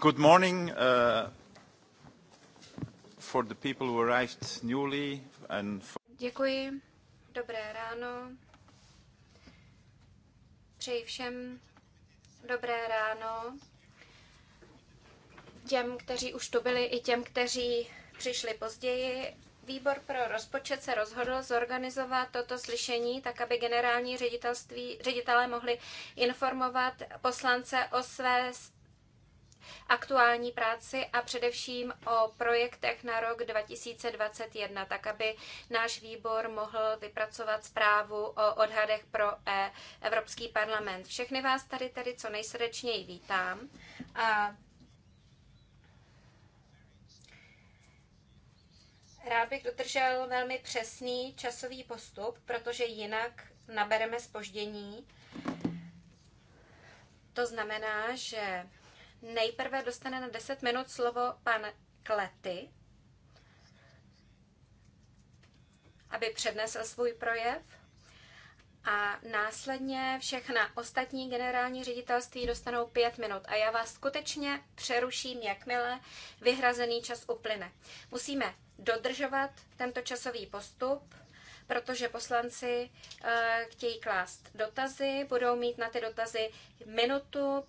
Good morning uh, for the people who arrived newly and for... Děkuji. Dobré ráno. Přeji všem dobré ráno. Těm, kteří už tu byli, i těm, kteří přišli později. Výbor pro rozpočet se rozhodl zorganizovat toto slyšení tak, aby generální ředitelství, ředitelé mohli informovat poslance o své aktuální práci a především o projektech na rok 2021, tak aby náš výbor mohl vypracovat zprávu o odhadech pro e, Evropský parlament. Všechny vás tady tedy co nejsrdečněji vítám. A Rád bych dodržel velmi přesný časový postup, protože jinak nabereme spoždění. To znamená, že Nejprve dostane na 10 minut slovo pan Klety, aby přednesl svůj projev. A následně všechna ostatní generální ředitelství dostanou pět minut. A já vás skutečně přeruším, jakmile vyhrazený čas uplyne. Musíme dodržovat tento časový postup protože poslanci eh, chtějí klást dotazy, budou mít na ty dotazy minutu.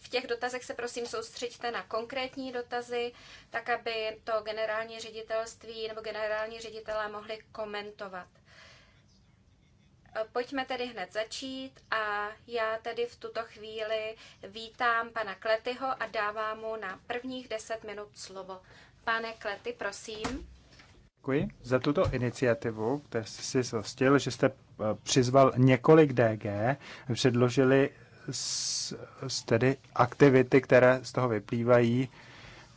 V těch dotazech se prosím soustřeďte na konkrétní dotazy, tak aby to generální ředitelství nebo generální ředitelé mohli komentovat. Eh, pojďme tedy hned začít a já tedy v tuto chvíli vítám pana Kletyho a dávám mu na prvních deset minut slovo. Pane Klety, prosím. Děkuji za tuto iniciativu, které jste si zhostil, že jste eh, přizval několik DG, předložili s, s tedy aktivity, které z toho vyplývají.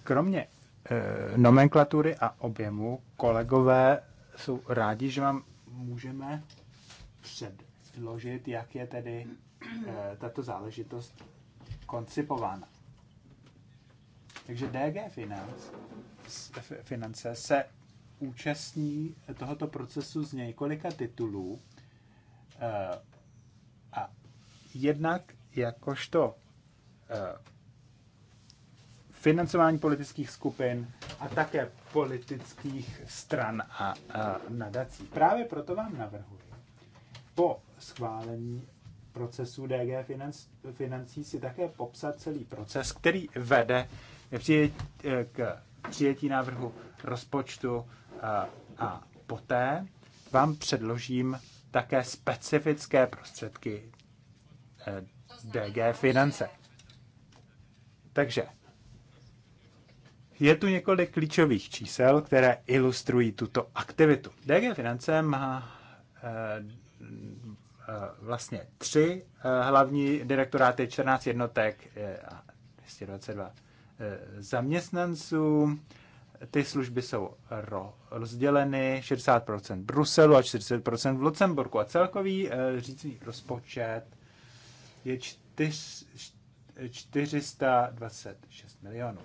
Kromě e, nomenklatury a objemu, kolegové jsou rádi, že vám můžeme předložit, jak je tedy e, tato záležitost koncipována. Takže DG Finance, finance se účastní tohoto procesu z několika titulů. Eh, a jednak jakožto eh, financování politických skupin a také politických stran a, nadací. Právě proto vám navrhuji po schválení procesu DG financ, financí si také popsat celý proces, který vede k přijetí eh, návrhu rozpočtu a poté vám předložím také specifické prostředky eh, DG Finance. Takže je tu několik klíčových čísel, které ilustrují tuto aktivitu. DG Finance má eh, eh, vlastně tři hlavní direktoráty, 14 jednotek a 222 zaměstnanců ty služby jsou rozděleny 60% Bruselu a 40% v Lucemburku. A celkový eh, řídící rozpočet je 426 milionů.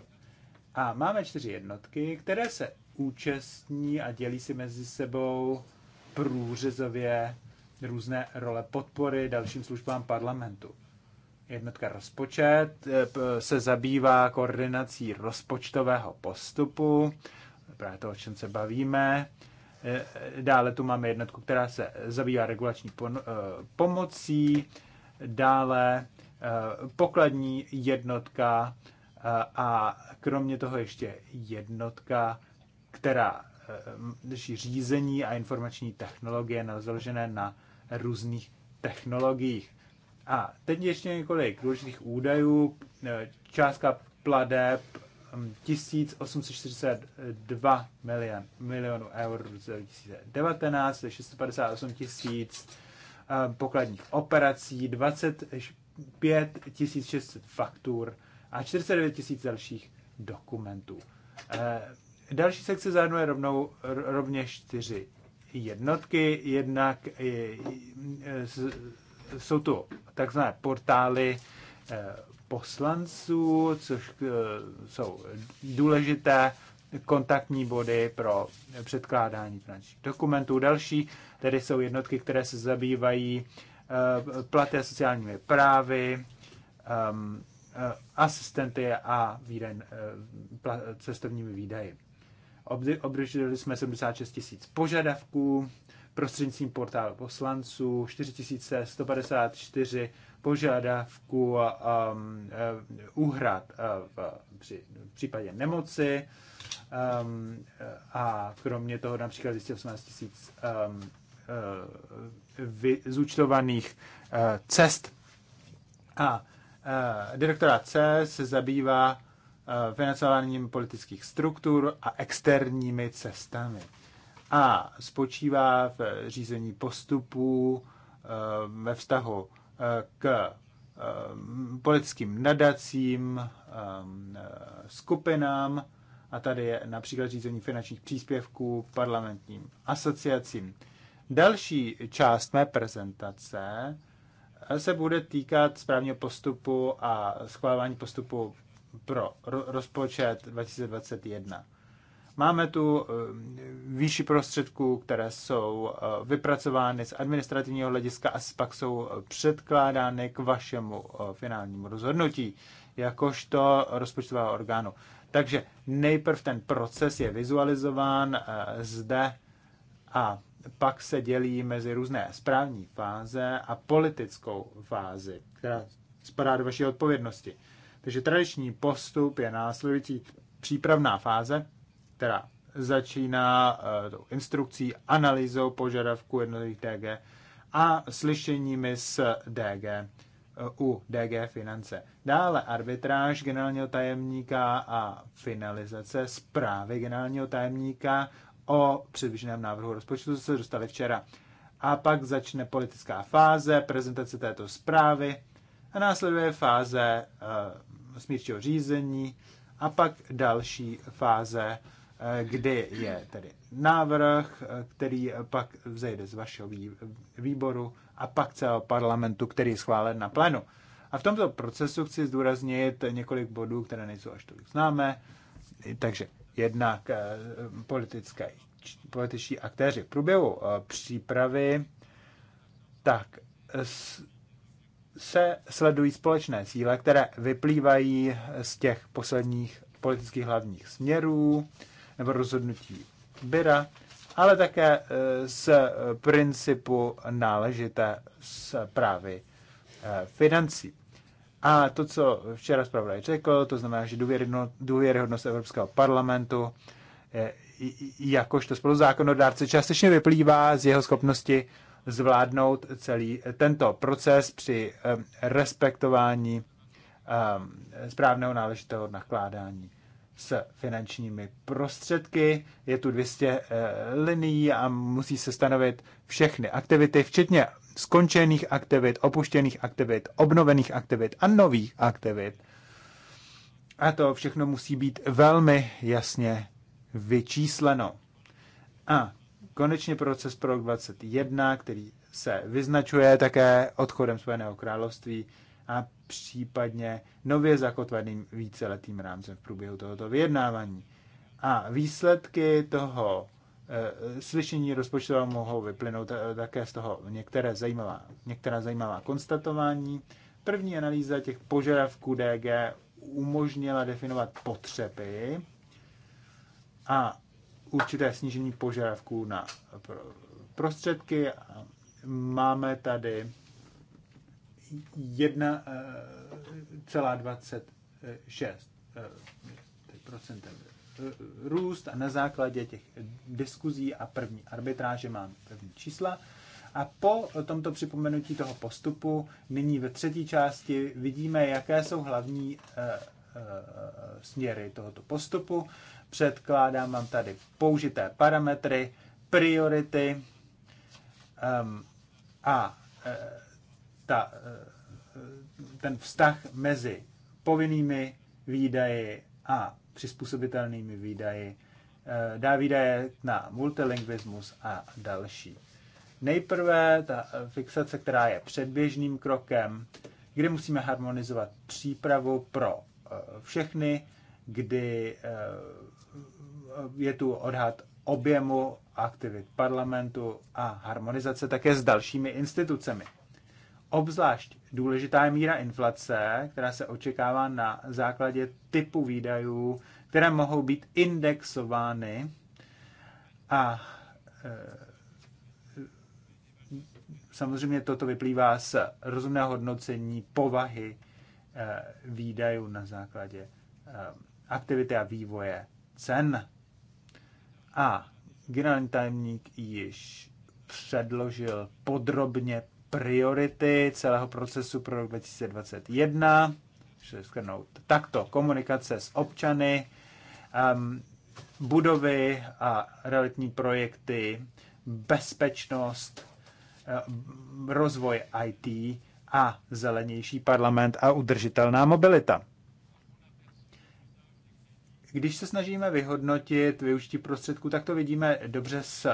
A máme čtyři jednotky, které se účastní a dělí si mezi sebou průřezově různé role podpory dalším službám parlamentu. Jednotka rozpočet eh, se zabývá koordinací rozpočtového postupu, právě to, o čem se bavíme. Eh, dále tu máme jednotku, která se zabývá regulační eh, pomocí. Dále pokladní jednotka a kromě toho ještě jednotka, která řízení a informační technologie založené na různých technologiích. A teď ještě několik důležitých údajů. E, částka pladeb 1842 mm, milion, milionů eur v 2019, 658 tisíc e, pokladních operací, 25 600 faktur a 49 tisíc dalších dokumentů. E, další sekce zahrnuje rovnou, rovněž čtyři jednotky, jednak jsou to takzvané portály eh, poslanců, což eh, jsou důležité kontaktní body pro předkládání finančních dokumentů. Další tedy jsou jednotky, které se zabývají eh, platy a sociálními právy, ehm, asistenty a výdaj, cestovními výdaji. Obdrželi jsme 76 tisíc požadavků prostřednictvím portálu poslanců 4154 požádavku um, uh, v, při, v případě nemoci um, a kromě toho například 218 tisíc um, vy, zúčtovaných uh, e, cest. A uh, e, direktora C se zabývá uh, financováním politických struktur a externími cestami. A spočívá v eh, řízení postupů eh, ve vztahu eh, k politickým nadacím, skupinám, a tady je například řízení finančních příspěvků parlamentním asociacím. Další část mé prezentace se bude týkat správního postupu a schválování postupu pro rozpočet 2021. Máme tu eh, výši prostředků, které jsou eh, vypracovány z administrativního hlediska a pak jsou eh, předkládány k vašemu finálnímu rozhodnutí, jakožto rozpočtového orgánu. Takže nejprv ten proces je vizualizován zde a pak se dělí mezi různé správní fáze a politickou fázi, která spadá do vaší odpovědnosti. Takže tradiční postup je následující přípravná fáze, která začíná eh, tou instrukcí, analýzou požadavků jednotlivých DG a slyšeními s DG eh, u DG Finance. Dále arbitráž generálního tajemníka a finalizace zprávy generálního tajemníka o předběžném návrhu rozpočtu, co se dostali včera. A pak začne politická fáze, prezentace této zprávy a následuje fáze uh, smírčího řízení a pak další fáze Eh, kdy je tedy návrh, eh, který pak vzejde z vašeho výboru a pak celého parlamentu, který je schválen na plénu. A v tomto procesu chci zdůraznit několik bodů, které nejsou až tolik známé. Takže jednak eh, politické, političtí aktéři. V průběhu přípravy tak se sledují společné cíle, které vyplývají z těch posledních politických hlavních směrů, nebo rozhodnutí byra, ale také eh, z principu náležité právy eh, financí. A to, co včera zpravodaj řekl, to znamená, že důvěryhodnost Evropského parlamentu eh, jakožto spoluzákonodárce částečně vyplývá z jeho schopnosti zvládnout celý tento proces při respektování správného náležitého nakládání s finančními prostředky. Je tu 200 eh, linií a musí se stanovit všechny aktivity, včetně skončených aktivit, opuštěných aktivit, obnovených aktivit a nových aktivit. A to všechno musí být velmi jasně vyčísleno. A konečně proces pro rok 21, který se vyznačuje také odchodem Spojeného království a případně nově zakotveným víceletým rámcem v průběhu tohoto vyjednávání. A výsledky toho eh, slyšení rozpočtového mohou vyplynout eh, také z toho některé zajímavá, některá zajímavá konstatování. První analýza těch požadavků DG umožnila definovat potřeby a určité snížení požadavků na prostředky. Máme tady 1,26 eh, eh, eh, růst a na základě těch diskuzí a první arbitráže mám první čísla. A po tomto připomenutí toho postupu nyní ve třetí části vidíme, jaké jsou hlavní směry tohoto postupu. Předkládám vám tady použité parametry, priority um, a ta, eh, ten vztah mezi povinnými výdaji a přizpůsobitelnými výdaji, eh, dá výdaje na multilingvismus a další. Nejprve ta fixace, která je předběžným krokem, kdy musíme harmonizovat přípravu pro eh, všechny, kdy je tu odhad objemu aktivit parlamentu a harmonizace také s dalšími institucemi. Obzvlášť důležitá je míra inflace, která se očekává na základě typu výdajů, které mohou být indexovány a e, samozřejmě toto vyplývá z rozumného hodnocení povahy e, výdajů na základě e, aktivity a vývoje cen. A generální tajemník již předložil podrobně priority celého procesu pro rok 2021. Takto komunikace s občany, um, budovy a realitní projekty, bezpečnost, eh, rozvoj IT a zelenější parlament a udržitelná mobilita. Když se snažíme vyhodnotit využití prostředků, tak to vidíme dobře z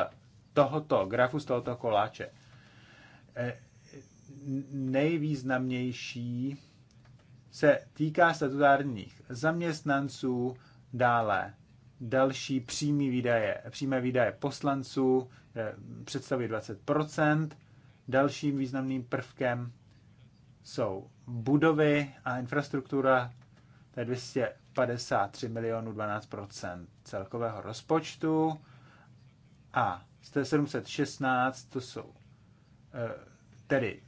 tohoto grafu, z tohoto koláče. Eh, nejvýznamnější se týká statutárních zaměstnanců, dále další přímý výdaje, přímé výdaje poslanců eh, představují 20%. Dalším významným prvkem jsou budovy a infrastruktura, to je 253 milionů 12% celkového rozpočtu a 716 to jsou Eh, tedy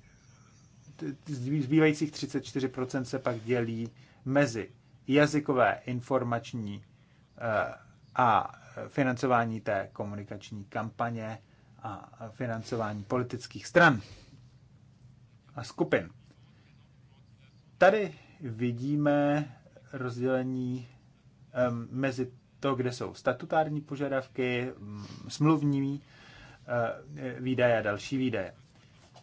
zbývajících 34% se pak dělí mezi jazykové informační eh, a financování té komunikační kampaně a financování politických stran a skupin. Tady vidíme rozdělení mezi to, kde jsou statutární požadavky, mm, smluvní eh, výdaje a další výdaje.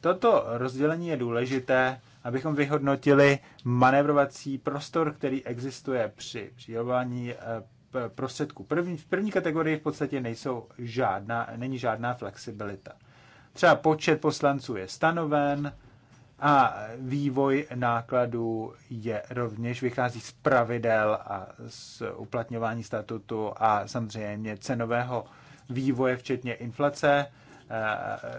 Toto rozdělení je důležité, abychom vyhodnotili manévrovací prostor, který existuje při přidělování eh, prostředků. První, v první kategorii v podstatě nejsou žádná, není žádná flexibilita. Třeba počet poslanců je stanoven a vývoj nákladů je rovněž vychází z pravidel a z uplatňování statutu a samozřejmě cenového vývoje, včetně inflace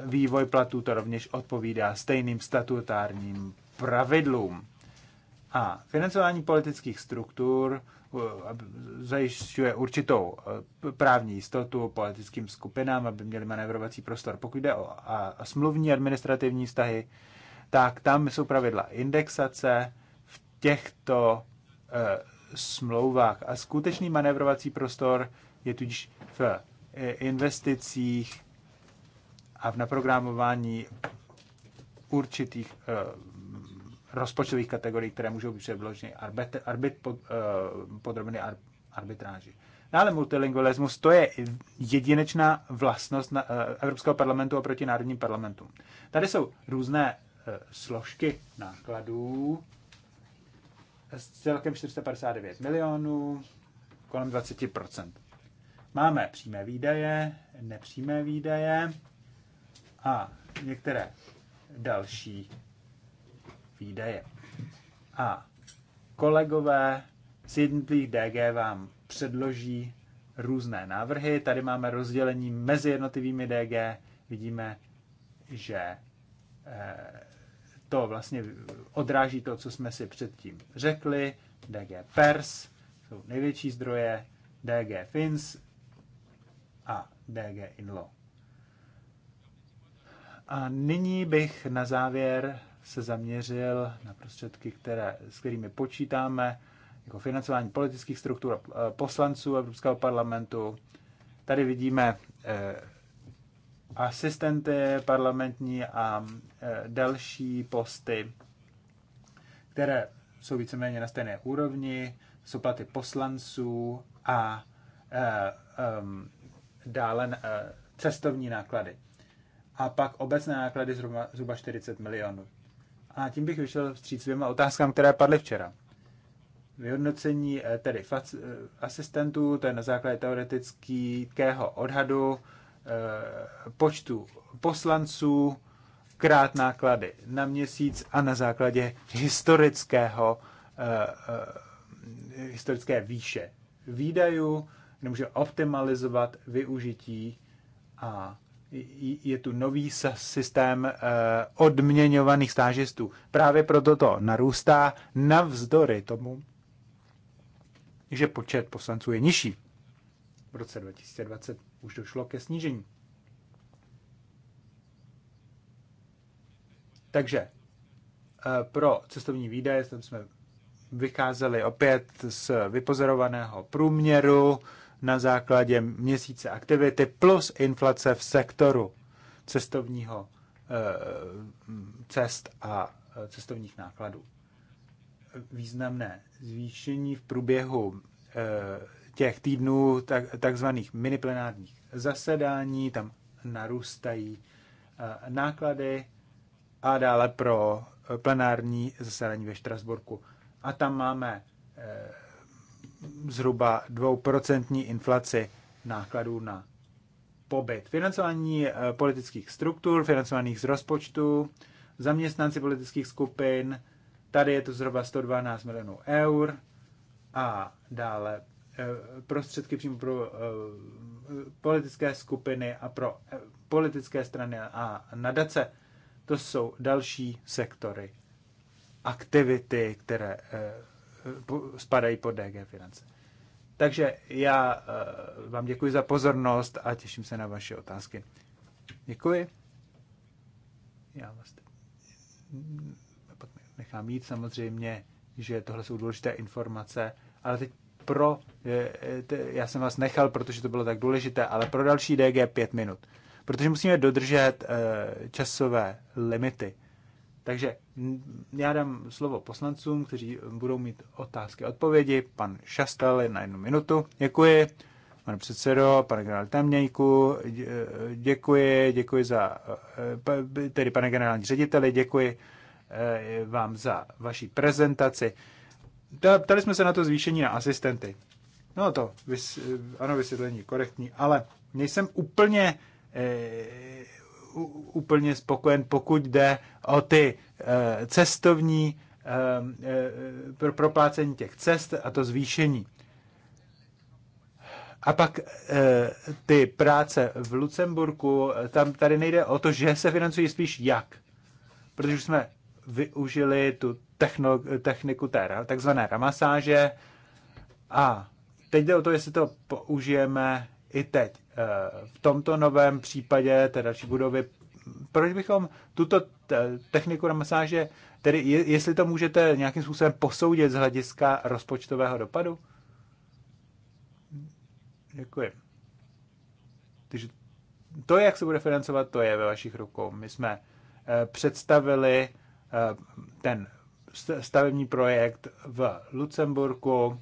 vývoj platů to rovněž odpovídá stejným statutárním pravidlům. A financování politických struktur zajišťuje určitou e, právní jistotu politickým skupinám, aby měli manévrovací prostor. Pokud jde o a smluvní administrativní vztahy, tak tam jsou pravidla indexace v těchto e, smlouvách. A skutečný manévrovací prostor je tudíž v e, investicích a v naprogramování určitých eh, rozpočtových kategorií, které můžou být předloženy arbit, arbit, pod, eh, podrobeny arbitráži. Ale multilingualismus, to je jedinečná vlastnost na, eh, Evropského parlamentu oproti národním parlamentům. Tady jsou různé složky nákladů, celkem 459 milionů, kolem 20%. Máme přímé výdaje, nepřímé výdaje, a některé další výdaje. A kolegové z jednotlivých DG vám předloží různé návrhy. Tady máme rozdělení mezi jednotlivými DG. Vidíme, že eh, to vlastně odráží to, co jsme si předtím řekli. DG Pers jsou největší zdroje, DG Fins a DG Inlo. A nyní bych na závěr se zaměřil na prostředky, které, s kterými počítáme, jako financování politických struktur e, poslanců Evropského parlamentu. Tady vidíme eh, asistenty parlamentní a eh, další posty, které jsou víceméně na stejné úrovni, jsou platy poslanců a eh, dále eh, cestovní náklady a pak obecné náklady zhruba, zhruba 40 milionů. A tím bych vyšel vstříc dvěma otázkám, které padly včera. Vyhodnocení eh, tedy eh, asistentů, to je na základě teoretického odhadu eh, počtu poslanců krát náklady na měsíc a na základě historického historické výše výdajů, kde může optimalizovat využití a je tu nový systém eh, odměňovaných stážistů. Právě proto to narůstá navzdory tomu, že počet poslanců je nižší. V roce 2020 už došlo ke snížení. Takže eh, pro cestovní výdaje jsme vycházeli opět z vypozorovaného průměru, na základě měsíce aktivity plus inflace v sektoru cestovního eh, cest a eh, cestovních nákladů. Významné zvýšení v průběhu eh, těch týdnů takzvaných miniplenárních zasedání, tam narůstají náklady a dále pro plenární zasedání ve Štrasburku. A tam máme zhruba dvouprocentní inflaci nákladů na pobyt. Financování eh, politických struktur, financovaných z rozpočtu, zaměstnanci politických skupin, tady je to zhruba 112 milionů eur a dále eh, prostředky přímo pro eh, politické skupiny a pro politické strany a nadace. To jsou další sektory, aktivity, které spadají pod DG finance. Takže já eh, vám děkuji za pozornost a těším se na vaše otázky. Děkuji. Já vás nechám jít samozřejmě, že tohle jsou důležité informace, ale teď pro, eh, eh, já jsem vás nechal, protože to bylo tak důležité, ale pro další DG pět minut. Protože musíme dodržet časové limity. Takže já dám slovo poslancům, kteří budou mít otázky a odpovědi. Pan Šastel na jednu minutu. Děkuji. Pane předsedo, pane generál tamnějku, děkuji, děkuji za, eh, tedy pane generální řediteli, děkuji eh, vám za vaši prezentaci. Ptali jsme se na to zvýšení na asistenty. No to, vys, ano, vysvětlení korektní, ale nejsem úplně eh, úplně spokojen, pokud jde o ty eh, cestovní eh, eh, pro proplácení těch cest a to zvýšení. A pak ty práce v Lucemburku, tam tady nejde o to, že se financují spíš jak. Protože jsme využili tu techno, techniku té takzvané ramasáže a teď jde o to, jestli to použijeme i teď. Eh, v tomto novém případě té další budovy, proč bychom tuto techniku na masáže, tedy jestli to můžete nějakým způsobem posoudit z hlediska rozpočtového dopadu? Děkuji. Takže to, jak se bude financovat, to je ve vašich rukou. My jsme eh, představili eh, ten stavební projekt v Lucemburku,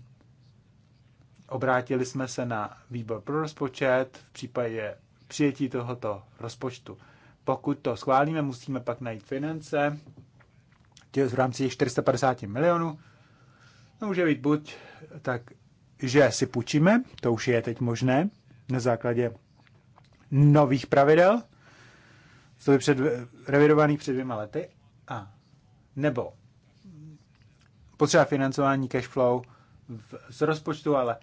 obrátili jsme se na výbor pro rozpočet v případě přijetí tohoto rozpočtu. Pokud to schválíme, musíme pak najít finance v rámci 450 milionů. No, může být buď tak, že si půjčíme, to už je teď možné, na základě nových pravidel, co by před, revidovaný před dvěma lety, a nebo potřeba financování cash flow v, z rozpočtu, ale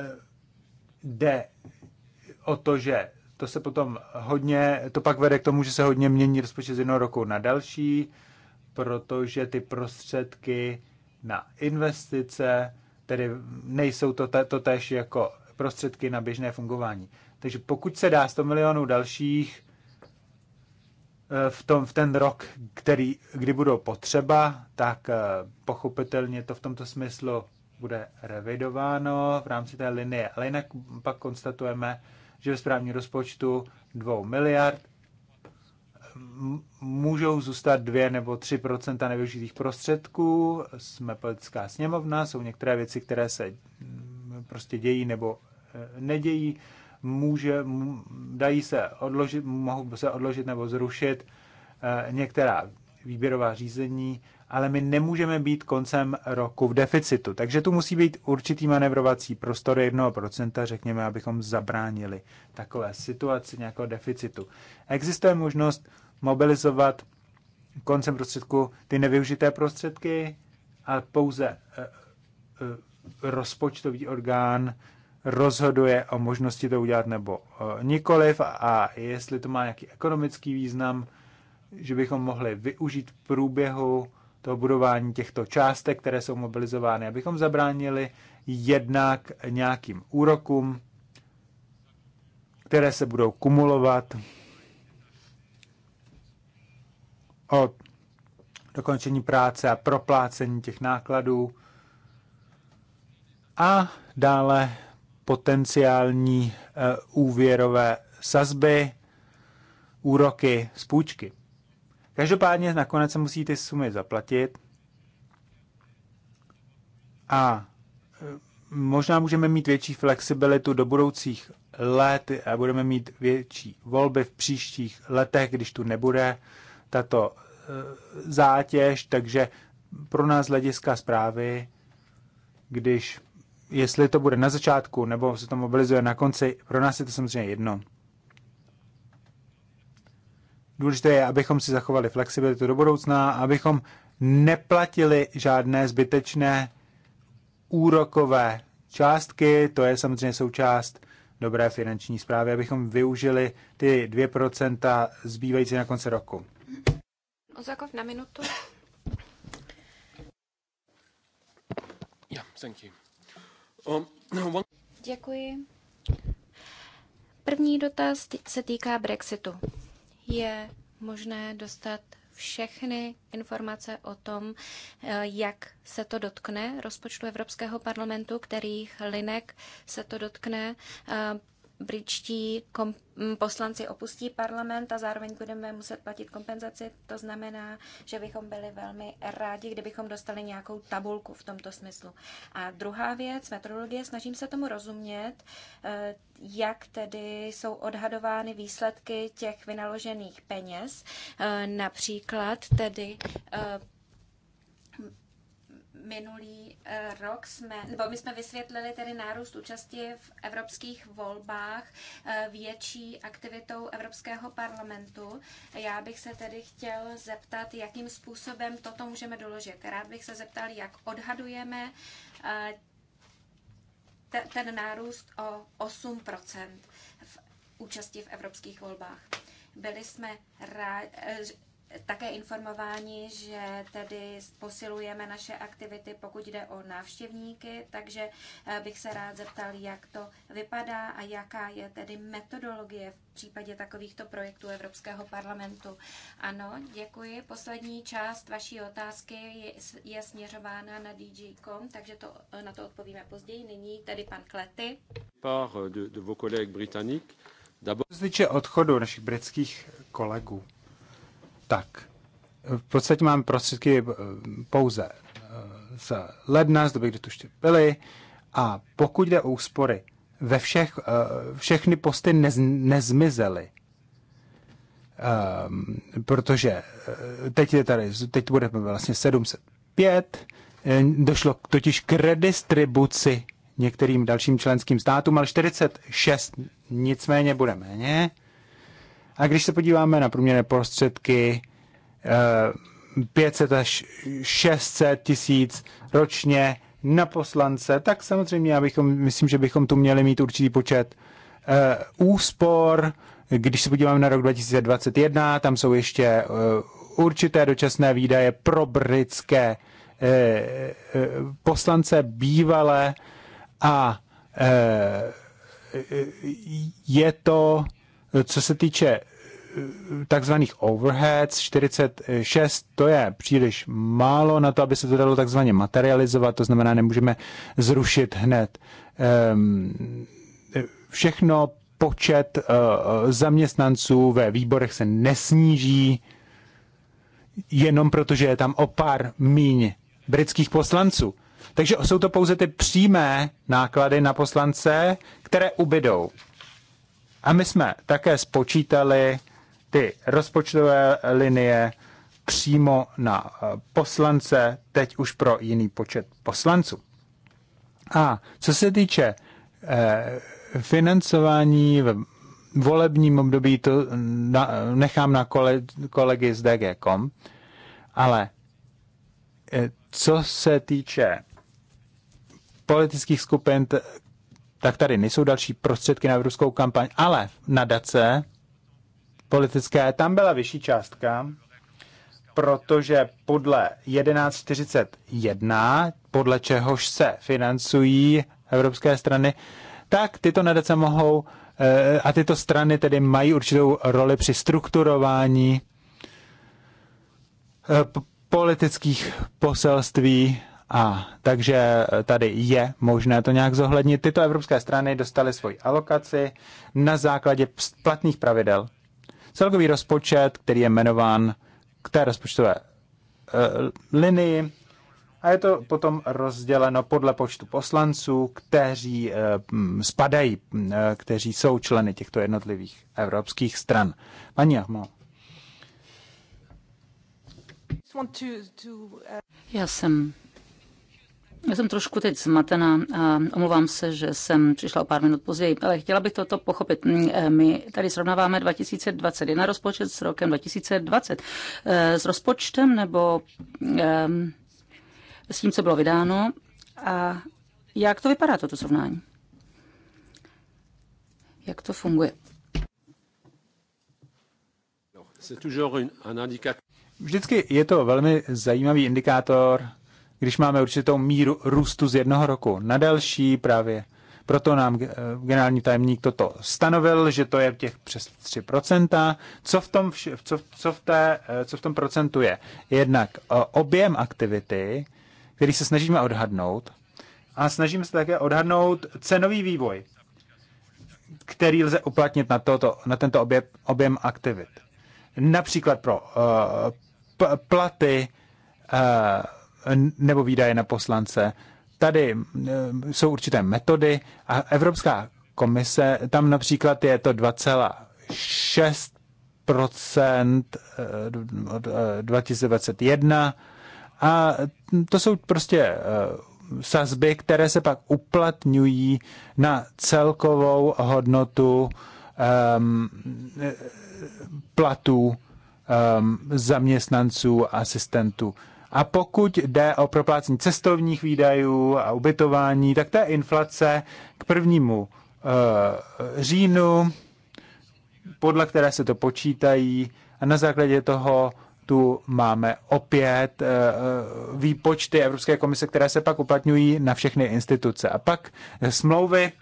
Eh, jde o to, že to se potom hodně, to pak vede k tomu, že se hodně mění rozpočet z jednoho roku na další, protože ty prostředky na investice, tedy nejsou to, to tež jako prostředky na běžné fungování. Takže pokud se dá 100 milionů dalších eh, v, tom, v ten rok, který, kdy budou potřeba, tak eh, pochopitelně to v tomto smyslu bude revidováno v rámci té linie. Ale jinak pak konstatujeme, že ve správním rozpočtu 2 miliard můžou zůstat 2 nebo 3 nevyužitých prostředků. Jsme politická sněmovna, jsou některé věci, které se prostě dějí nebo e, nedějí. Může, dají se odložit, mohou se odložit nebo zrušit e, některá výběrová řízení ale my nemůžeme být koncem roku v deficitu. Takže tu musí být určitý manevrovací prostor 1%, řekněme, abychom zabránili takové situaci nějakého deficitu. Existuje možnost mobilizovat koncem prostředku ty nevyužité prostředky, a pouze e, e, rozpočtový orgán rozhoduje o možnosti to udělat nebo e, nikoliv a jestli to má nějaký ekonomický význam, že bychom mohli využít v průběhu to budování těchto částek, které jsou mobilizovány, abychom zabránili jednak nějakým úrokům, které se budou kumulovat od dokončení práce a proplácení těch nákladů a dále potenciální eh, úvěrové sazby, úroky z půjčky. Každopádně nakonec se musí ty sumy zaplatit a e, možná můžeme mít větší flexibilitu do budoucích let a budeme mít větší volby v příštích letech, když tu nebude tato e, zátěž, takže pro nás hlediska zprávy, když jestli to bude na začátku nebo se to mobilizuje na konci, pro nás je to samozřejmě jedno. Důležité je, abychom si zachovali flexibilitu do budoucna, abychom neplatili žádné zbytečné úrokové částky, to je samozřejmě součást dobré finanční zprávy, abychom využili ty 2% zbývající na konci roku. Ozakov na minutu. Um, no, Děkuji. První dotaz se týká Brexitu je možné dostat všechny informace o tom, eh, jak se to dotkne rozpočtu Evropského parlamentu, kterých linek se to dotkne. Eh, britští poslanci opustí parlament a zároveň budeme muset platit kompenzaci. To znamená, že bychom byli velmi rádi, kdybychom dostali nějakou tabulku v tomto smyslu. A druhá věc, metrologie, snažím se tomu rozumět, eh, jak tedy jsou odhadovány výsledky těch vynaložených peněz. Eh, například tedy eh, minulý eh, rok jsme, nebo my jsme vysvětlili tedy nárůst účasti v evropských volbách eh, větší aktivitou Evropského parlamentu. Já bych se tedy chtěl zeptat, jakým způsobem toto můžeme doložit. Rád bych se zeptal, jak odhadujeme eh, ten nárůst o 8 v účasti v evropských volbách. Byli jsme rádi, také informováni, že tedy posilujeme naše aktivity, pokud jde o návštěvníky, takže eh, bych se rád zeptal, jak to vypadá a jaká je tedy metodologie v případě takovýchto projektů Evropského parlamentu. Ano, děkuji. Poslední část vaší otázky je, je směřována na DG.com, takže to, eh, na to odpovíme později. Nyní tedy pan Klety. Par eh, de, de vos collègues britanniques. Co se týče odchodu našich britských kolegů, tak v podstatě máme prostředky eh, pouze eh, z ledna, z doby, kdy tu ještě byly. A pokud jde o úspory, ve všech, eh, všechny posty nez, nezmizely. Um, protože teď je tady, teď bude vlastně 705, došlo totiž k redistribuci některým dalším členským státům, ale 46 nicméně bude méně. A když se podíváme na průměrné prostředky, 500 eh, až 600 tisíc ročně na poslance, tak samozřejmě já bychom, myslím, že bychom tu měli mít určitý počet eh, úspor. Když se podíváme na rok 2021, tam jsou ještě eh, určité dočasné výdaje pro britské poslance bývalé a je to, co se týče takzvaných overheads, 46, to je příliš málo na to, aby se to dalo takzvaně materializovat, to znamená, nemůžeme zrušit hned ehm, všechno, počet eh, zaměstnanců ve výborech se nesníží, jenom protože je tam o pár míň britských poslanců. Takže jsou to pouze ty přímé náklady na poslance, které ubydou. A my jsme také spočítali ty rozpočtové linie přímo na eh, poslance, teď už pro jiný počet poslanců. A co se týče eh, financování v volebním období, to nechám na kolegy z DG.com, ale eh, co se týče politických skupin, tak tady nejsou další prostředky na evropskou kampaň, ale na dace politické, tam byla vyšší částka, protože podle 1141, podle čehož se financují evropské strany, tak tyto nadace mohou eh, a tyto strany tedy mají určitou roli při strukturování eh, politických poselství a takže tady je možné to nějak zohlednit. Tyto evropské strany dostaly svoji alokaci na základě platných pravidel celkový rozpočet, který je jmenován k té rozpočtové eh, linii a je to potom rozděleno podle počtu poslanců, kteří eh, spadají, eh, kteří jsou členy těchto jednotlivých evropských stran. Paní Ahmo. Já jsem já jsem trošku teď zmatená a omlouvám se, že jsem přišla o pár minut později, ale chtěla bych toto pochopit. Mm, eh, my tady srovnáváme 2021 rozpočet s rokem 2020. Eh, s rozpočtem nebo ehm, s tím, co bylo vydáno? A jak to vypadá, toto srovnání? Jak to funguje? No, Vždycky je to velmi zajímavý indikátor když máme určitou míru růstu z jednoho roku na další právě. Proto nám eh, generální tajemník toto stanovil, že to je těch přes 3%. Co v tom, co, co, v té, eh, co v tom procentu je? Jednak eh, objem aktivity, který se snažíme odhadnout, a snažíme se také odhadnout cenový vývoj, který lze uplatnit na, toto, na tento objem, objem aktivit. Například pro uh, platy, uh, nebo výdaje na poslance. Tady e, jsou určité metody a Evropská komise, tam například je to 2,6 2021 e, e, a to jsou prostě sazby, které se pak uplatňují na celkovou hodnotu um, platů um, zaměstnanců, asistentů. A pokud jde o proplácení cestovních výdajů a ubytování, tak ta inflace k prvnímu eh, říjnu, podle které se to počítají, a na základě toho tu máme opět eh, eh, výpočty Evropské komise, které se pak uplatňují na všechny instituce. A pak smlouvy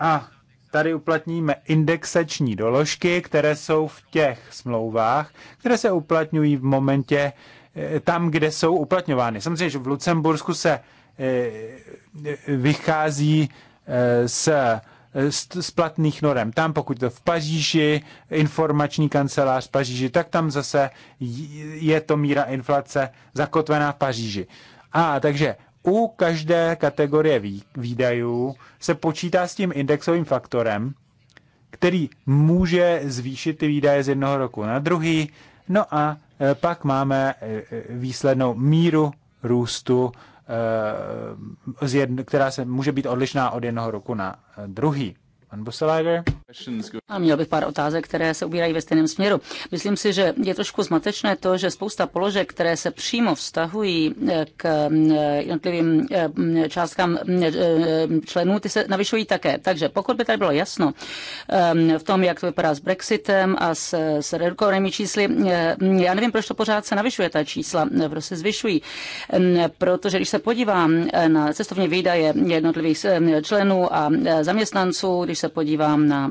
a tady uplatníme indexační doložky, které jsou v těch smlouvách, které se uplatňují v momentě, Eh, tam, kde jsou uplatňovány. Samozřejmě, že v Lucembursku se eh, vychází z, eh, z platných norem. Tam, pokud to v Paříži, informační kancelář v Paříži, tak tam zase je to míra inflace zakotvená v Paříži. A takže u každé kategorie výdajů se počítá s tím indexovým faktorem, který může zvýšit ty výdaje z jednoho roku na druhý, no a Eh, pak máme eh, výslednou míru růstu, eh, která se může být odlišná od jednoho roku na druhý. Pan Buselager. A měl bych pár otázek, které se ubírají ve stejném směru. Myslím si, že je trošku zmatečné to, že spousta položek, které se přímo vztahují eh, k eh, jednotlivým eh, částkám členů, ty se navyšují také. Takže pokud by tady bylo jasno v tom, jak to vypadá s Brexitem a s, s redukovanými čísly, já nevím, proč to pořád se navyšuje ta čísla, proč se zvyšují. Protože když se podívám na cestovní výdaje jednotlivých členů a zaměstnanců, když se podívám na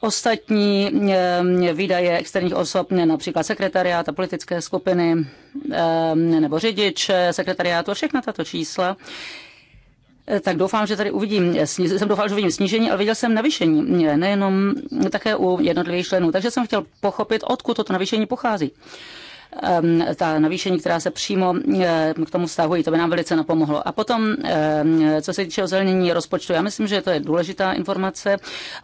ostatní výdaje externích osob, například sekretariát a politické skupiny nebo řidič eh, sekretariátu a všechna tato čísla, eh, tak doufám, že tady uvidím, eh, jsem doufal, že uvidím snížení, ale viděl jsem navýšení, nejenom také u jednotlivých členů. Takže jsem chtěl pochopit, odkud toto navýšení pochází ta navýšení, která se přímo eh, k tomu stahují, to by nám velice napomohlo. A potom, co se týče ozelenění rozpočtu, já myslím, že to je důležitá informace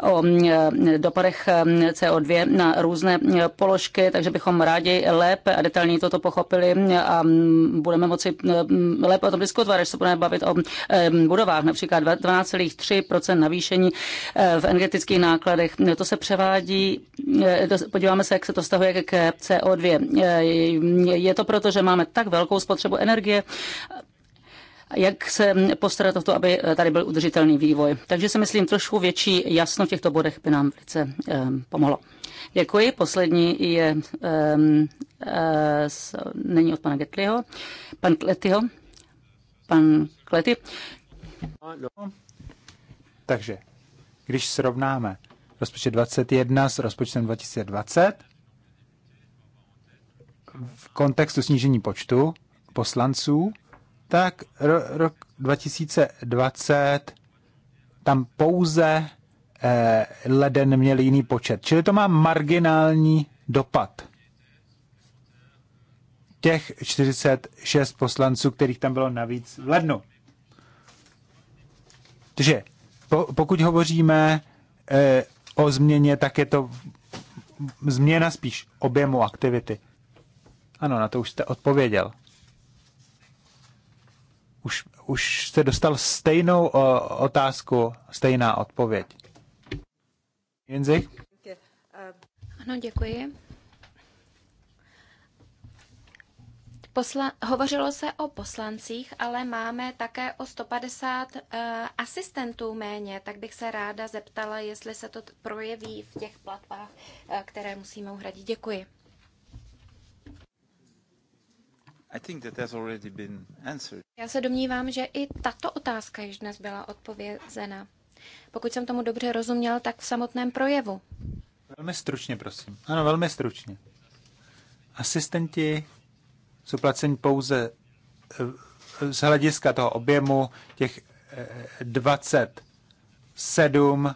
o mm, eh, dopadech CO2 na různé eh, položky, takže bychom rádi lépe a detailně toto pochopili a mm, budeme moci mm, lépe o tom diskutovat, až se budeme bavit o budovách, například 12,3 navýšení v energetických nákladech. To se převádí, podíváme se, jak se to stahuje k CO2. Je to proto, že máme tak velkou spotřebu energie, jak se postarat o to, aby tady byl udržitelný vývoj. Takže si myslím, trošku větší jasno v těchto bodech by nám velice um, pomohlo. Děkuji. Poslední je, um, uh, není od pana Getliho, pan Kletyho, pan Klety. Takže, když srovnáme rozpočet 21 s rozpočtem 2020, v kontextu snížení počtu poslanců, tak ro, rok 2020 tam pouze eh, leden měl jiný počet. Čili to má marginální dopad. Těch 46 poslanců, kterých tam bylo navíc v lednu. Takže po, pokud hovoříme eh, o změně, tak je to změna spíš objemu aktivity. Ano, na to už jste odpověděl. Už, už jste dostal stejnou o, otázku, stejná odpověď. Jindřich? Ano, děkuji. Posla- hovořilo se o poslancích, ale máme také o 150 uh, e, asistentů méně, tak bych se ráda zeptala, jestli se to projeví v těch platbách, uh, které musíme uhradit. Děkuji. Já se domnívám, že i tato otázka již dnes byla odpovězena. Pokud jsem tomu dobře rozuměl, tak v samotném projevu. Velmi stručně, prosím. Ano, velmi stručně. Asistenti jsou placeni pouze eh, z hlediska toho objemu těch 27 eh,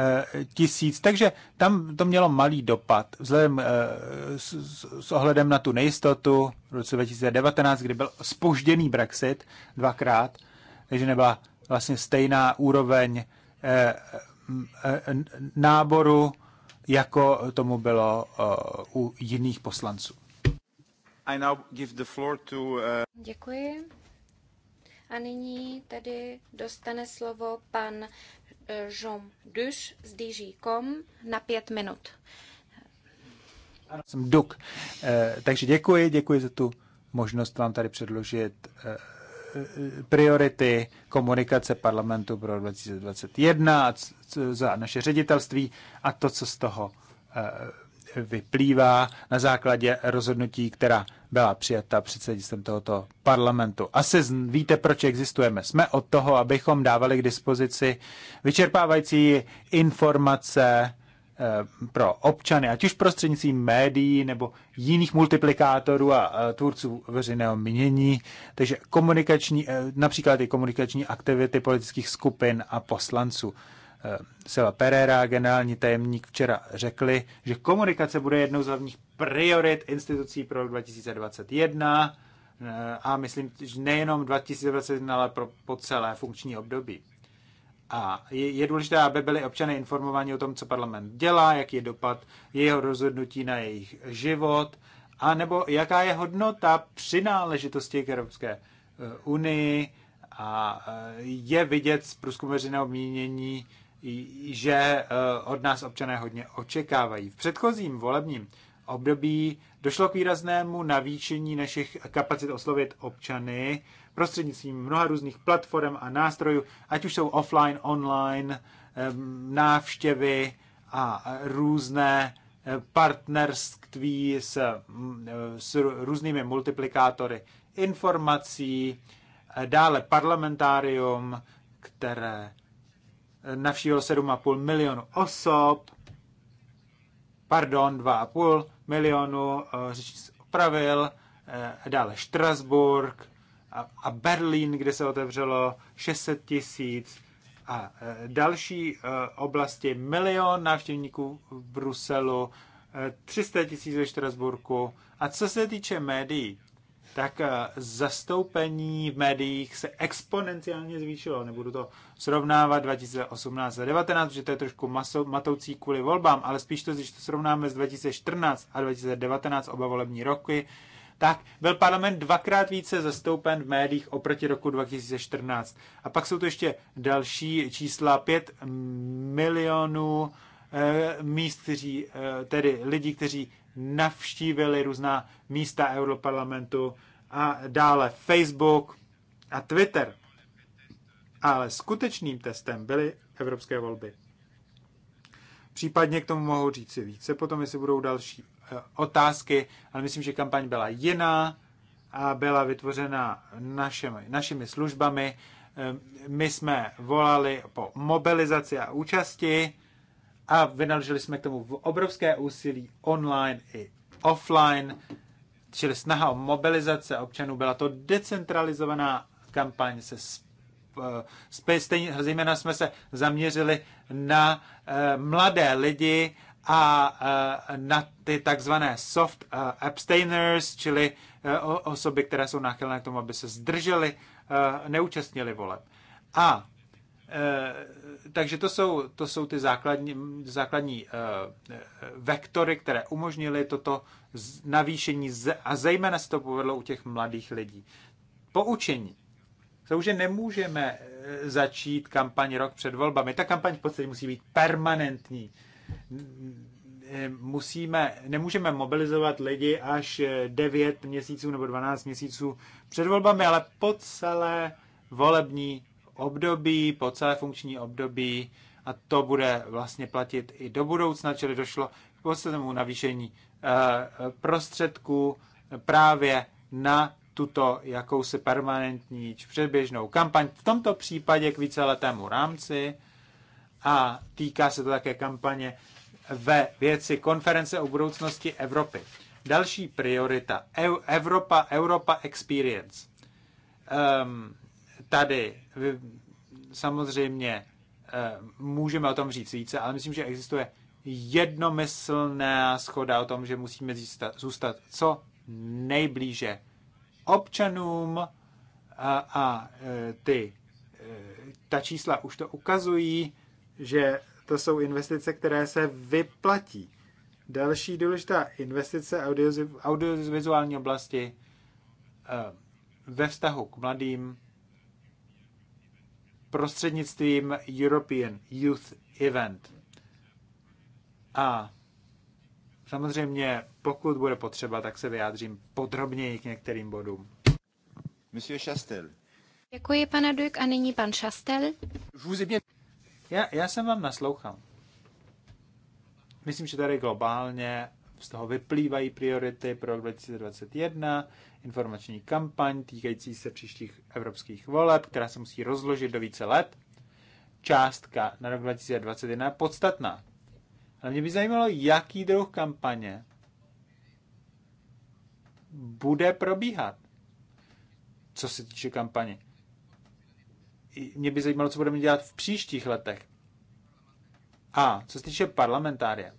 Eh, tisíc, takže tam to mělo malý dopad vzhledem eh, s, s ohledem na tu nejistotu v roce 2019, kdy byl spožděný Brexit dvakrát, takže nebyla vlastně stejná úroveň eh, náboru, jako tomu bylo u jiných poslanců. I now give the floor to, uh... Děkuji. A nyní tedy dostane slovo pan Jean Duš z DG.com na pět minut. jsem Duk. Eh, takže děkuji, děkuji za tu možnost vám tady předložit eh, priority komunikace parlamentu pro 2021 za naše ředitelství a to, co z toho eh, vyplývá na základě rozhodnutí, která byla přijata předsednictvem tohoto parlamentu. Asi víte, proč existujeme. Jsme od toho, abychom dávali k dispozici vyčerpávající informace eh, pro občany, ať už prostřednictvím médií nebo jiných multiplikátorů a eh, tvůrců veřejného mínění. Takže komunikační, eh, například i komunikační aktivity politických skupin a poslanců. Sela Pereira, generální tajemník, včera řekli, že komunikace bude jednou z hlavních priorit institucí pro 2021 eh, a myslím, že nejenom 2021, ale pro, po celé funkční období. A je, je důležité, aby byli občané informováni o tom, co parlament dělá, jaký je dopad jeho rozhodnutí na jejich život, a nebo jaká je hodnota přináležitosti k Evropské eh, unii. A eh, je vidět z průzkumu veřejného mínění, že od nás občané hodně očekávají. V předchozím volebním období došlo k výraznému navýšení našich kapacit oslovit občany prostřednictvím mnoha různých platform a nástrojů, ať už jsou offline, online, návštěvy a různé eh, partnerství s, mm, eh, s různými multiplikátory informací, eh, dále parlamentárium, které navštívilo 7,5 milionu osob, pardon, 2,5, milionů eh, řečnic opravil, eh, dále Štrasburg a Berlín, kde se otevřelo 600 tisíc a eh, další oblasti milion návštěvníků v Bruselu, 300 tisíc ve Štrasburku. A co se týče médií, tak eh, zastoupení v médiích se exponenciálně zvýšilo. Nebudu to srovnávat 2018 a 2019, protože to je trošku maso, matoucí kvůli volbám, ale spíš to, když to srovnáme s 2014 a 2019, oba volební roky, tak byl parlament dvakrát více zastoupen v médiích oproti roku 2014. A pak jsou to ještě další čísla, 5 milionů eh, míst, kteří, eh, tedy lidí, kteří navštívili různá místa Europarlamentu a dále Facebook a Twitter. Ale skutečným testem byly evropské volby. Případně k tomu mohou říct si více, potom jestli budou další eh, otázky, ale myslím, že kampaň byla jiná a byla vytvořena našimi, našimi službami. Eh, my jsme volali po mobilizaci a účasti a vynaložili jsme k tomu obrovské úsilí online i offline, čili snaha o mobilizace občanů. Byla to decentralizovaná kampaň se eh, stejně, zejména jsme se zaměřili na uh, mladé lidi a uh, na ty takzvané soft uh, abstainers, čili uh, osoby, které jsou náchylné k tomu, aby se zdrželi, uh, neúčastnili voleb. A Eh, takže to jsou, to jsou ty základní, základní eh, eh, vektory, které umožnily toto navýšení a zejména se to povedlo u těch mladých lidí. Poučení. To, že nemůžeme začít kampaň rok před volbami. Ta kampaň v podstatě musí být permanentní. Musíme, nemůžeme mobilizovat lidi až 9 měsíců nebo 12 měsíců před volbami, ale po celé volební období, po celé funkční období a to bude vlastně platit i do budoucna, čili došlo k poslednému navýšení eh, prostředků právě na tuto jakousi permanentní či předběžnou kampaň, v tomto případě k víceletému rámci a týká se to také kampaně ve věci konference o budoucnosti Evropy. Další priorita. Evropa, Europa Experience. Um, tady samozřejmě eh, můžeme o tom říct více, ale myslím, že existuje jednomyslná schoda o tom, že musíme zůstat, zůstat co nejblíže občanům a, a eh, ty, eh, ta čísla už to ukazují, že to jsou investice, které se vyplatí. Další důležitá investice audiovizuální oblasti ve vztahu k mladým prostřednictvím European Youth Event. A samozřejmě, pokud bude potřeba, tak se vyjádřím podrobněji k některým bodům. Monsieur Chastel. Děkuji, pane Duk, a nyní pan Chastel. Já, já jsem vám naslouchal. Myslím, že tady globálně z toho vyplývají priority pro 2021, informační kampaň týkající se příštích evropských voleb, která se musí rozložit do více let. Částka na rok 2021 je podstatná. Ale mě by zajímalo, jaký druh kampaně bude probíhat. Co se týče kampaně. Mě by zajímalo, co budeme dělat v příštích letech. A co se týče parlamentária,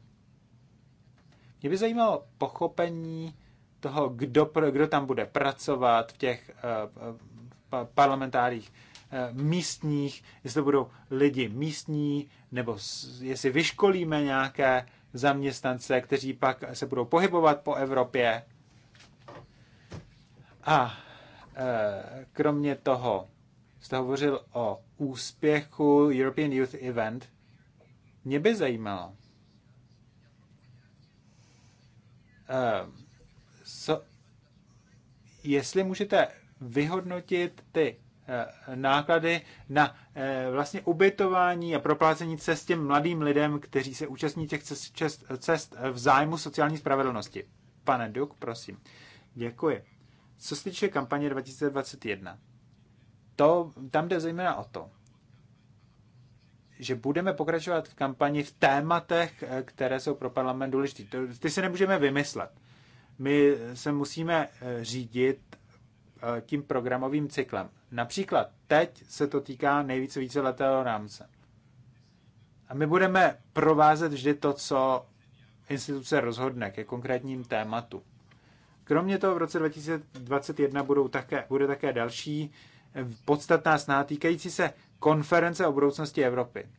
mě by zajímalo pochopení toho, kdo, kdo tam bude pracovat v těch eh, eh, parlamentárních eh, místních, jestli to budou lidi místní, nebo jestli vyškolíme nějaké zaměstnance, kteří pak se budou pohybovat po Evropě. A kromě toho jste hovořil o úspěchu European Youth Event. Mě by zajímalo, Eh, so, jestli můžete vyhodnotit ty eh, náklady na eh, vlastně ubytování a proplácení cest těm mladým lidem, kteří se účastní těch cest, cest, cest v zájmu sociální spravedlnosti. Pane Duk, prosím. Děkuji. Co se týče kampaně 2021, to, tam jde zejména o to, že budeme pokračovat v kampani v tématech, eh, které jsou pro parlament důležité. Ty se nemůžeme vymyslet. My se musíme eh, řídit eh, tím programovým cyklem. Například teď se to týká nejvíce víceletého rámce. A my budeme provázet vždy to, co instituce rozhodne ke konkrétním tématu. Kromě toho v roce 2021 budou také, bude také další podstatná snaha týkající se konference o budoucnosti Evropy.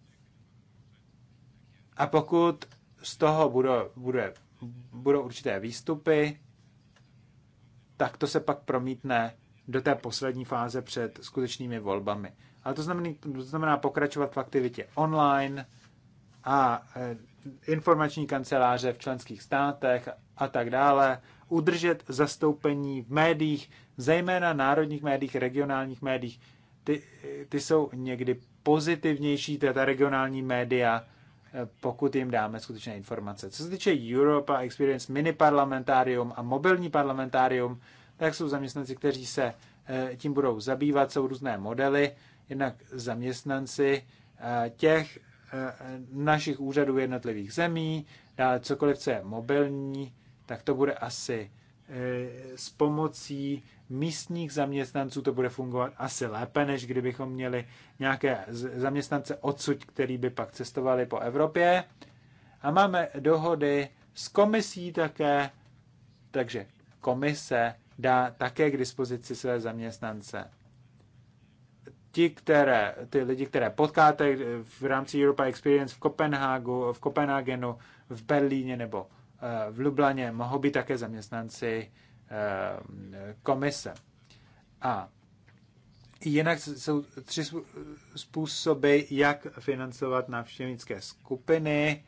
A pokud z toho budou, bude, budou určité výstupy, tak to se pak promítne do té poslední fáze před skutečnými volbami. Ale to znamená, to znamená pokračovat v aktivitě online a eh, informační kanceláře v členských státech a tak dále, udržet zastoupení v médiích, zejména národních médiích, regionálních médiích, ty, ty jsou někdy pozitivnější, teda ta regionální média, eh, pokud jim dáme skutečné informace. Co se týče Europa Experience Mini Parlamentárium a mobilní parlamentárium, tak jsou zaměstnanci, kteří se eh, tím budou zabývat, jsou různé modely, jednak zaměstnanci eh, těch našich úřadů jednotlivých zemí, dále cokoliv, co je mobilní, tak to bude asi s pomocí místních zaměstnanců to bude fungovat asi lépe, než kdybychom měli nějaké zaměstnance odsud, který by pak cestovali po Evropě. A máme dohody s komisí také, takže komise dá také k dispozici své zaměstnance. Ti, které, ty lidi, které potkáte v rámci Europa Experience v Kopenhágu, v Kopenhagenu, v Berlíně nebo eh, v Lublaně, mohou být také zaměstnanci Eh, komise. A jinak jsou tři způsoby, jak financovat návštěvnické skupiny,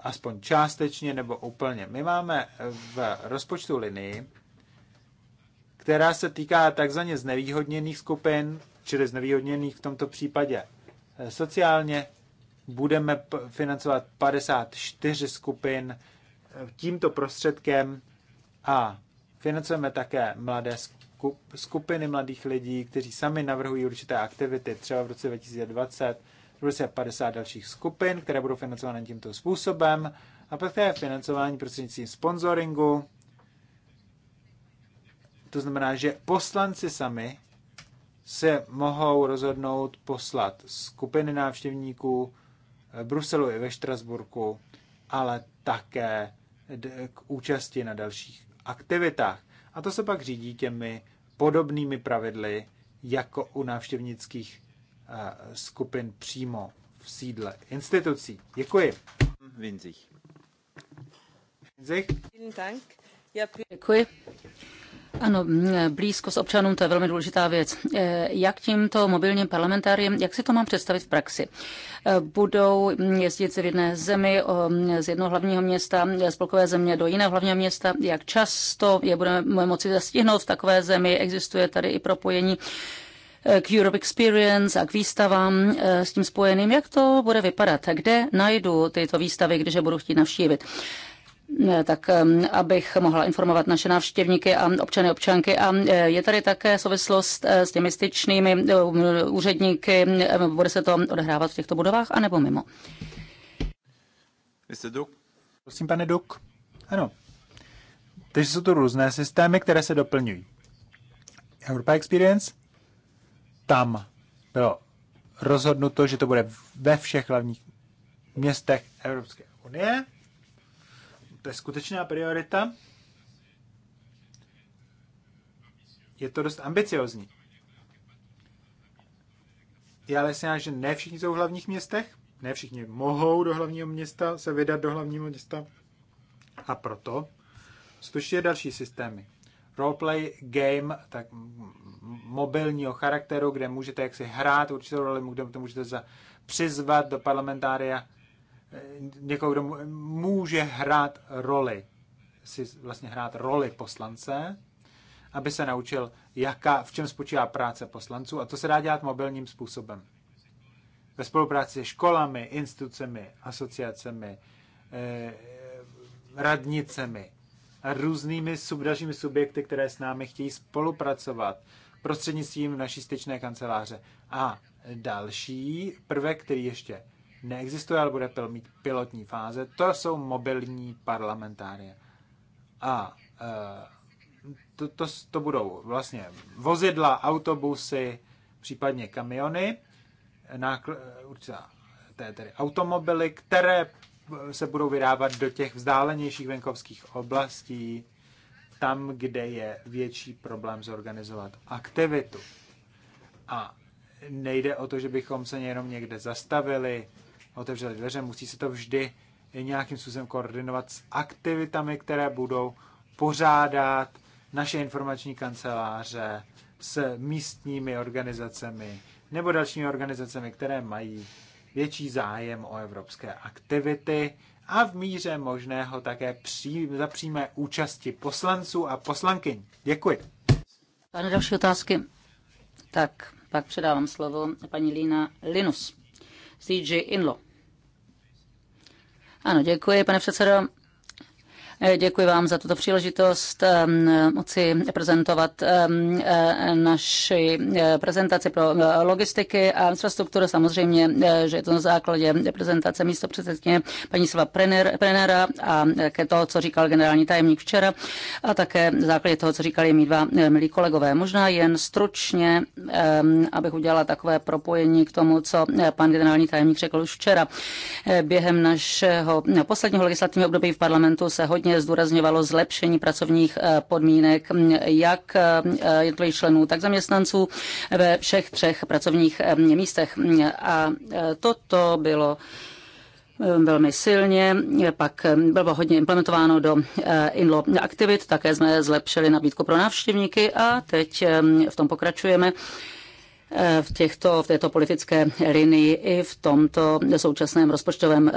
aspoň částečně nebo úplně. My máme v rozpočtu linii, která se týká takzvaně znevýhodněných skupin, čili znevýhodněných v tomto případě sociálně. Budeme financovat 54 skupin tímto prostředkem a financujeme také mladé skupiny mladých lidí, kteří sami navrhují určité aktivity, třeba v roce 2020 bude 50 dalších skupin, které budou financovány tímto způsobem a pak je financování prostřednictvím sponsoringu. To znamená, že poslanci sami se mohou rozhodnout poslat skupiny návštěvníků v eh, Bruselu i ve Štrasburku, ale také k účasti na dalších aktivitách. A to se pak řídí těmi podobnými pravidly jako u návštěvnických eh, skupin přímo v sídle institucí. Děkuji. Vinzich. Vinzich. Děkuji. Ano, blízkost občanům, to je velmi důležitá věc. E, jak tímto mobilním parlamentáriem, jak si to mám představit v praxi? E, budou jezdit v jedné zemi, z jednoho hlavního města, e, spolkové země do jiného hlavního města? Jak často je budeme moci zastihnout v takové zemi? Existuje tady i propojení k Europe Experience a k výstavám s tím spojeným. Jak to bude vypadat? Kde najdu tyto výstavy, když je budu chtít navštívit? tak abych mohla informovat naše návštěvníky a občany občanky. A e, je tady také souvislost e, s těmi styčnými e, úředníky. Bude se to odehrávat v těchto budovách anebo mimo? Jste Duk? Prosím, pane Duk. Ano. Takže jsou to různé systémy, které se doplňují. Europa Experience, tam bylo rozhodnuto, že to bude ve všech hlavních městech Evropské unie to je skutečná priorita. Je to dost ambiciozní. Je ale si že ne všichni jsou v hlavních městech, ne všichni mohou do hlavního města se vydat do hlavního města a proto stušuje další systémy. Roleplay game, tak mobilního charakteru, kde můžete jaksi hrát určitou roli, kde to můžete za, přizvat do parlamentária někoho, kdo může hrát roli, si vlastně hrát roli poslance, aby se naučil, jaká, v čem spočívá práce poslanců a to se dá dělat mobilním způsobem. Ve spolupráci se školami, institucemi, asociacemi, eh, radnicemi a různými sub, dalšími subjekty, které s námi chtějí spolupracovat prostřednictvím naší styčné kanceláře. A další prvek, který ještě neexistuje, ale bude mít pilotní fáze, to jsou mobilní parlamentárie. A eh, to, to, to budou vlastně vozidla, autobusy, případně kamiony, nákl, tedy automobily, které se budou vydávat do těch vzdálenějších venkovských oblastí, tam, kde je větší problém zorganizovat aktivitu. A nejde o to, že bychom se jenom někde zastavili, otevřeli dveře, musí se to vždy nějakým způsobem koordinovat s aktivitami, které budou pořádat naše informační kanceláře s místními organizacemi nebo dalšími organizacemi, které mají větší zájem o evropské aktivity a v míře možného také pří, za přímé účasti poslanců a poslankyň. Děkuji. Pane další otázky. Tak, pak předávám slovo paní Lína Linus. CG Inlo. Ano, děkuji, pane předsedo. Eh, děkuji vám za tuto příležitost ehm, moci prezentovat ehm, eh, naši eh, prezentaci pro logistiky a infrastrukturu. Samozřejmě, že je to na základě prezentace místo předsedkyně paní Sva Prenera a také toho, co říkal generální tajemník včera a také na základě toho, co říkali mý dva milí kolegové. Možná jen stručně, ehm, abych udělala takové propojení k tomu, co pan generální tajemník řekl už včera. Během našeho posledního legislativního období v parlamentu se hodně hodně zdůrazňovalo zlepšení pracovních eh, podmínek mm, jak eh, jednotlivých členů, tak zaměstnanců ve všech třech pracovních eh, místech. Mm, a toto bylo velmi silně, pak bylo hodně implementováno do INLO aktivit, také jsme zlepšili nabídku pro návštěvníky a teď v tom pokračujeme v, těchto, v této politické linii i v tomto současném rozpočtovém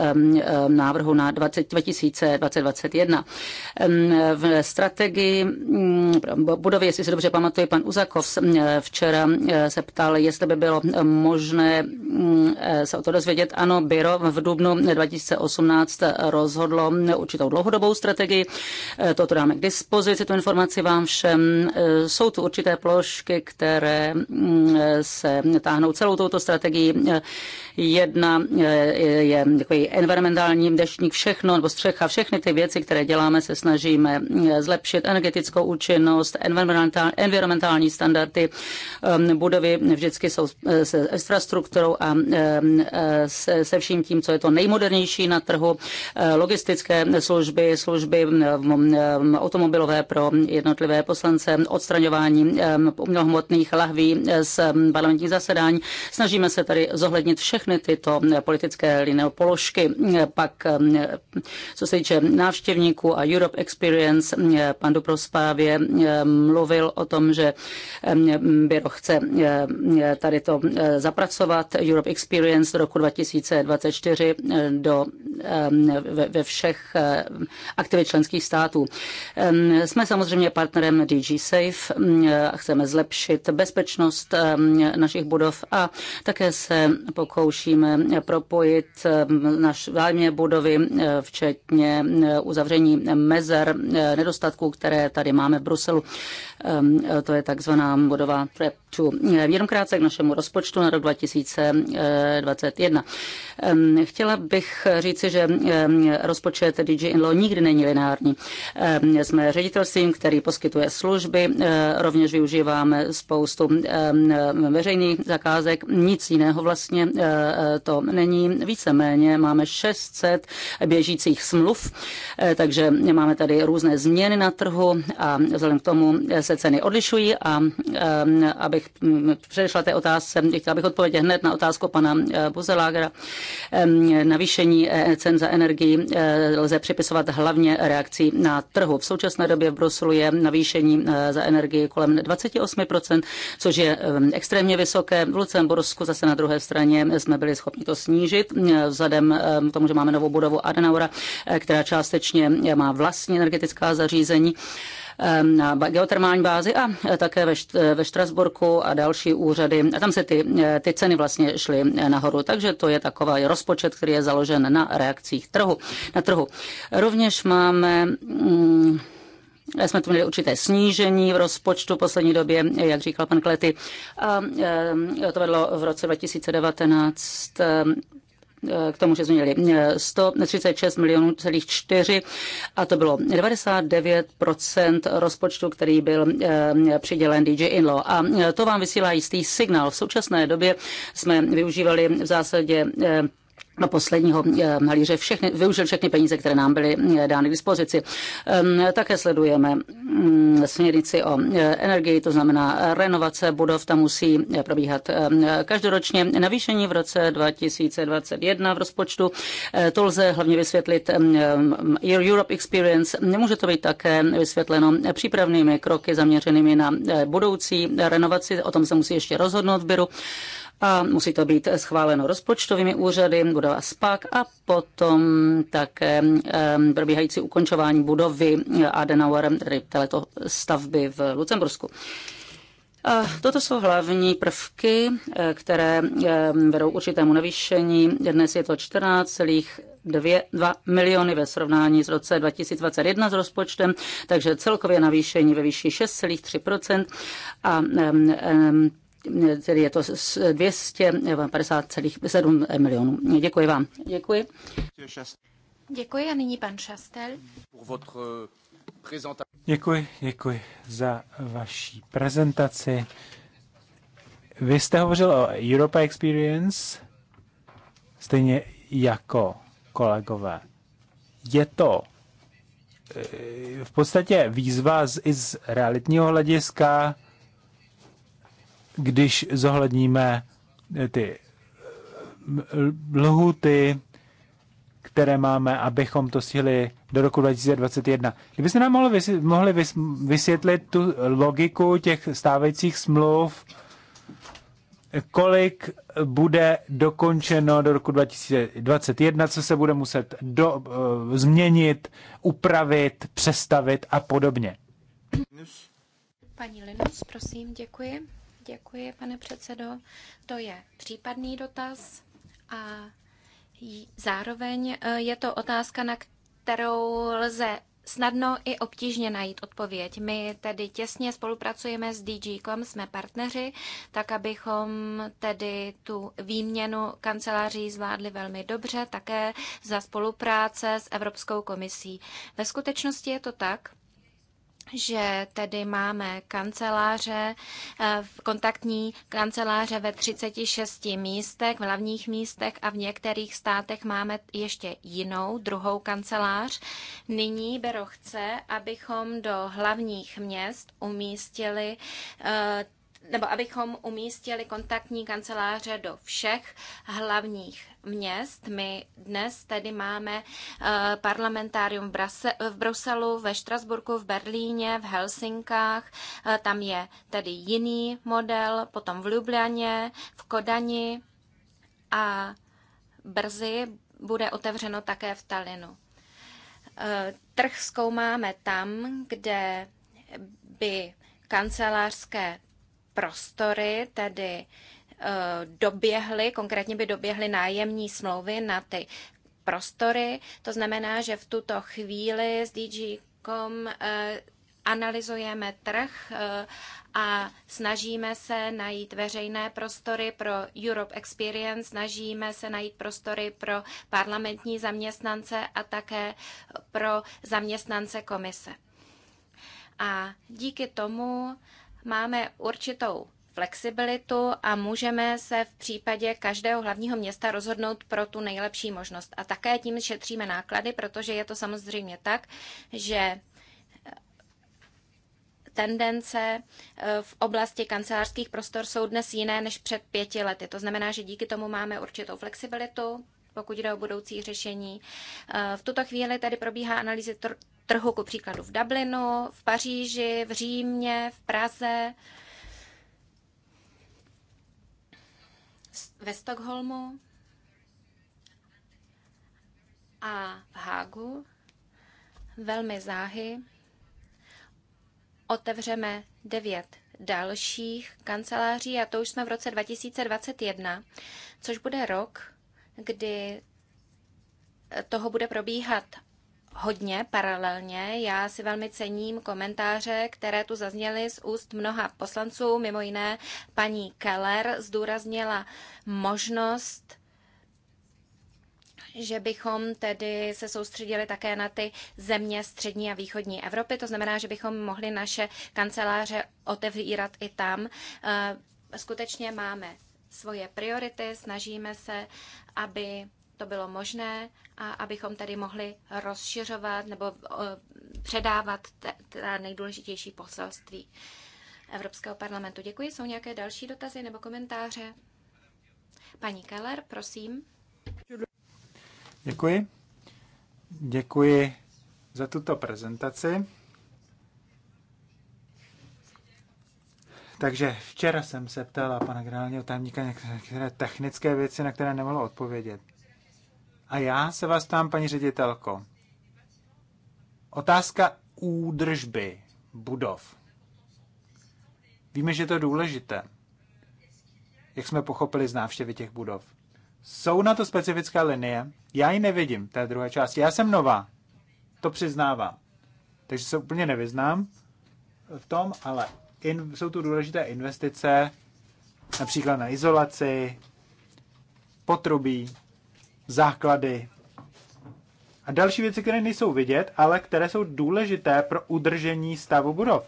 návrhu na 2021. V strategii budovy, jestli si dobře pamatuje, pan Uzakov včera se ptal, jestli by bylo možné se o to dozvědět. Ano, Byro v dubnu 2018 rozhodlo určitou dlouhodobou strategii. E, toto dáme k dispozici, tu informaci vám všem. E, jsou tu určité plošky, které se táhnou celou touto strategií. Jedna eh, je takový environmentální deštník, všechno, nebo střecha, všechny ty věci, které děláme, se snažíme eh, zlepšit energetickou účinnost, environmentální, environmentální standardy, ehm, budovy vždycky jsou eh, se infrastrukturou a ehm, se, se vším tím, co je to nejmodernější na trhu, logistické služby, služby ehm, automobilové pro jednotlivé poslance, odstraňování umělohmotných lahví z Parlamentní zasedání. Snažíme se tady zohlednit všechny tyto eh, politické linie položky. Eh, pak, eh, co se týče návštěvníků a Europe Experience, pan Duprospávě mluvil o tom, že Biro chce tady to zapracovat, Europe Experience do roku 2024 do, ve, ve všech aktivit členských států. Ehm, jsme samozřejmě partnerem DG Safe a chceme zlepšit bezpečnost ehm, našich budov a také se pokoušíme propojit eh, naš vzájemné budovy, eh, včetně eh, uzavření mezer nedostatků, které tady máme v Bruselu. Ehm, to je takzvaná budova PREP. Jenom krátce k našemu rozpočtu na rok 2021. Ehm, chtěla bych říci, že ehm, rozpočet DJ Inlo nikdy není lineární. Jsme ředitelstvím, který poskytuje služby, rovněž využíváme spoustu systémem veřejných zakázek. Nic jiného vlastně eh, eh, to není. Víceméně máme 600 běžících smluv, eh, takže máme tady různé změny na trhu a vzhledem k tomu se ceny odlišují a abych mm, předešla té otázce, chtěla bych odpovědět hned na otázku pana Buzelágera. Navýšení cen za energii lze připisovat hlavně reakcí na trhu. V současné době v Bruselu je navýšení za energii kolem 28%, což je extrémně extrémně vysoké. V Lucembursku zase na druhé straně jsme byli schopni to snížit vzhledem eh, k tomu, že máme novou budovu Adenaura, eh, která částečně má vlastní energetická zařízení eh, na geotermální bázi a také ve, ve Štrasburku a další úřady. A tam se ty, ty ceny vlastně šly nahoru, takže to je takový rozpočet, který je založen na reakcích trhu, na trhu. Rovněž máme mm, jsme tu měli určité snížení v rozpočtu v poslední době, jak říkal pan Klety. A e, to vedlo v roce 2019 e, k tomu, že jsme měli 136 e, milionů celých 4 a to bylo 99% rozpočtu, který byl přidělen DJ Inlo. A to vám vysílá jistý signál. V současné době jsme využívali v zásadě do posledního eh, malíře všechny, využil všechny peníze, které nám byly eh, dány k dispozici. Ehm, také sledujeme mm, směrnici o eh, energii, to znamená renovace budov, tam musí probíhat ehm, každoročně navýšení v roce 2021 v rozpočtu. To lze hlavně vysvětlit ehm, Europe Experience. nemůže to být také vysvětleno přípravnými kroky zaměřenými na budoucí renovaci, o tom se musí ještě rozhodnout v Byru a musí to být schváleno rozpočtovými úřady, budova SPAK a potom také probíhající ukončování budovy Adenauer, tedy této stavby v Lucembursku. A toto jsou hlavní prvky, e, které vedou určitému navýšení. Dnes je to 14, miliony ve srovnání s roce 2021 s rozpočtem, takže celkově navýšení ve výši 6,3 a tedy je to 250,7 milionů. Děkuji vám. Děkuji. Děkuji a nyní pan Šastel. Eh, děkuji, děkuji za vaší prezentaci. Vy jste hovořil o Europa Experience, stejně jako kolegové. Je to eh, v podstatě výzva z, i z realitního hlediska, když zohledníme eh, ty eh, lhuty, které máme, abychom to stihli do roku 2021. Kdybyste nám mohli, vysvětlit, mohli vysvětlit tu logiku těch stávajících smluv, kolik bude dokončeno do roku 2021, co se bude muset do, uh, změnit, upravit, přestavit a podobně. Paní Linus, prosím, děkuji. Děkuji, pane předsedo. To je případný dotaz a zároveň e, je to otázka, na kterou lze snadno i obtížně najít odpověď. My tedy těsně spolupracujeme s DG.com, jsme partneři, tak abychom tedy tu výměnu kanceláří zvládli velmi dobře, také za spolupráce s Evropskou komisí. Ve skutečnosti je to tak, že tedy máme kanceláře, eh, kontaktní kanceláře ve 36 místech, v hlavních místech a v některých státech máme ještě jinou, druhou kancelář. Nyní Bero chce, abychom do hlavních měst umístili eh, nebo abychom umístili kontaktní kanceláře do všech hlavních měst. My dnes tedy máme eh, parlamentárium v Bruselu, ve Štrasburku, v Berlíně, v Helsinkách, eh, tam je tedy jiný model, potom v Ljubljaně, v Kodani a brzy bude otevřeno také v Talinu. Eh, trh zkoumáme tam, kde by kancelářské prostory, tedy eh, doběhly, konkrétně by doběhly nájemní smlouvy na ty prostory. To znamená, že v tuto chvíli s DG.com eh, analyzujeme trh eh, a snažíme se najít veřejné prostory pro Europe Experience, snažíme se najít prostory pro parlamentní zaměstnance a také pro zaměstnance komise. A díky tomu máme určitou flexibilitu a můžeme se v případě každého hlavního města rozhodnout pro tu nejlepší možnost. A také tím šetříme náklady, protože je to samozřejmě tak, že eh, tendence eh, v oblasti kancelářských prostor jsou dnes jiné než před pěti lety. To znamená, že díky tomu máme určitou flexibilitu pokud jde o budoucí řešení. Eh, v tuto chvíli tady probíhá analýzy trhu, ku příkladu v Dublinu, v Paříži, v Římě, v Praze, ve Stockholmu a v Hágu velmi záhy otevřeme devět dalších kanceláří a to už jsme v roce 2021, což bude rok, kdy toho bude probíhat hodně paralelně. Já si velmi cením komentáře, které tu zazněly z úst mnoha poslanců, mimo jiné paní Keller zdůraznila možnost že bychom tedy se soustředili také na ty země střední a východní Evropy. To znamená, že bychom mohli naše kanceláře otevírat i tam. Eh, skutečně máme svoje priority, snažíme se, aby to bylo možné a abychom tedy mohli rozšiřovat nebo eh, předávat ta nejdůležitější poselství Evropského parlamentu. Děkuji. Jsou nějaké další dotazy nebo komentáře? Paní Keller, prosím. Děkuji. Děkuji za tuto prezentaci. Takže včera jsem se ptala pana generálního tajemníka některé technické věci, na které nemohl odpovědět. A já se vás ptám, paní ředitelko. Otázka údržby budov. Víme, že to je důležité. Jak jsme pochopili z návštěvy těch budov. Jsou na to specifická linie? Já ji nevidím, té druhé části. Já jsem nová. To přiznávám. Takže se úplně nevyznám v tom, ale in, jsou tu důležité investice, například na izolaci, potrubí, základy a další věci, které nejsou vidět, ale které jsou důležité pro udržení stavu budov.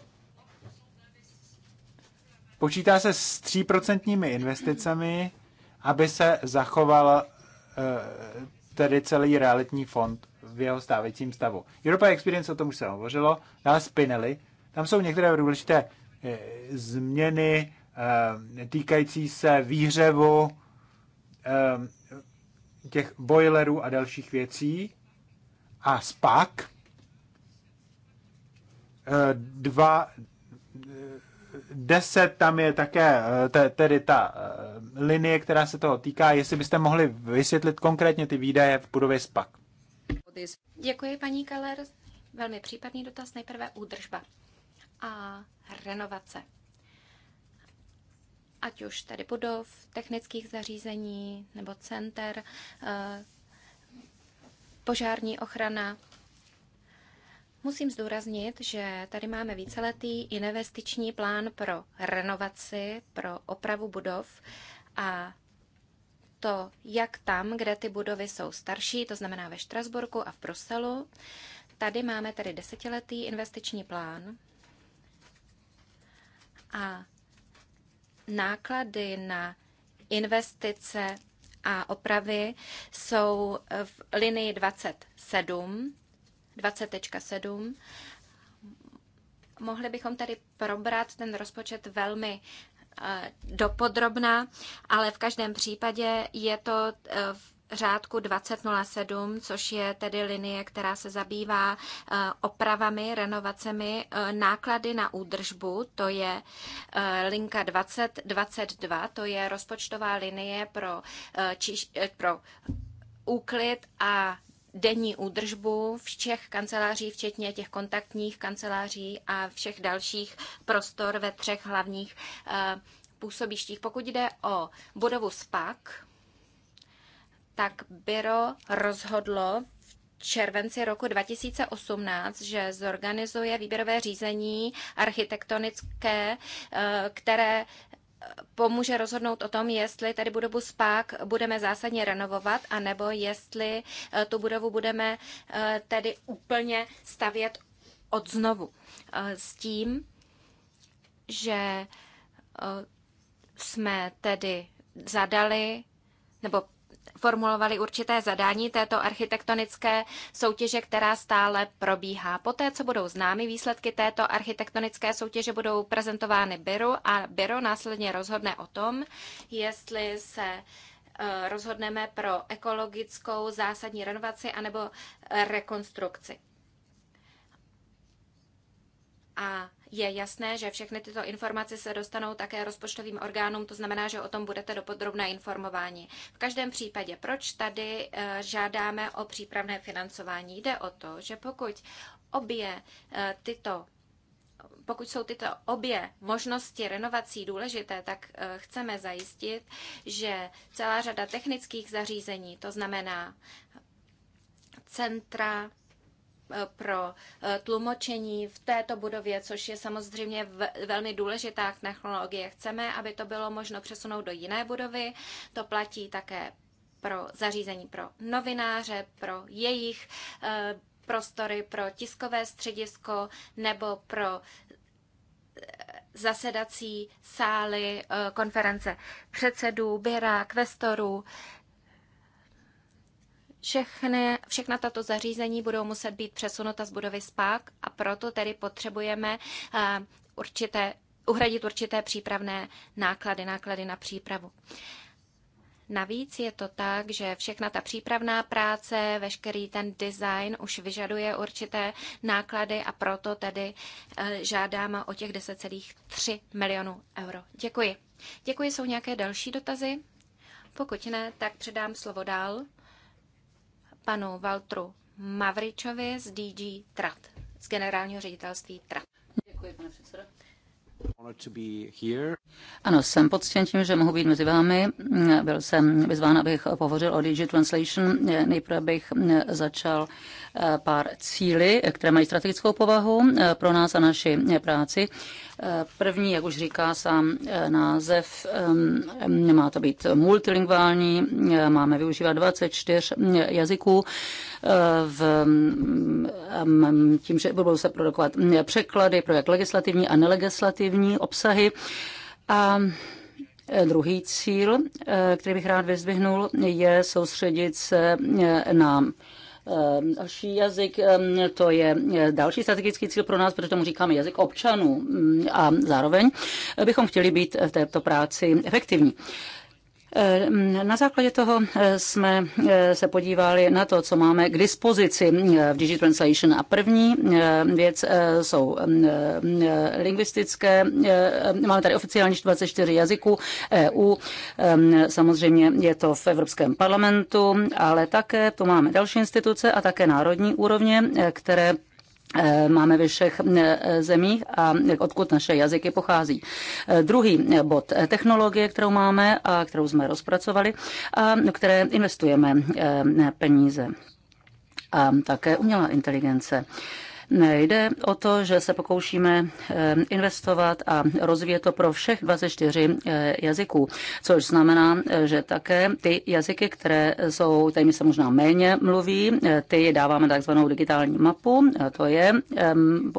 Počítá se s 3% investicemi, aby se zachoval eh, tedy celý realitní fond v jeho stávajícím stavu. Europa Experience, o tom už se hovořilo, dále Spinelli. Tam jsou některé důležité Eh, změny eh, týkající se výhřevu eh, těch boilerů a dalších věcí. A spak dva, deset tam je také tedy ta linie, která se toho týká. Jestli byste mohli vysvětlit konkrétně ty výdaje v budově spak. Děkuji, paní Keller. Velmi případný dotaz. Nejprve údržba a renovace. Ať už tedy budov, technických zařízení nebo center, eh, požární ochrana. Musím zdůraznit, že tady máme víceletý investiční plán pro renovaci, pro opravu budov a to, jak tam, kde ty budovy jsou starší, to znamená ve Štrasburku a v Bruselu. Tady máme tedy desetiletý investiční plán a náklady na investice a opravy jsou v linii 27, 20.7. Mohli bychom tady probrat ten rozpočet velmi eh, dopodrobná, ale v každém případě je to eh, v řádku 2007, což je tedy linie, která se zabývá eh, opravami, renovacemi, eh, náklady na údržbu, to je eh, linka 2022, to je rozpočtová linie pro, čiš, pro úklid a denní údržbu všech kanceláří, včetně těch kontaktních kanceláří a všech dalších prostor ve třech hlavních působištích. Pokud jde o budovu SPAK, tak Byro rozhodlo v červenci roku 2018, že zorganizuje výběrové řízení architektonické, eh, které pomůže rozhodnout o tom, jestli tady budovu SPÁK budeme zásadně renovovat, anebo jestli eh, tu budovu budeme eh, tedy úplně stavět od znovu. S tím, že jsme tedy zadali nebo formulovali určité zadání této architektonické soutěže, která stále probíhá. Poté, co budou známy výsledky této architektonické soutěže, budou prezentovány Biru a Biro následně rozhodne o tom, jestli se eh, rozhodneme pro ekologickou zásadní renovaci anebo rekonstrukci. A je jasné, že všechny tyto informace se dostanou také rozpočtovým orgánům, to znamená, že o tom budete dopodrobné informování. V každém případě, proč tady eh, žádáme o přípravné financování? Jde o to, že pokud obě eh, tyto pokud jsou tyto obě možnosti renovací důležité, tak eh, chceme zajistit, že celá řada technických zařízení, to znamená centra, pro eh, tlumočení v této budově, což je samozřejmě velmi důležitá technologie. Chceme, aby to bylo možno přesunout do jiné budovy. To platí také pro zařízení pro novináře, pro jejich eh, prostory, pro tiskové středisko nebo pro eh, zasedací sály konference předsedů, běra, kvestorů. Všechny, všechna tato zařízení budou muset být přesunuta z budovy spák a proto tedy potřebujeme eh, určité, uhradit určité přípravné náklady, náklady na přípravu. Navíc je to tak, že všechna ta přípravná práce, veškerý ten design už vyžaduje určité náklady a proto tedy eh, žádám o těch 10,3 milionů euro. Děkuji. Děkuji, jsou nějaké další dotazy? Pokud ne, tak předám slovo dál panu Valtru Mavričovi z DG TRAT, z generálního ředitelství TRAT. Děkuji, pane předsedo. Ano, jsem poctěn tím, že mohu být mezi vámi. Byl jsem vyzván, abych pohovořil o Digi Translation. Nejprve bych začal eh, pár cíly, které mají strategickou povahu eh, pro nás a naši eh, práci. První, jak už říká sám název, má to být multilingvální, máme využívat 24 jazyků v, mm, tím, že budou se produkovat překlady pro jak legislativní a nelegislativní obsahy. A e, druhý cíl, e, který bych rád vyzvihnul, je soustředit se e, na další jazyk, to je další strategický cíl pro nás, protože tomu říkáme jazyk občanů mm, a zároveň bychom chtěli být v této práci efektivní. Eh, na základě toho eh, jsme eh, se podívali na to, co máme k dispozici v translation. A první věc jsou mm, lingvistické. Máme tady oficiálně 24 jazyků EU. Ehm, samozřejmě je to v Evropském parlamentu, ale také tu máme další instituce a také národní úrovně, které Eh, máme ve všech eh, zemích a odkud naše jazyky pochází. Eh, druhý bod technologie, kterou máme a kterou jsme rozpracovali a do které investujeme peníze. A také umělá inteligence. Jde o to, že se pokoušíme eh, investovat a rozvíjet to pro všech 24 eh, jazyků, což znamená, eh, že také ty jazyky, které jsou, kterými se možná méně mluví, ty dáváme takzvanou digitální mapu, to je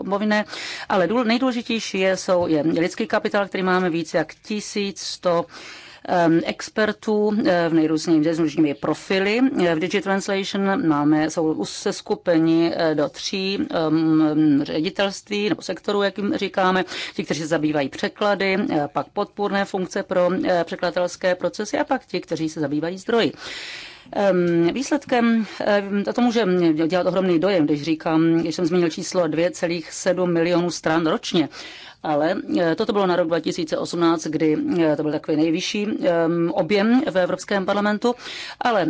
povinné, ale nejdůležitější je, jsou, je lidský kapitál, který máme víc jak 1100 expertů eh, v nejrůznějšími profily. Eh, v Digitranslation máme, jsou se skupení eh, do tří ředitelství nebo sektorů, jak jim říkáme, ti, kteří se zabývají překlady, pak podpůrné funkce pro překladatelské procesy a pak ti, kteří se zabývají zdroji. Výsledkem to může dělat ohromný dojem, když říkám, že jsem zmínil číslo 2,7 milionů stran ročně ale e, toto bylo na rok 2018, kdy e, to byl takový nejvyšší objem v Evropském parlamentu, ale e,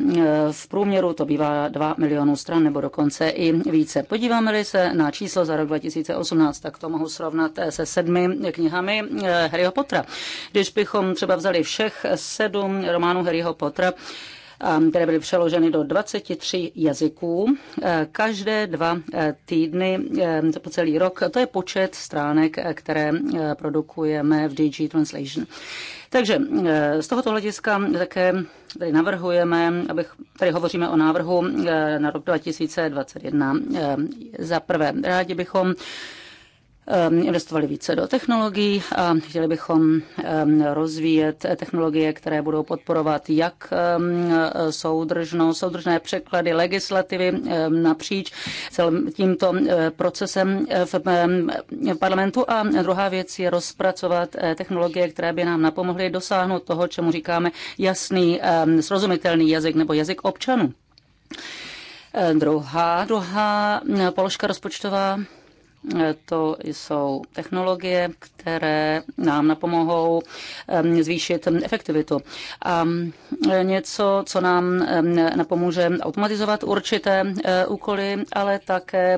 v průměru to bývá 2 milionů stran nebo dokonce i více. Podíváme-li se na číslo za rok 2018, tak to mohu srovnat se sedmi knihami Harryho Pottera. Když bychom třeba vzali všech sedm románů Harryho Pottera, které byly přeloženy do 23 jazyků. Eh, každé dva eh, týdny po celý rok, to je počet stránek, eh, které produkujeme v DG Translation. Takže z tohoto hlediska také tady navrhujeme, abych, tady hovoříme o návrhu na rok 2021. Za prvé, rádi bychom Ehm, investovali více do technologií a chtěli bychom ehm, rozvíjet technologie, které budou podporovat jak ehm, soudržnou, soudržné překlady legislativy napříč celým tímto eh, procesem eh, v parlamentu. A druhá věc je rozpracovat eh, technologie, které by nám napomohly dosáhnout toho, čemu říkáme jasný, srozumitelný jazyk nebo jazyk občanů. Druhá, druhá položka rozpočtová Eh, to jsou technologie, které nám napomohou ehm, zvýšit efektivitu. A eh, něco, co nám ehm, napomůže automatizovat určité eh, úkoly, ale také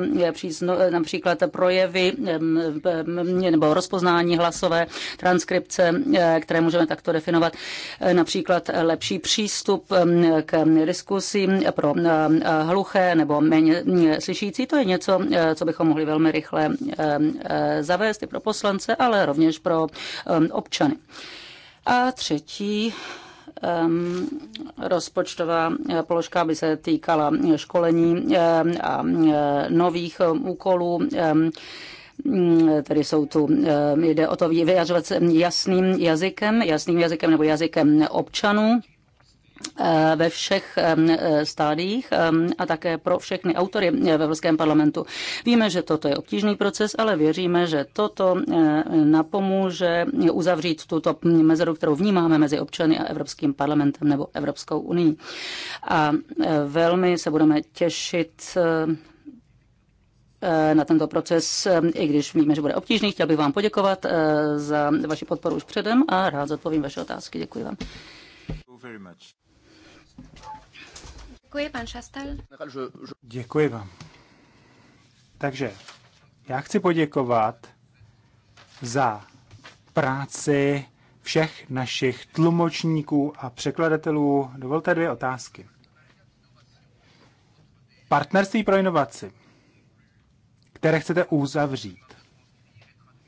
například projevy ehm, nebo rozpoznání hlasové transkripce, které můžeme takto definovat. Například lepší přístup k diskusím pro hluché nebo méně mm, slyšící. To je něco, co bychom mohli velmi rychle rychle um, eh, zavést i pro poslance, ale rovněž pro um, občany. A třetí um, rozpočtová eh, položka by se týkala školení eh, a nových úkolů mm, tedy jsou tu, jde o to vyjadřovat se jasným jazykem, jasným jazykem nebo jazykem občanů Eh, ve všech eh, stádiích a také pro všechny autory eh, v Evropském parlamentu. Víme, že toto je obtížný proces, ale věříme, že toto napomůže uzavřít tuto mezeru, kterou vnímáme mezi občany a Evropským parlamentem nebo Evropskou unii. A velmi se budeme těšit na tento proces, i když víme, že bude obtížný. Chtěl bych vám poděkovat za vaši podporu už předem a rád zodpovím vaše otázky. Děkuji vám. Děkuji, pan Šastel. Děkuji vám. Takže já chci poděkovat za práci všech našich tlumočníků a překladatelů. Dovolte dvě otázky. Partnerství pro inovaci, které chcete uzavřít.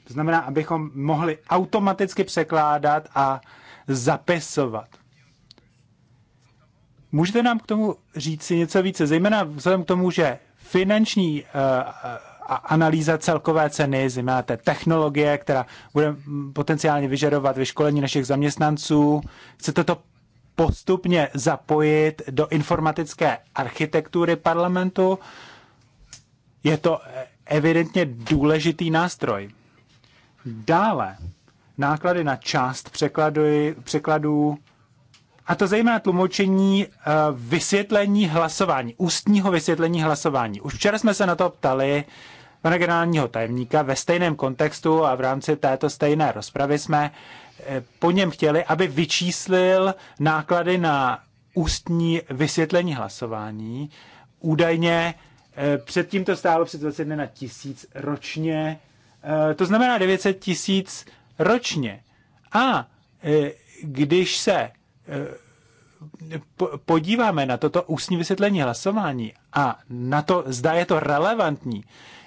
To znamená, abychom mohli automaticky překládat a zapisovat. Můžete nám k tomu říct si něco více, zejména vzhledem k tomu, že finanční eh, analýza celkové ceny, zejména té technologie, která bude potenciálně vyžadovat vyškolení našich zaměstnanců. Chcete to postupně zapojit do informatické architektury parlamentu? Je to eh, evidentně důležitý nástroj. Dále, náklady na část překladu, překladů a to zejména tlumočení eh, vysvětlení hlasování, ústního vysvětlení hlasování. Už včera jsme se na to ptali pana generálního tajemníka ve stejném kontextu a v rámci této stejné rozpravy jsme eh, po něm chtěli, aby vyčíslil náklady na ústní vysvětlení hlasování. Údajně eh, předtím to stálo před na tisíc ročně, to znamená 900 tisíc ročně. A když se Eh, podíváme na toto ústní vysvětlení hlasování a na to, zda je to relevantní,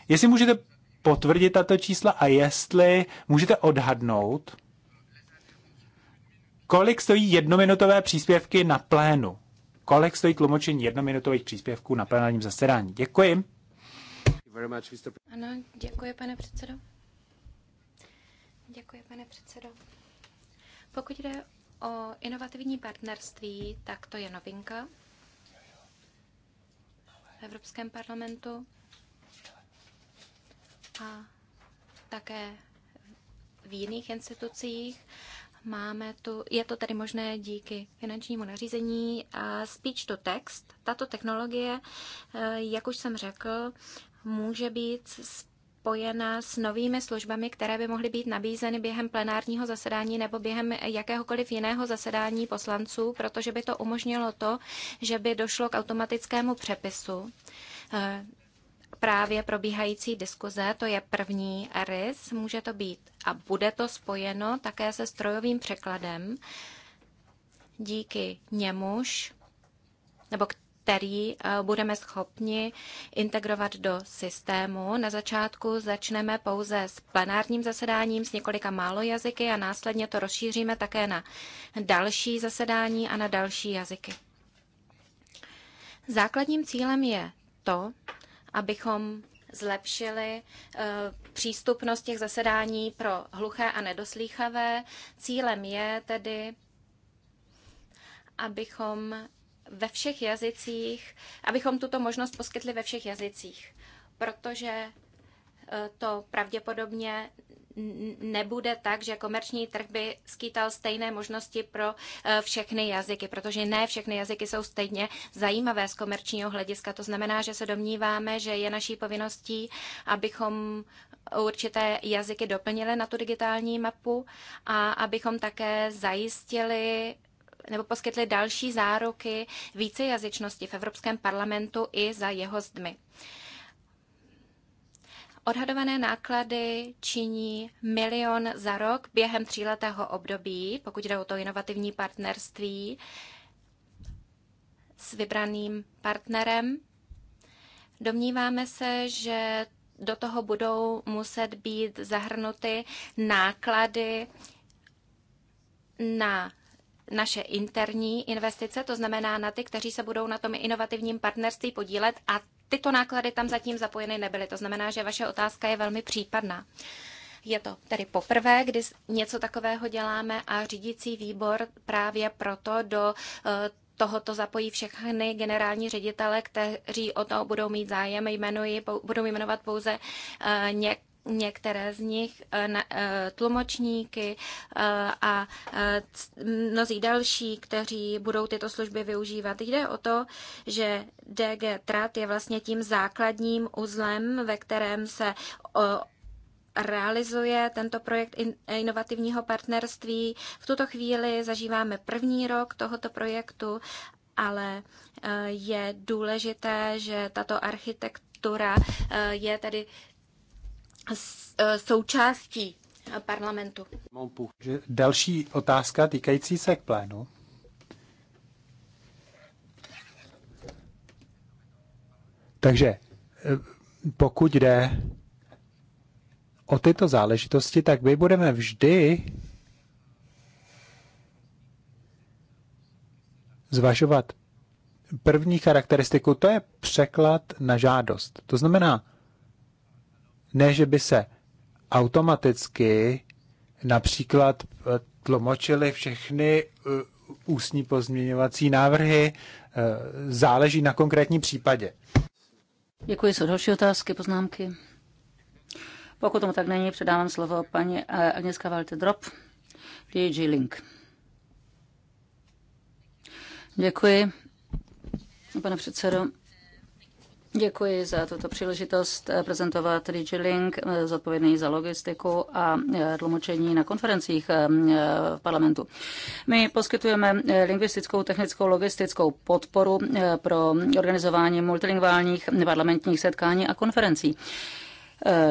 jestli můžete potvrdit tato čísla a jestli můžete odhadnout, kolik stojí jednominutové příspěvky na plénu. Kolik stojí tlumočení jednominutových příspěvků na plénárním zasedání. Děkuji. Ano, děkuji, pane předsedo. Děkuji, pane předsedo. Pokud jde o inovativní partnerství, tak to je novinka v Evropském parlamentu a také v jiných institucích. Máme tu, je to tady možné díky finančnímu nařízení a speech to text. Tato technologie, eh, jak už jsem řekl, může být spojena s novými službami, které by mohly být nabízeny během plenárního zasedání nebo během jakéhokoliv jiného zasedání poslanců, protože by to umožnilo to, že by došlo k automatickému přepisu eh, právě probíhající diskuze, to je první rys, může to být a bude to spojeno také se strojovým překladem, díky němuž, nebo který eh, budeme schopni integrovat do systému. Na začátku začneme pouze s plenárním zasedáním s několika málo jazyky a následně to rozšíříme také na další zasedání a na další jazyky. Základním cílem je to, abychom zlepšili eh, přístupnost těch zasedání pro hluché a nedoslýchavé. Cílem je tedy, abychom ve všech jazycích, abychom tuto možnost poskytli ve všech jazycích, protože e, to pravděpodobně nebude tak, že komerční trh by skýtal stejné možnosti pro e, všechny jazyky, protože ne všechny jazyky jsou stejně zajímavé z komerčního hlediska. To znamená, že se domníváme, že je naší povinností, abychom určité jazyky doplnili na tu digitální mapu a abychom také zajistili nebo poskytli další záruky vícejazyčnosti v Evropském parlamentu i za jeho zdmi. Odhadované náklady činí milion za rok během tříletého období, pokud jde o to inovativní partnerství s vybraným partnerem. Domníváme se, že do toho budou muset být zahrnuty náklady na naše interní investice, to znamená na ty, kteří se budou na tom inovativním partnerství podílet a tyto náklady tam zatím zapojeny nebyly. To znamená, že vaše otázka je velmi případná. Je to tedy poprvé, kdy něco takového děláme a řídící výbor právě proto do eh, tohoto zapojí všechny generální ředitele, kteří o to budou mít zájem. Jmenuji, budou jmenovat pouze eh, něk, některé z nich eh, eh, tlumočníky eh, a mnozí další, kteří budou tyto služby využívat. Jde o to, že DG Trat je vlastně tím základním uzlem, ve kterém se realizuje tento projekt inovativního partnerství. V tuto chvíli zažíváme první rok tohoto projektu, ale je důležité, že tato architektura je tedy Eh, součástí parlamentu. Další otázka týkající se k plénu. Takže eh, pokud jde o tyto záležitosti, tak my budeme vždy zvažovat první charakteristiku, to je překlad na žádost. To znamená, ne, že by se automaticky například eh, tlumočily všechny eh, ústní pozměňovací návrhy. Eh, záleží na konkrétním případě. Děkuji. Jsou další otázky, poznámky? Pokud tomu tak není, předávám slovo paní Agnieszka Walter-Drop, DG Link. Děkuji, pane předsedo. Děkuji za tuto příležitost eh, prezentovat Digi Link, eh, zodpovědný za logistiku a eh, tlumočení na konferencích v parlamentu. My poskytujeme lingvistickou, technickou, logistickou podporu pro organizování multilingválních parlamentních setkání a konferencí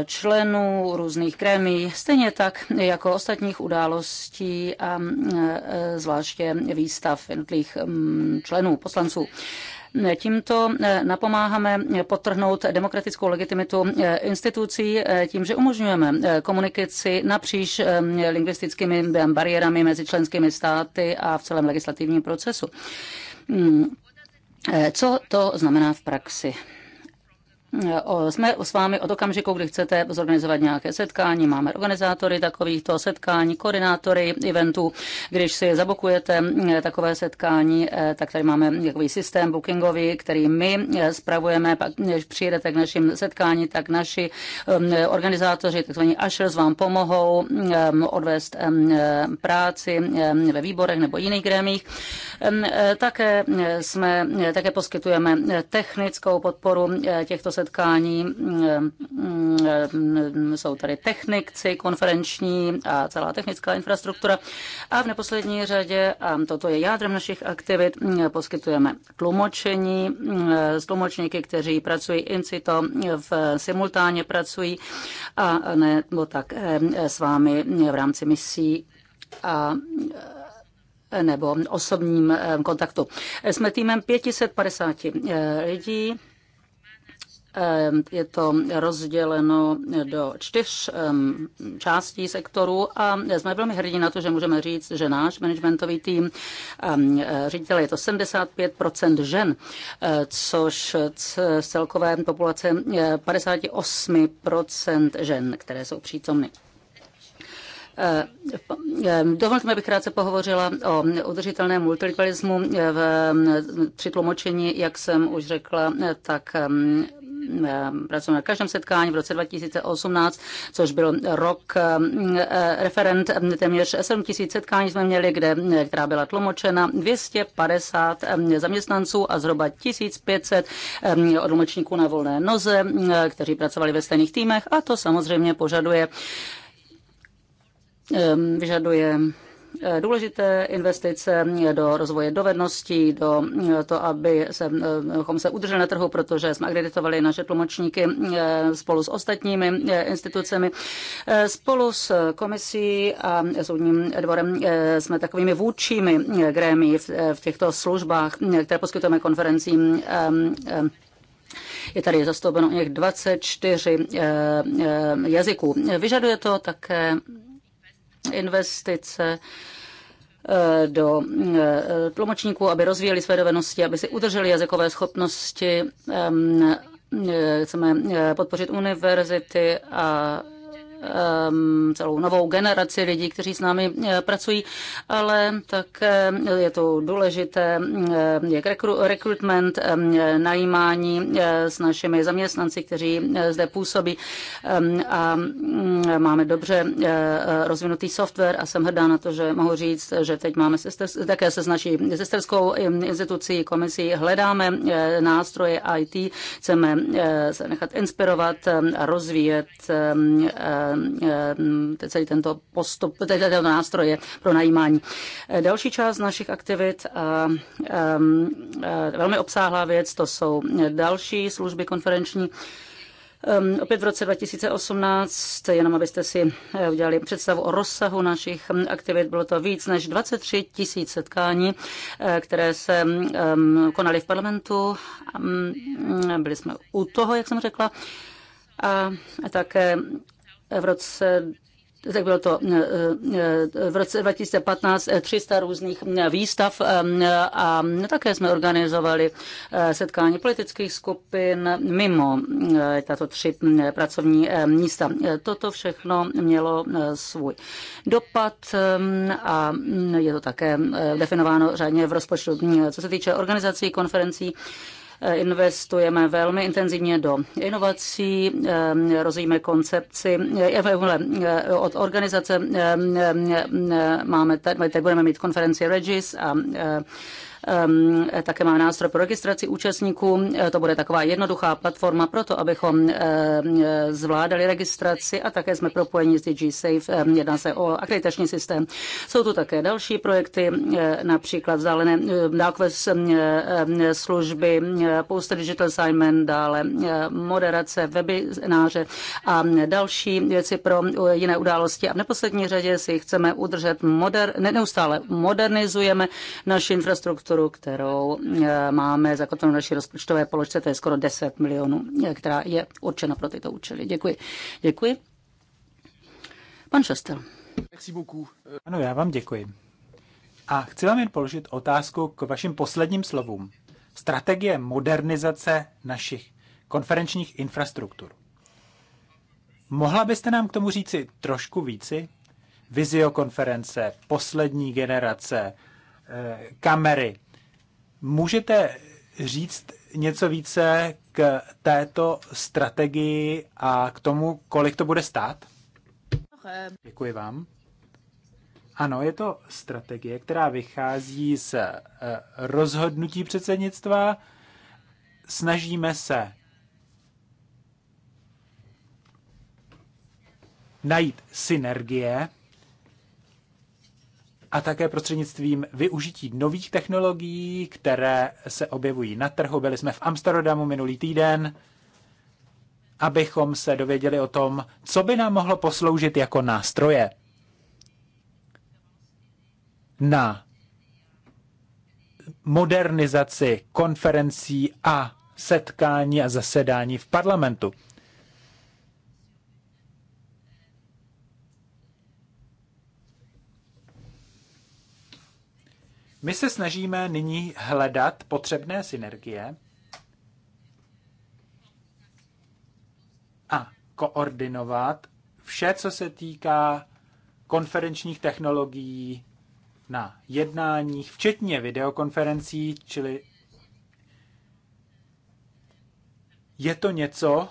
členů různých krémí, stejně tak jako ostatních událostí a zvláště výstav jednotlivých členů, poslanců. Tímto eh, napomáháme potrhnout demokratickou legitimitu eh, institucí eh, tím, že umožňujeme komunikaci napříč lingvistickými bariérami mezi členskými státy a v celém legislativním procesu. Hmm. Co to znamená v praxi? jsme s vámi od okamžiku, kdy chcete zorganizovat nějaké setkání. Máme organizátory takovýchto setkání, koordinátory eventů. Když si zabokujete eh, takové setkání, eh, tak tady máme takový systém bookingový, který my eh, spravujeme. Pak, když přijedete k našim setkání, tak naši mm, organizátoři, takzvaní ushers, vám pomohou mm, odvést mm, práci ve výborech nebo jiných grémích. Také jsme, také poskytujeme technickou podporu těchto setkání. Mm, mm, mm, jsou tady technikci konferenční a celá technická infrastruktura. A v neposlední řadě, a toto je jádrem našich aktivit, poskytujeme tlumočení s tlumočníky, kteří pracují situ, v simultánně pracují a nebo tak s vámi v rámci misí a nebo osobním kontaktu. Jsme týmem 550 eh, lidí, Ehm, je to rozděleno do čtyř ehm, částí sektoru a jsme velmi hrdí na to, že můžeme říct, že náš managementový tým ehm, eh, ředitele je to 75 žen, eh, což z celkové populace 58 žen, které jsou přítomny. Eh, dovolte mi, abych krátce pohovořila o udržitelném multilitualismu v přitlumočení, jak jsem už řekla, tak Eh, pracujeme na každém setkání v roce 2018, což byl rok eh, referent, téměř 7 tisíc setkání jsme měli, kde, která byla tlumočena, 250 eh, zaměstnanců a zhruba 1500 odlumočníků na volné noze, kteří pracovali ve stejných týmech a to samozřejmě požaduje vyžaduje Eh, důležité investice do rozvoje dovedností, do eh, to, aby se, abychom eh, se udrželi na trhu, protože jsme akreditovali naše tlumočníky spolu s ostatními institucemi. Spolu s komisí a soudním dvorem jsme takovými vůdčími grémy v těchto službách, které poskytujeme konferencím ehm, ehm. je tady zastoupeno nějak 24 jazyků. Vyžaduje to také investice eh, do eh, tlumočníků, aby rozvíjeli své dovednosti, aby si udrželi jazykové schopnosti. Eh, chceme podpořit univerzity a Um, celou novou generaci lidí, kteří s námi eh, pracují, ale také eh, je to důležité, eh, jak recruitment, najímání s našimi zaměstnanci, kteří zde působí ehm, a mm, máme dobře rozvinutý software a jsem hrdá na to, že mohu říct, že teď máme sester, také se s naší sesterskou institucí, komisí hledáme nástroje IT, chceme se nechat inspirovat a rozvíjet ehm, Eh, celý tento postup, tento nástroje pro najímání. Eh, další část našich aktivit, a, eh, velmi obsáhlá věc, to jsou další služby konferenční, Um, opět v roce 2018, jenom abyste si udělali představu o rozsahu našich ehm, aktivit, bylo to víc než 23 tisíc setkání, které se um, konaly v parlamentu. Um, byli jsme u toho, jak jsem řekla. A také v roce tak bylo to eh, eh, v roce 2015 300 eh, různých výstav a také jsme organizovali setkání politických skupin mimo tato tři pracovní místa. Toto všechno mělo svůj dopad a mm, je to také definováno řádně v rozpočtu. Co se týče organizací konferencí, Eh, investujeme velmi intenzivně do inovací, eh, rozvíjíme koncepci eh, od organizace, máme, tady budeme mít konferenci Regis a také máme nástroj pro registraci účastníků. E, to bude taková jednoduchá platforma pro to, abychom e, e, zvládali registraci a také jsme propojeni s DigiSafe. Jedná se o akreditační systém. Jsou tu také další projekty, například vzdálené dálkové služby, poster digital assignment, dále moderace, webináře a další věci pro jiné události. A v neposlední řadě si chceme udržet moder, neustále modernizujeme naši infrastrukturu prostoru, kterou eh, máme zakotvenou naší rozpočtové položce, to je skoro 10 milionů, eh, která je určena pro tyto účely. Děkuji. Děkuji. Pan Šestel. Ano, já vám děkuji. A chci vám jen položit otázku k vašim posledním slovům. Strategie modernizace našich konferenčních infrastruktur. Mohla byste nám k tomu říci trošku víci? Viziokonference, poslední generace, eh, kamery. Můžete říct něco více k této strategii a k tomu, kolik to bude stát? Děkuji vám. Ano, je to strategie, která vychází z eh, rozhodnutí předsednictva. Snažíme se najít synergie a také prostřednictvím využití nových technologií, které se objevují na trhu. Byli jsme v Amsterdamu minulý týden, abychom se dověděli o tom, co by nám mohlo posloužit jako nástroje na modernizaci konferencí a setkání a zasedání v parlamentu. My se snažíme nyní hledat potřebné synergie a koordinovat vše, co se týká konferenčních technologií na jednáních, včetně videokonferencí, čili je to něco,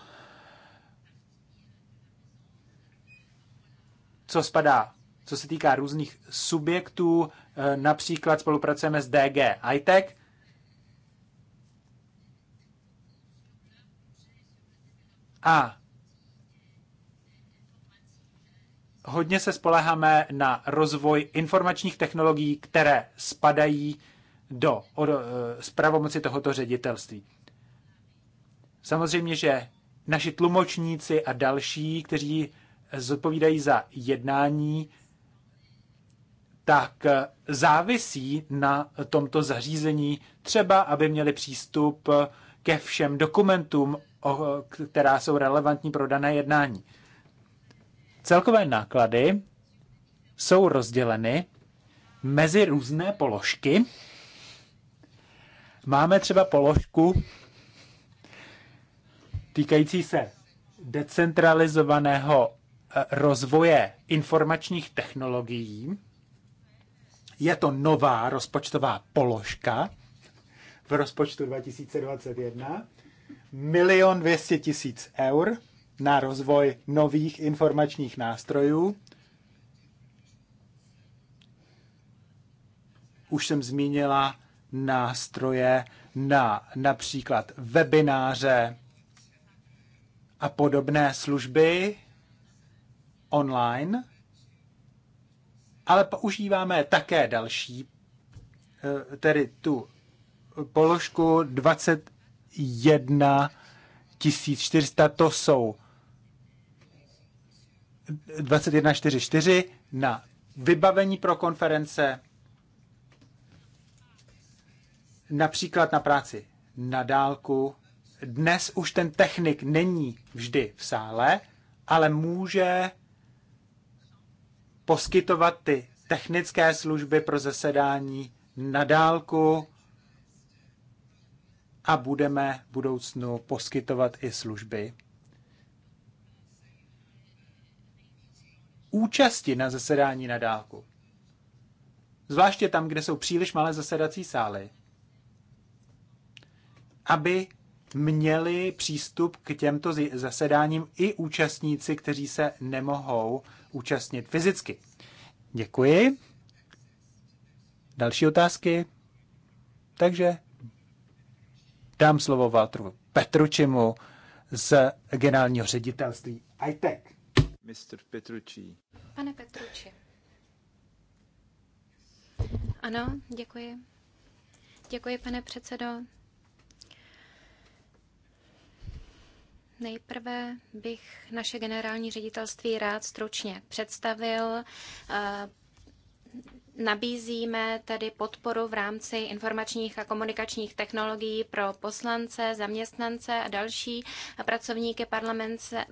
co spadá, co se týká různých subjektů Eh, například spolupracujeme s DG ITEC, A hodně se spoleháme na rozvoj informačních technologií, které spadají do eh, zpravomoci tohoto ředitelství. Samozřejmě, že naši tlumočníci a další, kteří zodpovídají za jednání, tak eh, závisí na tomto zařízení třeba, aby měli přístup eh, ke všem dokumentům, eh, která jsou relevantní pro dané jednání. Celkové náklady jsou rozděleny mezi různé položky. Máme třeba položku týkající se decentralizovaného rozvoje informačních technologií, je to nová rozpočtová položka v rozpočtu 2021. Milion 200 tisíc eur na rozvoj nových informačních nástrojů. Už jsem zmínila nástroje na například webináře a podobné služby online ale používáme také další, eh, tedy tu položku 21 400, to jsou 2144 na vybavení pro konference, například na práci na dálku. Dnes už ten technik není vždy v sále, ale může poskytovat ty technické služby pro zasedání na dálku a budeme v budoucnu poskytovat i služby účasti na zasedání na dálku. Zvláště tam, kde jsou příliš malé zasedací sály. Aby měli přístup k těmto zasedáním i účastníci, kteří se nemohou účastnit fyzicky. Děkuji. Další otázky? Takže dám slovo Valtru Petručimu z generálního ředitelství ITEC. Mr. Petruči. Pane Petruči. Ano, děkuji. Děkuji, pane předsedo. Nejprve bych naše generální ředitelství rád stručně představil. Eh, nabízíme tedy podporu v rámci informačních a komunikačních technologií pro poslance, zaměstnance a další pracovníky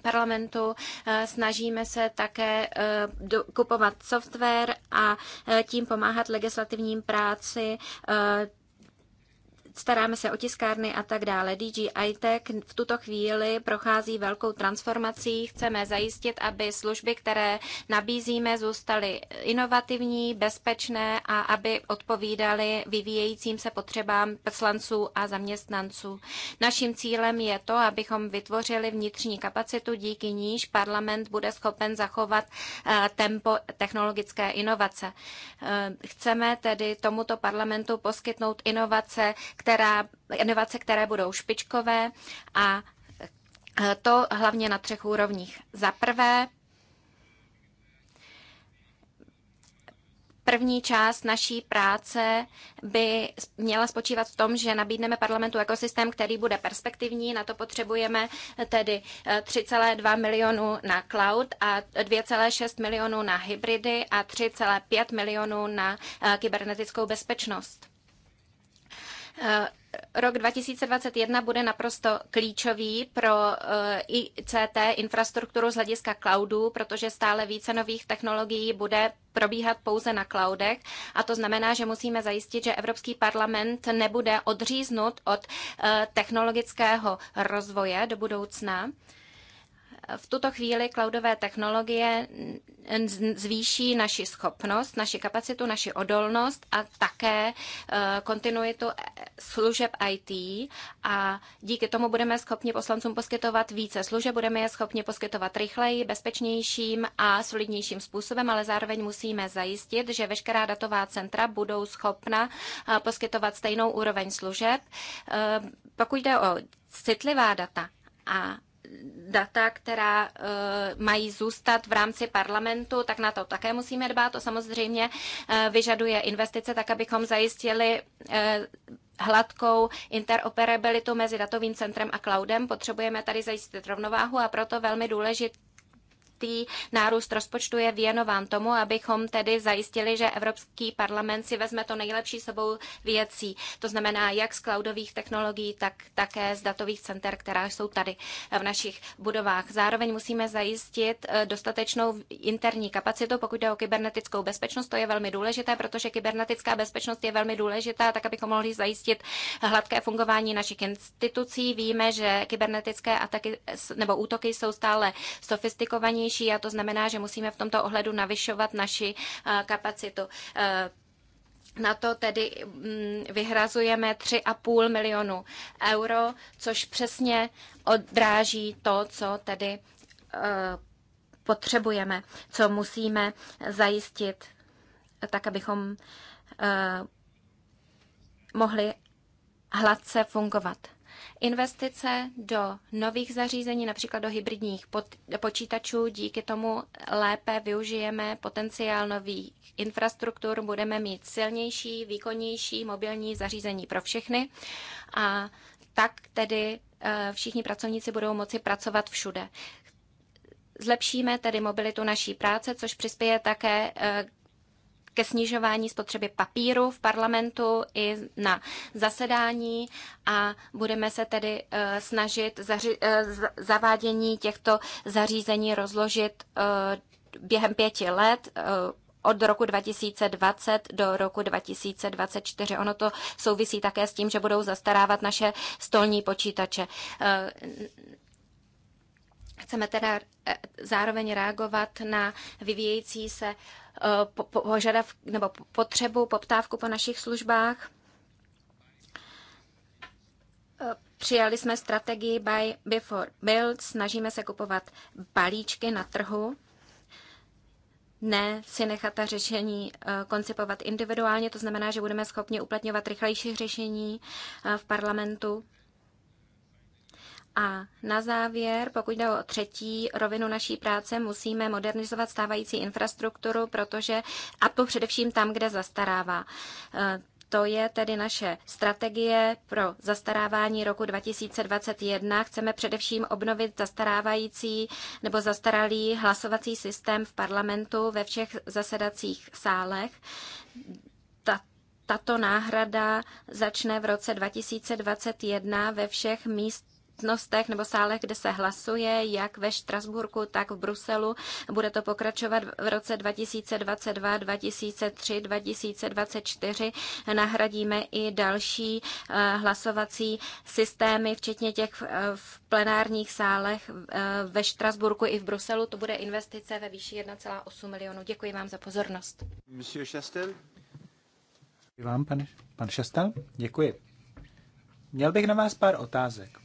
parlamentu. Eh, snažíme se také eh, kupovat software a tím pomáhat legislativním práci staráme se o tiskárny a tak dále. DG iTech v tuto chvíli prochází velkou transformací. Chceme zajistit, aby služby, které nabízíme, zůstaly inovativní, bezpečné a aby odpovídaly vyvíjejícím se potřebám poslanců a zaměstnanců. Naším cílem je to, abychom vytvořili vnitřní kapacitu, díky níž parlament bude schopen zachovat eh, tempo technologické inovace. Eh, chceme tedy tomuto parlamentu poskytnout inovace, která, inovace, které budou špičkové a e, to hlavně na třech úrovních. Za prvé, První část naší práce by měla spočívat v tom, že nabídneme parlamentu ekosystém, který bude perspektivní. Na to potřebujeme tedy 3,2 e, milionu na cloud a 2,6 milionů na hybridy a 3,5 milionů na e, kybernetickou bezpečnost. Eh, rok 2021 bude naprosto klíčový pro eh, ICT infrastrukturu z hlediska cloudu, protože stále více nových technologií bude probíhat pouze na cloudech a to znamená, že musíme zajistit, že Evropský parlament nebude odříznut od eh, technologického rozvoje do budoucna v tuto chvíli cloudové technologie zvýší naši schopnost, naši kapacitu, naši odolnost a také eh, kontinuitu služeb IT a díky tomu budeme schopni poslancům poskytovat více služeb, budeme je schopni poskytovat rychleji, bezpečnějším a solidnějším způsobem, ale zároveň musíme zajistit, že veškerá datová centra budou schopna eh, poskytovat stejnou úroveň služeb. Eh, pokud jde o citlivá data a data, která eh, mají zůstat v rámci parlamentu, tak na to také musíme dbát. To samozřejmě eh, vyžaduje investice, tak abychom zajistili eh, hladkou interoperabilitu mezi datovým centrem a cloudem. Potřebujeme tady zajistit rovnováhu a proto velmi důležité určitý nárůst rozpočtu je věnován tomu, abychom tedy zajistili, že Evropský parlament si vezme to nejlepší sobou věcí. To znamená jak z cloudových technologií, tak také z datových center, která jsou tady v našich budovách. Zároveň musíme zajistit eh, dostatečnou interní kapacitu, pokud jde o kybernetickou bezpečnost. To je velmi důležité, protože kybernetická bezpečnost je velmi důležitá, tak abychom mohli zajistit hladké fungování našich institucí. Víme, že kybernetické ataky nebo útoky jsou stále sofistikovanější efektivnější a to znamená, že musíme v tomto ohledu navyšovat naši eh, kapacitu. Eh, na to tedy mm, vyhrazujeme 3,5 milionu euro, což přesně odráží to, co tedy eh, potřebujeme, co musíme zajistit, tak abychom mohli hladce fungovat. Investice do nových zařízení, například do hybridních počítačů, díky tomu lépe využijeme potenciál nových infrastruktur, budeme mít silnější, výkonnější mobilní zařízení pro všechny a tak tedy eh, všichni pracovníci budou moci pracovat všude. Zlepšíme tedy mobilitu naší práce, což přispěje také eh, ke snižování spotřeby papíru v parlamentu i na zasedání a budeme se tedy eh, snažit eh, zavádění těchto zařízení rozložit eh, během pěti let od roku 2020 do roku 2024. Ono to souvisí také s tím, že budou zastarávat naše stolní počítače. Chceme teda zároveň reagovat na vyvíjející se Eh, požadav, nebo potřebu, poptávku po našich službách. Eh, přijali jsme strategii Buy Before Build, snažíme se kupovat balíčky na trhu, ne si nechat ta řešení eh, koncipovat individuálně, to znamená, že budeme schopni uplatňovat rychlejší řešení v parlamentu a na závěr, pokud jde o třetí rovinu naší práce, musíme modernizovat stávající infrastrukturu, protože a to především tam, kde zastarává. E, to je tedy naše strategie pro zastarávání roku 2021. Chceme především obnovit zastarávající nebo zastaralý hlasovací systém v parlamentu ve všech zasedacích sálech. tato náhrada začne v roce 2021 ve všech míst místnostech nebo sálech, kde se hlasuje, jak ve Štrasburku, tak v Bruselu. Bude to pokračovat v roce 2022, 2023, 2024. Nahradíme i další eh, hlasovací systémy, včetně těch eh, v plenárních sálech eh, ve Štrasburku i v Bruselu. To bude investice ve výši 1,8 milionů. Děkuji vám za pozornost. Monsieur Chastel? Děkuji vám, pane, pan Šastel. Děkuji. Měl bych na vás pár otázek.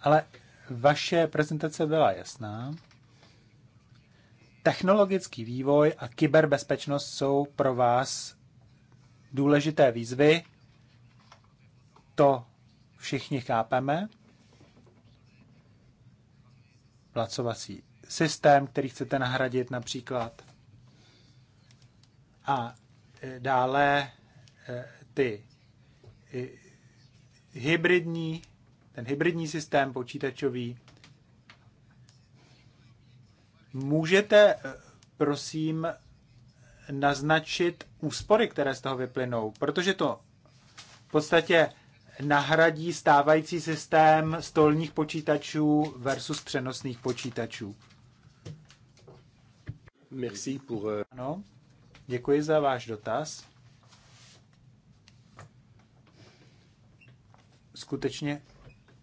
Ale vaše prezentace byla jasná. Technologický vývoj a kyberbezpečnost jsou pro vás důležité výzvy. To všichni chápeme. Placovací systém, který chcete nahradit například. A e, dále e, ty hybridní ten hybridní systém počítačový. Můžete, eh, prosím, naznačit úspory, které z toho vyplynou, protože to v podstatě nahradí stávající systém stolních počítačů versus přenosných počítačů. Merci pour... Eh, ano, děkuji za váš dotaz. Skutečně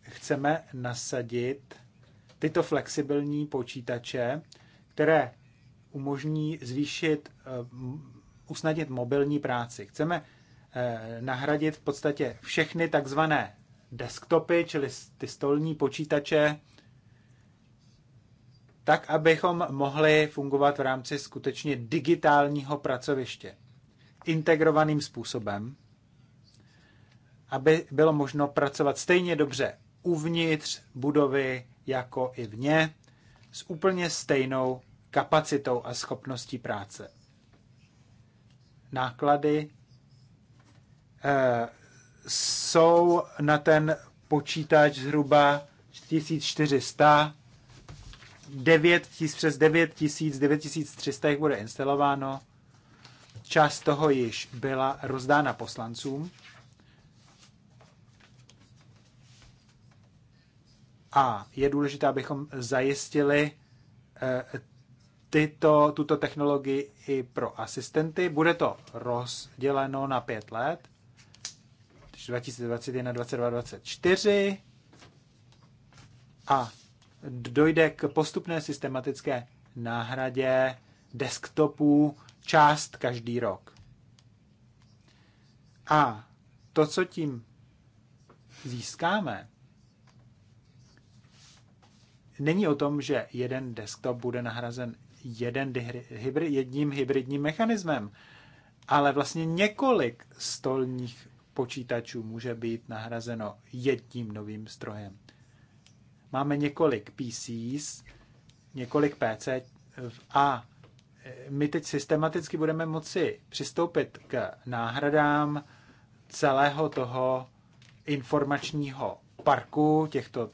chceme nasadit tyto flexibilní počítače, které umožní zvýšit, eh, usnadnit mobilní práci. Chceme eh, nahradit v podstatě všechny takzvané desktopy, čili ty stolní počítače, tak, abychom mohli fungovat v rámci skutečně digitálního pracoviště integrovaným způsobem, aby bylo možno pracovat stejně dobře uvnitř budovy jako i vně s úplně stejnou kapacitou a schopností práce. Náklady e, jsou na ten počítač zhruba 1400, 9 000, přes 9 000, 9300 jich bude instalováno. Část toho již byla rozdána poslancům A je důležité, abychom zajistili eh, tyto, tuto technologii i pro asistenty. Bude to rozděleno na pět let, 2021, 2022, 2024 a dojde k postupné systematické náhradě desktopů část každý rok. A to, co tím získáme, není o tom, že jeden desktop bude nahrazen jeden hybrid, jedním hybridním mechanismem, ale vlastně několik stolních počítačů může být nahrazeno jedním novým strojem. Máme několik PCs, několik PC a e, my teď systematicky budeme moci přistoupit k náhradám celého toho informačního parku těchto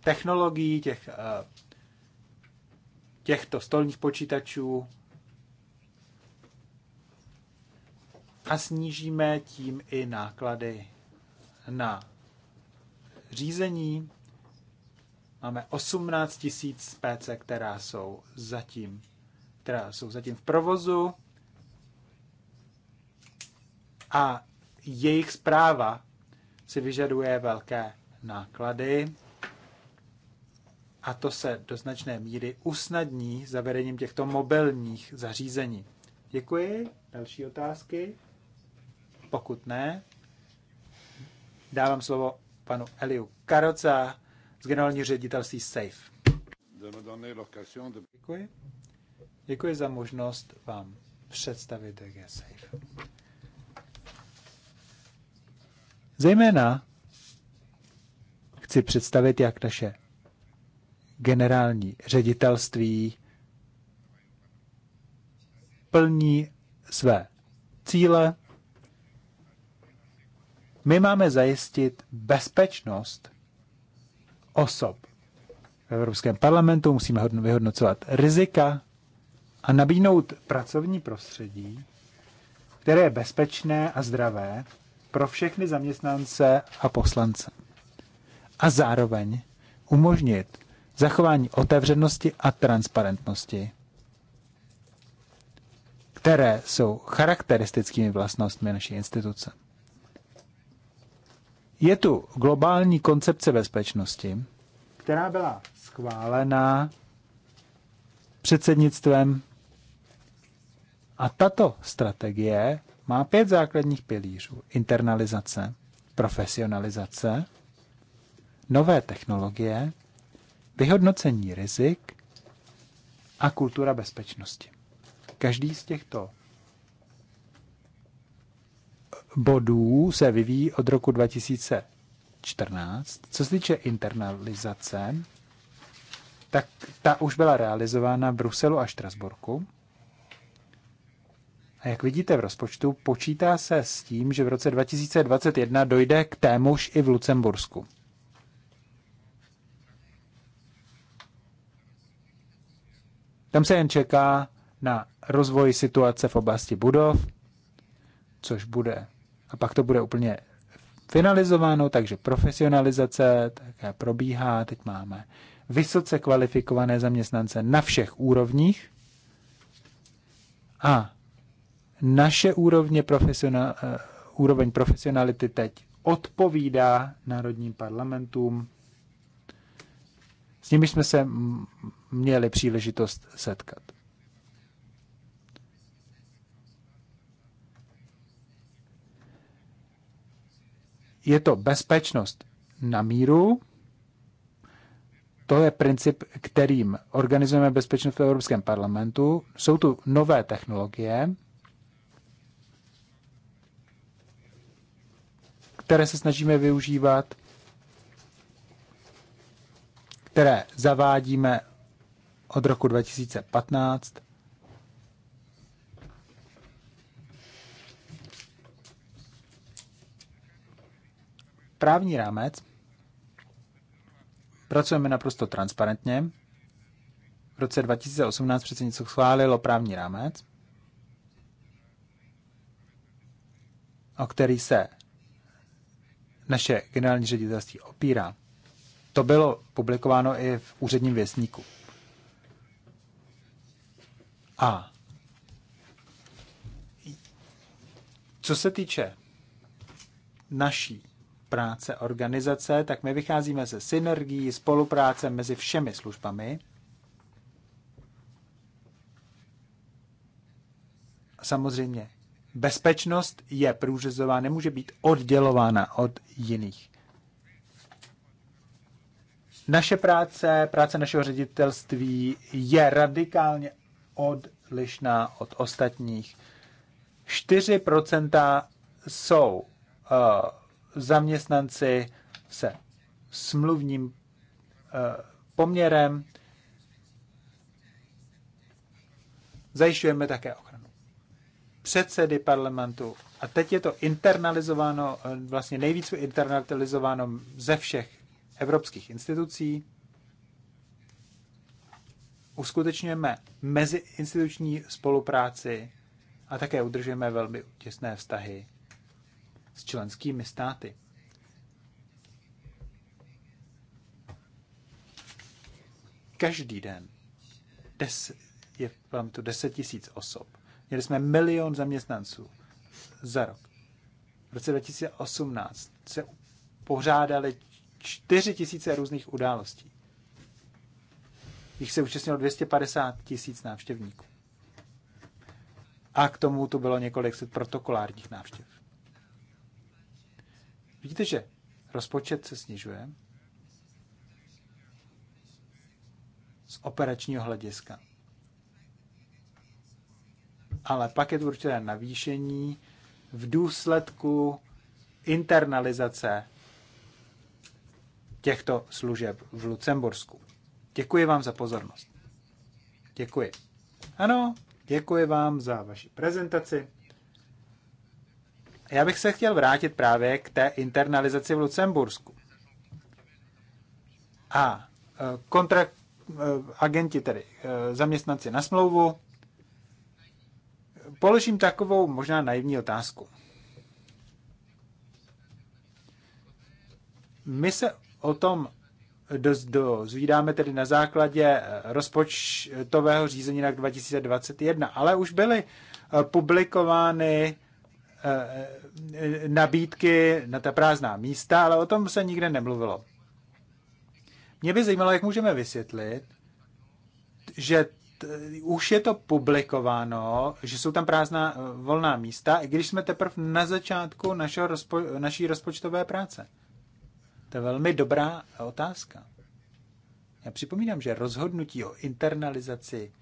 technologií, těch, eh, těchto stolních počítačů a snížíme tím i náklady na řízení. Máme 18 tisíc PC, která jsou zatím, která jsou zatím v provozu a jejich zpráva si vyžaduje velké náklady a to se do značné míry usnadní zavedením těchto mobilních zařízení. Děkuji. Další otázky? Pokud ne, dávám slovo panu Eliu Karoca z generální ředitelství SAFE. Děkuji. Děkuji za možnost vám představit DG SAFE. Zejména chci představit, jak naše generální ředitelství plní své cíle. My máme zajistit bezpečnost osob. V Evropském parlamentu musíme vyhodnocovat rizika a nabídnout pracovní prostředí, které je bezpečné a zdravé pro všechny zaměstnance a poslance. A zároveň umožnit zachování otevřenosti a transparentnosti, které jsou charakteristickými vlastnostmi naší instituce. Je tu globální koncepce bezpečnosti, která byla schválená předsednictvem. A tato strategie má pět základních pilířů. Internalizace, profesionalizace, nové technologie, vyhodnocení rizik a kultura bezpečnosti. Každý z těchto bodů se vyvíjí od roku 2014. Co se týče internalizace, tak ta už byla realizována v Bruselu a Štrasburku. A jak vidíte v rozpočtu, počítá se s tím, že v roce 2021 dojde k témuž i v Lucembursku. Tam se jen čeká na rozvoj situace v oblasti budov, což bude, a pak to bude úplně finalizováno, takže profesionalizace také probíhá. Teď máme vysoce kvalifikované zaměstnance na všech úrovních a naše úrovně profesional, eh, úroveň profesionality teď odpovídá národním parlamentům. S nimi jsme se měli příležitost setkat. Je to bezpečnost na míru, to je princip, kterým organizujeme bezpečnost v Evropském parlamentu. Jsou tu nové technologie, které se snažíme využívat, které zavádíme od roku 2015 právní rámec. Pracujeme naprosto transparentně. V roce 2018 přece něco schválilo právní rámec, o který se naše generální ředitelství opírá. To bylo publikováno i v úředním věstníku. A co se týče naší práce organizace, tak my vycházíme ze synergií, spolupráce mezi všemi službami. Samozřejmě bezpečnost je průřezová, nemůže být oddělována od jiných. Naše práce, práce našeho ředitelství je radikálně odlišná od ostatních. 4% jsou uh, zaměstnanci se smluvním uh, poměrem. Zajišťujeme také ochranu předsedy parlamentu. A teď je to internalizováno, eh, vlastně nejvíc internalizováno ze všech evropských institucí uskutečňujeme meziinstituční spolupráci a také udržujeme velmi těsné vztahy s členskými státy. Každý den des, je vám tu 10 tisíc osob. Měli jsme milion zaměstnanců za rok. V roce 2018 se pořádali 4 tisíce různých událostí jich se účastnilo 250 tisíc návštěvníků. A k tomu tu bylo několik set protokolárních návštěv. Vidíte, že rozpočet se snižuje z operačního hlediska. Ale pak je tu určité navýšení v důsledku internalizace těchto služeb v Lucembursku. Děkuji vám za pozornost. Děkuji. Ano, děkuji vám za vaši prezentaci. Já bych se chtěl vrátit právě k té internalizaci v Lucembursku. A e, kontrakt e, agenti, tedy e, zaměstnanci na smlouvu, položím takovou možná naivní otázku. My se o tom dozvídáme tedy na základě eh, rozpočtového řízení na 2021, ale už byly eh, publikovány eh, nabídky na ta prázdná místa, ale o tom se nikde nemluvilo. Mě by zajímalo, jak můžeme vysvětlit, že už je to publikováno, že jsou tam prázdná volná místa, i když jsme teprve na začátku našeho rozpo- naší rozpočtové práce. To je velmi dobrá otázka. Já připomínám, že rozhodnutí o internalizaci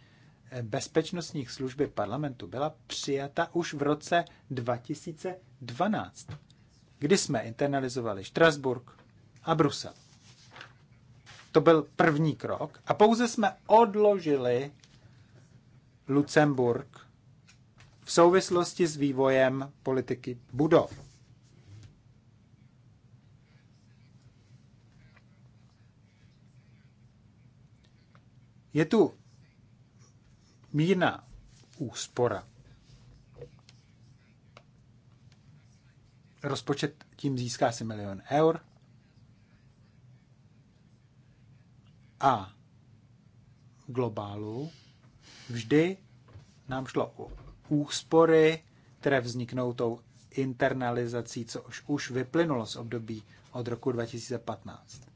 eh, bezpečnostních služby parlamentu byla přijata už v roce 2012, kdy jsme internalizovali Štrasburg a Brusel. To byl první krok a pouze jsme odložili Lucemburg v souvislosti s vývojem politiky budov. Je tu mírná úspora. Rozpočet tím získá si milion eur a v globálu vždy nám šlo o úspory, které vzniknou tou internalizací, co už, už vyplynulo z období od roku 2015.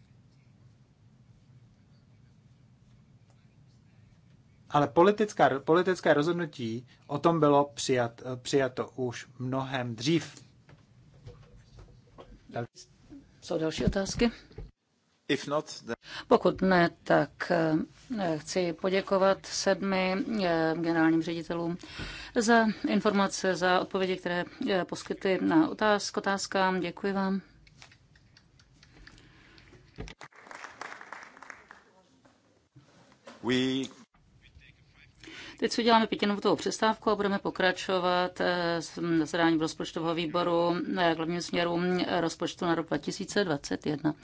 Ale politická, politické rozhodnutí o tom bylo přijat, eh, přijato už mnohem dřív. Jsou další otázky? Pokud ne, tak eh, chci poděkovat sedmi eh, generálním ředitelům za informace, za odpovědi, které poskytly na otázk, otázkám. Děkuji vám. We Teď si uděláme pětinovou přestávku a budeme pokračovat eh, s hm, zadáním rozpočtového výboru eh, k hlavním směrům hm, rozpočtu na rok 2021.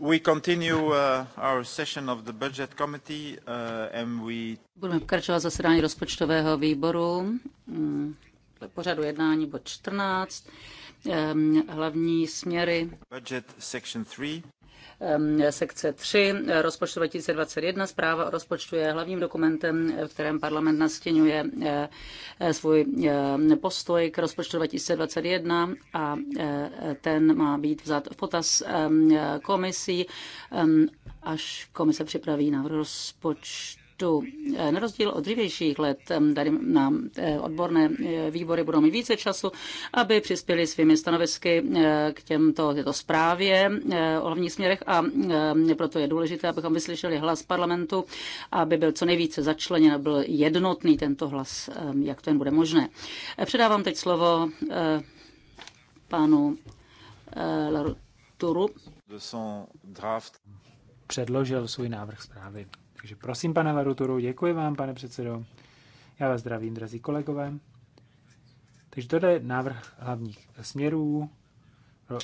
We continue uh, our session of the budget committee uh, and we... Budeme pokračovat zasedání rozpočtového výboru. Mm, pořadu jednání bod 14. Ehm, hlavní směry. Budget section 3 sekce 3 rozpočtu 2021. Zpráva o rozpočtu je hlavním dokumentem, v kterém parlament nastěňuje eh, eh, svůj eh, postoj k rozpočtu 2021 a ten má být vzat v potaz komisí, až komise připraví návrh rozpočtu rozpočtu. Eh, na rozdíl od dřívějších let tady nám eh, odborné eh, výbory budou mít více času, aby přispěli svými stanovisky k těmto těto zprávě o hlavních směrech a proto je důležité, abychom vyslyšeli hlas parlamentu, aby byl co nejvíce začleněn, a byl jednotný tento hlas, jak to jen bude možné. Předávám teď slovo panu Larturu. Předložil svůj návrh zprávy. Takže prosím, pane Laruturu, děkuji vám, pane předsedo. Já vás zdravím, drazí kolegové. Takže to je návrh hlavních směrů, eh,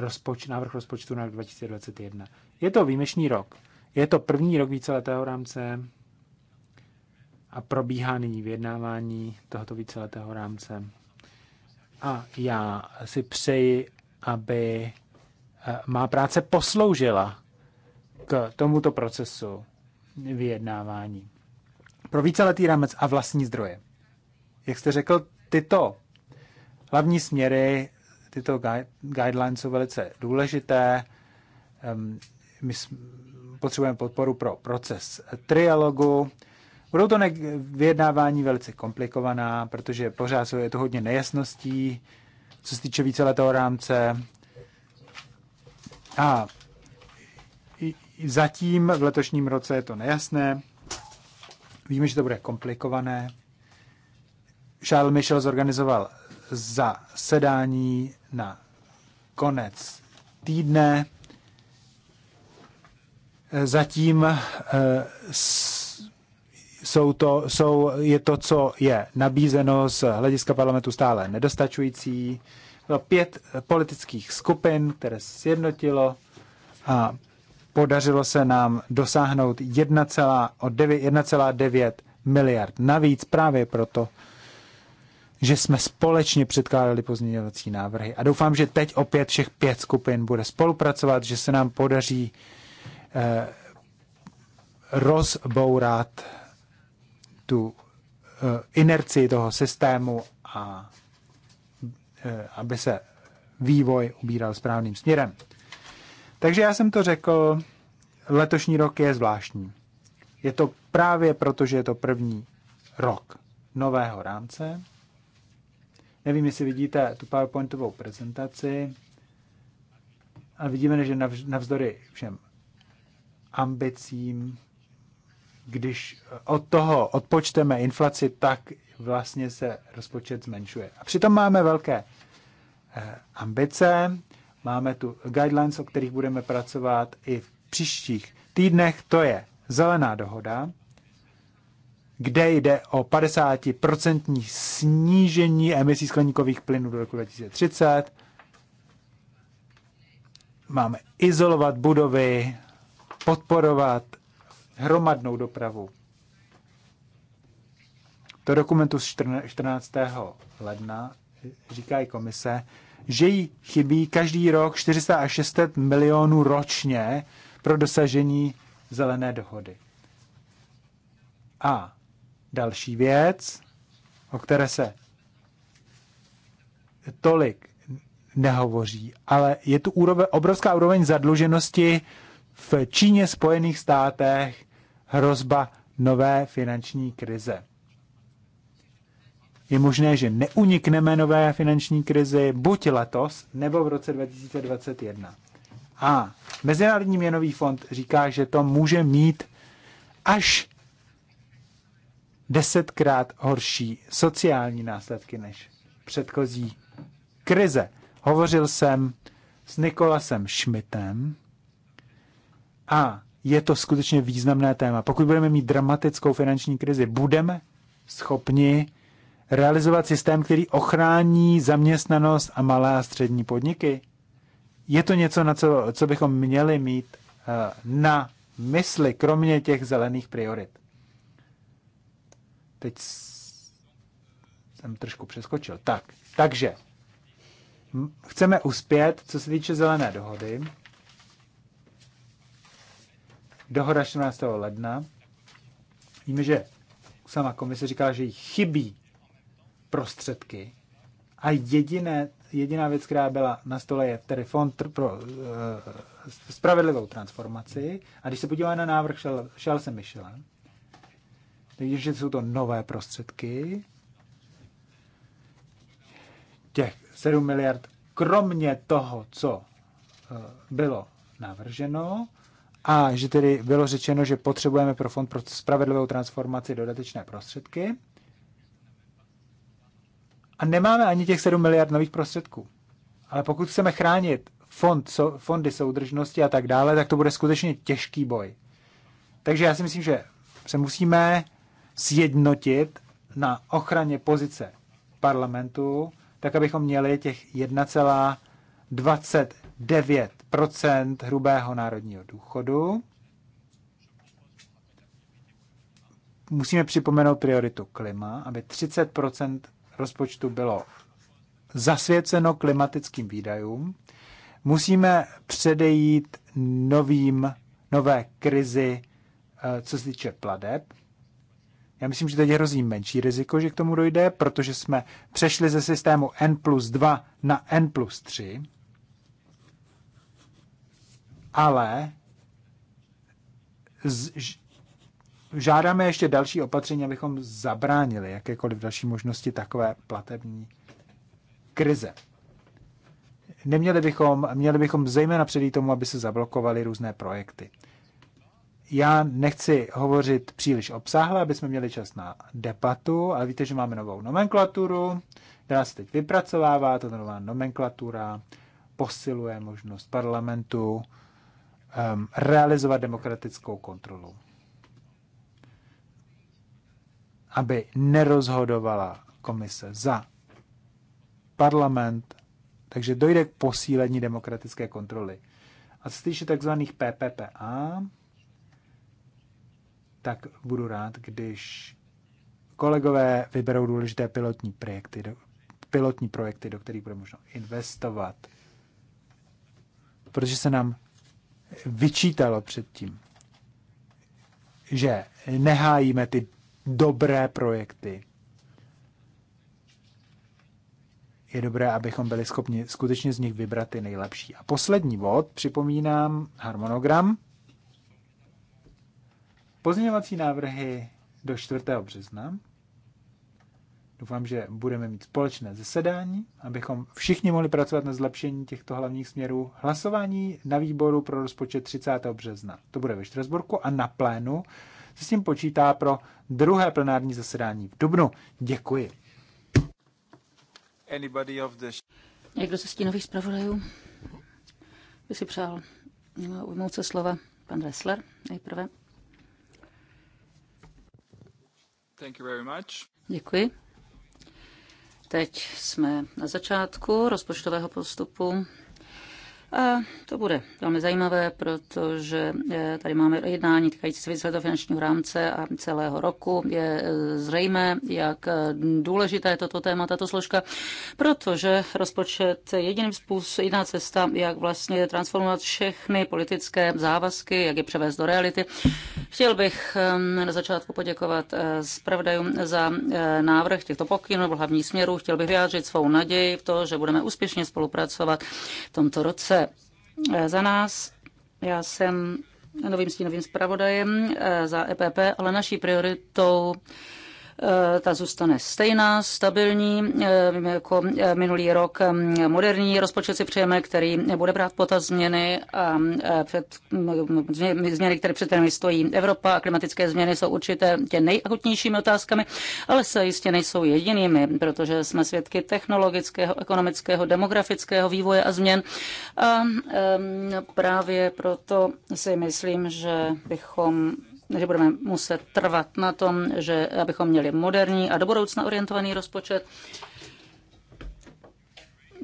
rozpoč, návrh rozpočtu na rok 2021. Je to výjimečný rok. Je to první rok víceletého rámce a probíhá nyní vyjednávání tohoto víceletého rámce. A já si přeji, aby eh, má práce posloužila k tomuto procesu vyjednávání. Pro víceletý rámec a vlastní zdroje. Jak jste řekl, tyto hlavní směry, tyto guidelines jsou velice důležité. My potřebujeme podporu pro proces trialogu. Budou to vyjednávání velice komplikovaná, protože pořád je to hodně nejasností, co se týče víceletého rámce. A Zatím v letošním roce je to nejasné. Víme, že to bude komplikované. Charles Michel zorganizoval zasedání na konec týdne. Zatím eh, jsou to, jsou, je to, co je nabízeno z hlediska parlamentu stále nedostačující. Bylo pět politických skupin, které se sjednotilo a Podařilo se nám dosáhnout 1,9 miliard. Navíc právě proto, že jsme společně předkládali pozměňovací návrhy. A doufám, že teď opět všech pět skupin bude spolupracovat, že se nám podaří eh, rozbourat tu eh, inerci toho systému a eh, aby se vývoj ubíral správným směrem. Takže já jsem to řekl, letošní rok je zvláštní. Je to právě proto, že je to první rok nového rámce. Nevím, jestli vidíte tu PowerPointovou prezentaci. A vidíme, že navzdory všem ambicím, když od toho odpočteme inflaci, tak vlastně se rozpočet zmenšuje. A přitom máme velké eh, ambice, Máme tu guidelines, o kterých budeme pracovat i v příštích týdnech. To je zelená dohoda, kde jde o 50% snížení emisí skleníkových plynů do roku 2030. Máme izolovat budovy, podporovat hromadnou dopravu. To dokumentu z 14. ledna říká i komise, že jí chybí každý rok 400 až 600 milionů ročně pro dosažení zelené dohody. A další věc, o které se tolik nehovoří, ale je tu úroveň, obrovská úroveň zadluženosti v Číně, Spojených státech, hrozba nové finanční krize je možné, že neunikneme nové finanční krizi buď letos, nebo v roce 2021. A Mezinárodní měnový fond říká, že to může mít až desetkrát horší sociální následky než předchozí krize. Hovořil jsem s Nikolasem Schmidtem a je to skutečně významné téma. Pokud budeme mít dramatickou finanční krizi, budeme schopni realizovat systém, který ochrání zaměstnanost a malé a střední podniky? Je to něco, na co, co bychom měli mít eh, na mysli, kromě těch zelených priorit? Teď jsem trošku přeskočil. Tak, takže chceme uspět, co se týče zelené dohody. Dohoda 14. ledna. Víme, že sama komise říká, že jí chybí prostředky. A jediné, jediná věc, která byla na stole, je tedy fond pro uh, spravedlivou transformaci. A když se podíváme na návrh šel, se Michela, takže že jsou to nové prostředky, těch 7 miliard, kromě toho, co eh, bylo navrženo, a že tedy bylo řečeno, že potřebujeme pro Fond pro spravedlivou transformaci dodatečné prostředky, a nemáme ani těch 7 miliard nových prostředků. Ale pokud chceme chránit fond, so, fondy soudržnosti a tak dále, tak to bude skutečně těžký boj. Takže já si myslím, že se musíme sjednotit na ochraně pozice parlamentu, tak abychom měli těch 1,29 hrubého národního důchodu. Musíme připomenout prioritu klima, aby 30 rozpočtu bylo zasvěceno klimatickým výdajům. Musíme předejít novým, nové krizi, eh, co se týče pladeb. Já myslím, že teď hrozí menší riziko, že k tomu dojde, protože jsme přešli ze systému N plus 2 na N plus 3. Ale z, žádáme ještě další opatření, abychom zabránili jakékoliv další možnosti takové platební krize. Neměli bychom, měli bychom zejména předjít tomu, aby se zablokovaly různé projekty. Já nechci hovořit příliš obsáhle, aby jsme měli čas na debatu, ale víte, že máme novou nomenklaturu, která se teď vypracovává, to nová nomenklatura posiluje možnost parlamentu um, realizovat demokratickou kontrolu. aby nerozhodovala komise za parlament, takže dojde k posílení demokratické kontroly. A co se týče tzv. PPPA, tak budu rád, když kolegové vyberou důležité pilotní projekty, do, pilotní projekty, do kterých bude možno investovat. Protože se nám vyčítalo předtím, že nehájíme ty dobré projekty. Je dobré, abychom byli schopni skutečně z nich vybrat ty nejlepší. A poslední bod, připomínám harmonogram. Pozměňovací návrhy do 4. března. Doufám, že budeme mít společné zasedání, abychom všichni mohli pracovat na zlepšení těchto hlavních směrů. Hlasování na výboru pro rozpočet 30. března. To bude ve Štrasburku a na plénu se s tím počítá pro druhé plenární zasedání v Dubnu. Děkuji. The... Někdo ze stínových zpravodajů by si přál ujmout se slova pan Wessler nejprve. Thank you very much. Děkuji. Teď jsme na začátku rozpočtového postupu. A to bude velmi zajímavé, protože eh, tady máme jednání týkající se víceletého finančního rámce a celého roku. Je eh, zřejmé, jak eh, důležité je toto téma, tato složka, protože rozpočet je jediným způsobem, jediná cesta, jak vlastně transformovat všechny politické závazky, jak je převést do reality. Chtěl bych ehm, na začátku poděkovat zpravodajům za návrh těchto pokynů nebo hlavních směrů. Chtěl bych vyjádřit svou naději v to, že budeme úspěšně spolupracovat v tomto roce Eh, za nás. Já jsem novým stínovým zpravodajem eh, za EPP, ale naší prioritou Eh, ta zůstane stejná, stabilní, eh, jako eh, minulý rok mm, moderní rozpočet si přejeme, který bude brát potaz změny a před, mm, změny, které před kterými stojí Evropa a klimatické změny jsou určitě tě nejakutnějšími otázkami, ale se jistě nejsou jedinými, protože jsme svědky technologického, ekonomického, demografického vývoje a změn a právě proto si myslím, že bychom že budeme muset trvat na tom, že abychom měli moderní a do budoucna orientovaný rozpočet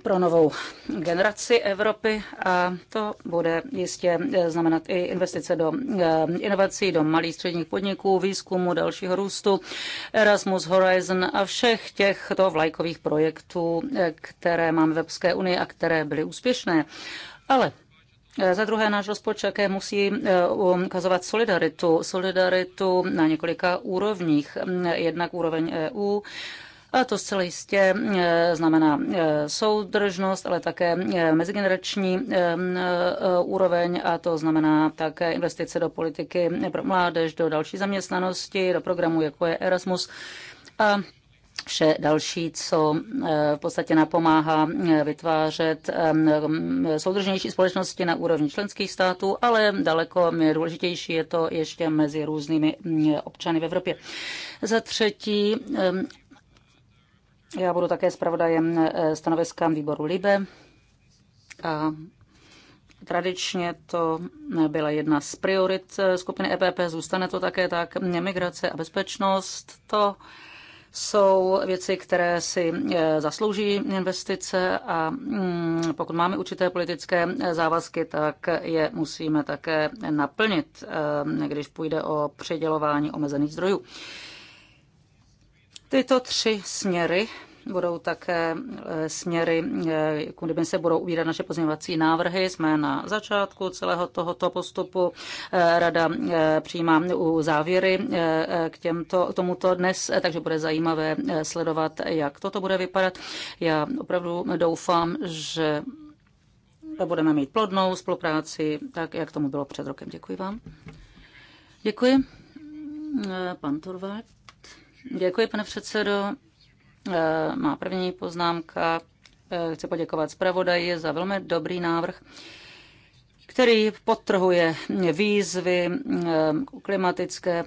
pro novou generaci Evropy a to bude jistě znamenat i investice do eh, inovací, do malých středních podniků, výzkumu, dalšího růstu, Erasmus Horizon a všech těchto vlajkových projektů, eh, které máme v Evropské unii a které byly úspěšné. Ale Eh, za druhé, náš rozpočet také musí eh, ukazovat solidaritu. Solidaritu na několika úrovních. Eh, jednak úroveň EU, a to zcela jistě znamená soudržnost, ale také mezigenerační úroveň a to znamená také investice do politiky pro mládež, do další zaměstnanosti, do programů jako je Erasmus. A vše další, co eh, v podstatě napomáhá eh, vytvářet eh, soudržnější společnosti na úrovni členských států, ale daleko důležitější je to ještě mezi různými mm, občany v Evropě. Za třetí, já budu také zpravodajem stanoviska výboru LIBE a Tradičně to byla jedna z priorit skupiny EPP, zůstane to také tak. Migrace a bezpečnost, to jsou věci, které si eh, zaslouží investice a mm, pokud máme určité politické eh, závazky, tak je musíme také naplnit, eh, když půjde o předělování omezených zdrojů. Tyto tři směry budou také eh, směry, eh, kdyby se budou ubírat naše pozměňovací návrhy. Jsme na začátku celého tohoto postupu. Eh, Rada přijímá u závěry k, těmto, tomuto dnes, takže bude zajímavé sledovat, jak toto bude vypadat. Já opravdu doufám, že budeme mít plodnou spolupráci, tak jak tomu bylo před rokem. Děkuji vám. Děkuji. Pan Torvald. Děkuji, pane předsedo. Eh, má první poznámka. Eh, chci poděkovat zpravodaji za velmi dobrý návrh který podtrhuje výzvy eh, klimatické.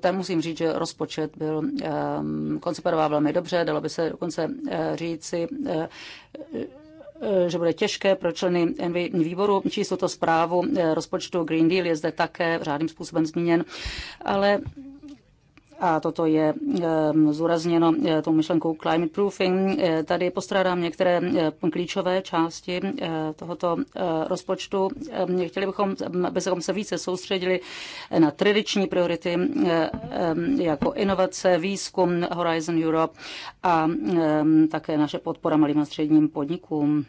Tam musím říct, že rozpočet byl koncipován velmi dobře, dalo by se dokonce říci, že bude těžké pro členy výboru číst tuto zprávu rozpočtu Green Deal, je zde také řádným způsobem zmíněn, ale a toto je zúrazněno e, tou myšlenkou climate proofing. E, tady postrádám některé e, klíčové části tohoto rozpočtu. Chtěli bychom, bychom se více soustředili na tradiční priority jako inovace, výzkum Horizon Europe a také naše podpora malým a středním podnikům.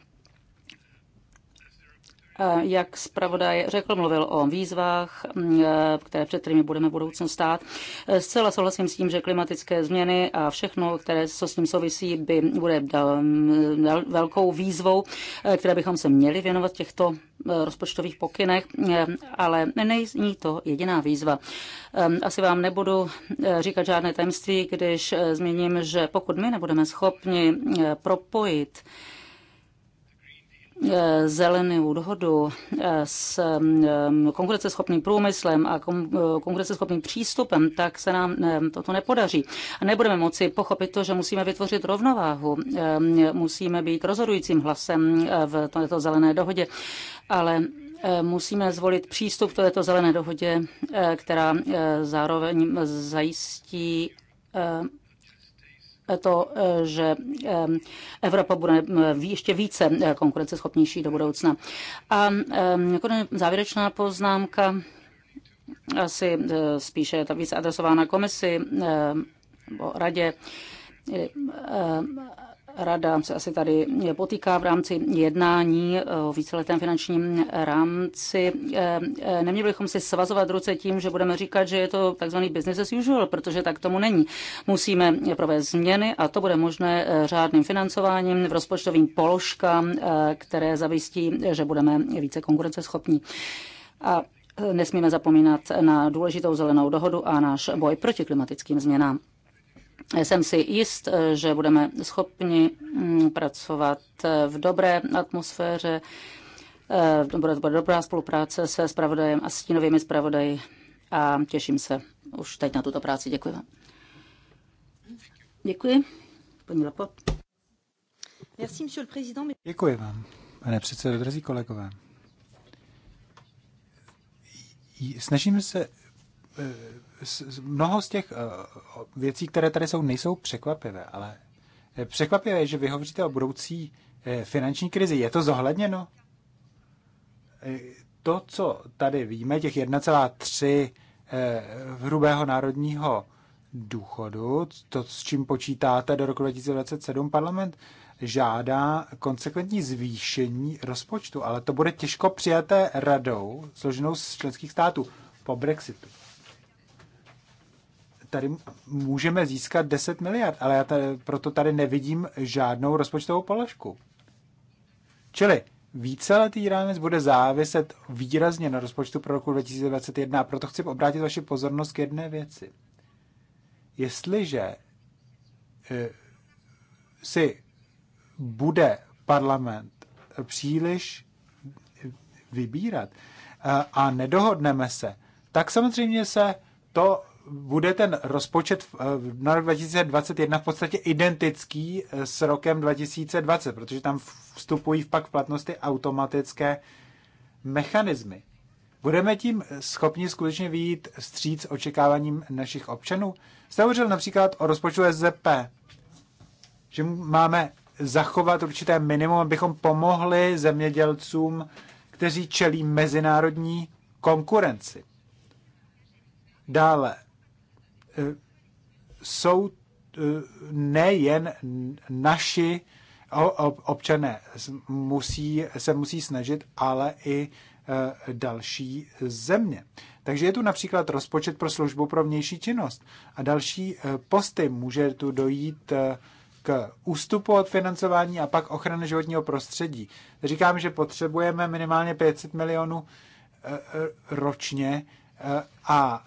Eh, jak zpravodaj řekl, mluvil o výzvách, mm, eh, které před kterými budeme budoucnu stát. Eh, zcela souhlasím s tím, že klimatické změny a všechno, které co s tím souvisí, by bude mm, velkou výzvou, které bychom se měli věnovat těchto rozpočtových pokynech, ale není to jediná výzva. Asi vám nebudu říkat žádné tajemství, když zmíním, že pokud my nebudeme schopni propojit Eh, zelenou dohodu eh, s mm, eh, konkurenceschopným průmyslem a konkurenceschopným přístupem, tak se nám toto nepodaří. A nebudeme moci pochopit to, že musíme vytvořit rovnováhu, musíme být rozhodujícím hlasem v této zelené dohodě, ale musíme zvolit přístup k této zelené dohodě, která zároveň zajistí to, eh, že eh, Evropa bude eh, ještě více konkurenceschopnější do budoucna. A jako závěrečná poznámka, asi spíše je ta více adresována komisi nebo radě, rada se asi tady potýká v rámci jednání o víceletém finančním rámci. Eh, neměli bychom si svazovat ruce tím, že budeme říkat, že je to takzvaný business as usual, protože tak tomu není. Musíme provést změny a to bude možné eh, řádným financováním v rozpočtovým položkám, eh, které zavistí, že budeme více konkurenceschopní. A nesmíme zapomínat na důležitou zelenou dohodu a náš boj proti klimatickým změnám jsem si jist, že budeme schopni mm, pracovat eh, v dobré atmosféře, eh, bude to dobrá spolupráce se spravodajem a stínovými spravodaji a těším se už teď na tuto práci. Děkuji vám. Děkuji. Paní Lapo. Děkuji vám, pane předsedo, drazí kolegové. Snažíme se eh, mnoho z těch eh, věcí, které tady jsou, nejsou překvapivé, ale eh, překvapivé je, že vy hovoříte o budoucí eh, finanční krizi. Je to zohledněno? To, co tady víme, těch 1,3 hrubého národního důchodu, to, s čím počítáte do roku 2027, parlament žádá konsekventní zvýšení rozpočtu, ale to bude těžko přijaté radou složenou z členských států po Brexitu tady můžeme získat 10 miliard, ale já tady, proto tady nevidím žádnou rozpočtovou položku. Čili víceletý rámec bude záviset výrazně na rozpočtu pro roku 2021 a proto chci obrátit vaši pozornost k jedné věci. Jestliže eh, si bude parlament příliš vybírat eh, a nedohodneme se, tak samozřejmě se to bude ten rozpočet eh, na rok 2021 v podstatě identický eh, s rokem 2020, protože tam vstupují pak v platnosti automatické mechanismy. Budeme tím eh, schopni skutečně výjít stříc očekáváním našich občanů? Jste hovořil například o rozpočtu SZP, že máme zachovat určité minimum, abychom pomohli zemědělcům, kteří čelí mezinárodní konkurenci. Dále Eh, jsou eh, nejen naši občané musí, se musí snažit, ale i eh, další země. Takže je tu například rozpočet pro službu pro vnější činnost a další posty. Může tu dojít k ústupu od financování a pak ochrany životního prostředí. Říkám, že potřebujeme minimálně 500 milionů ročně a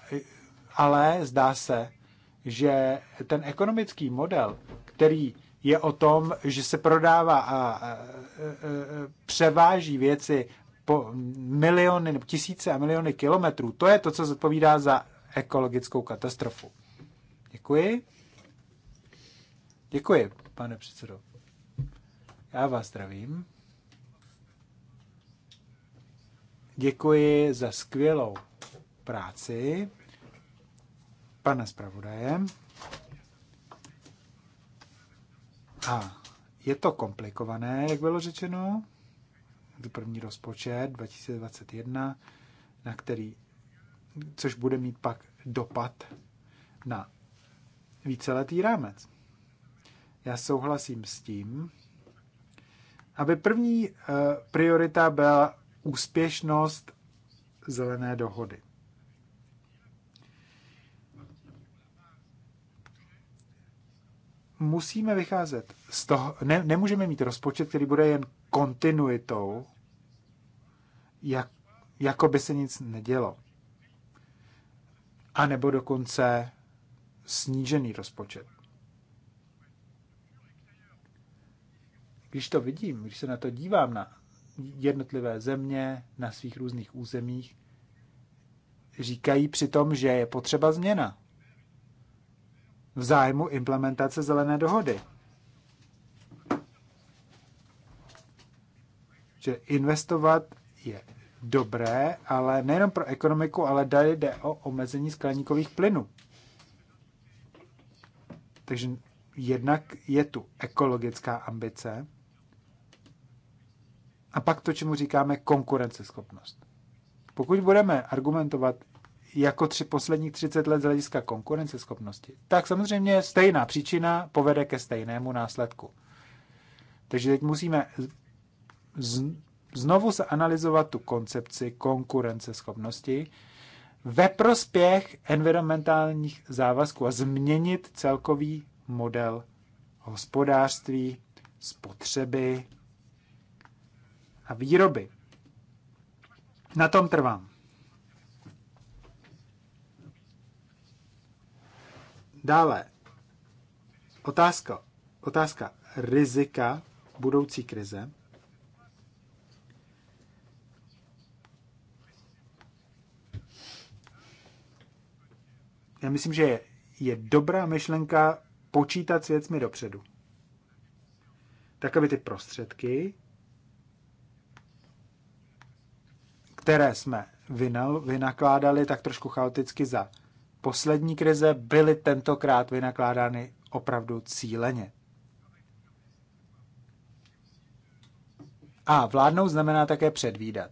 ale zdá se, že ten ekonomický model, který je o tom, že se prodává a převáží věci po miliony tisíce a miliony kilometrů, to je to, co zodpovídá za ekologickou katastrofu. Děkuji. Děkuji, pane předsedo. Já vás zdravím. Děkuji za skvělou práci pana zpravodaje. A je to komplikované, jak bylo řečeno. První rozpočet 2021, na který, což bude mít pak dopad na víceletý rámec. Já souhlasím s tím, aby první eh, priorita byla úspěšnost zelené dohody. musíme vycházet z toho, ne, nemůžeme mít rozpočet, který bude jen kontinuitou, jak, jako by se nic nedělo. A nebo dokonce snížený rozpočet. Když to vidím, když se na to dívám na jednotlivé země, na svých různých územích, říkají přitom, že je potřeba změna v zájmu implementace zelené dohody. Že investovat je dobré, ale nejenom pro ekonomiku, ale tady jde o omezení skleníkových plynů. Takže jednak je tu ekologická ambice a pak to, čemu říkáme konkurenceschopnost. Pokud budeme argumentovat jako tři posledních 30 let z hlediska konkurenceschopnosti, tak samozřejmě stejná příčina povede ke stejnému následku. Takže teď musíme znovu zanalizovat tu koncepci konkurenceschopnosti ve prospěch environmentálních závazků a změnit celkový model hospodářství, spotřeby a výroby. Na tom trvám. Dále, otázka, otázka rizika budoucí krize. Já myslím, že je, je dobrá myšlenka počítat s věcmi dopředu. Tak, aby ty prostředky, které jsme vynakládali tak trošku chaoticky za poslední krize byly tentokrát vynakládány opravdu cíleně. A vládnout znamená také předvídat.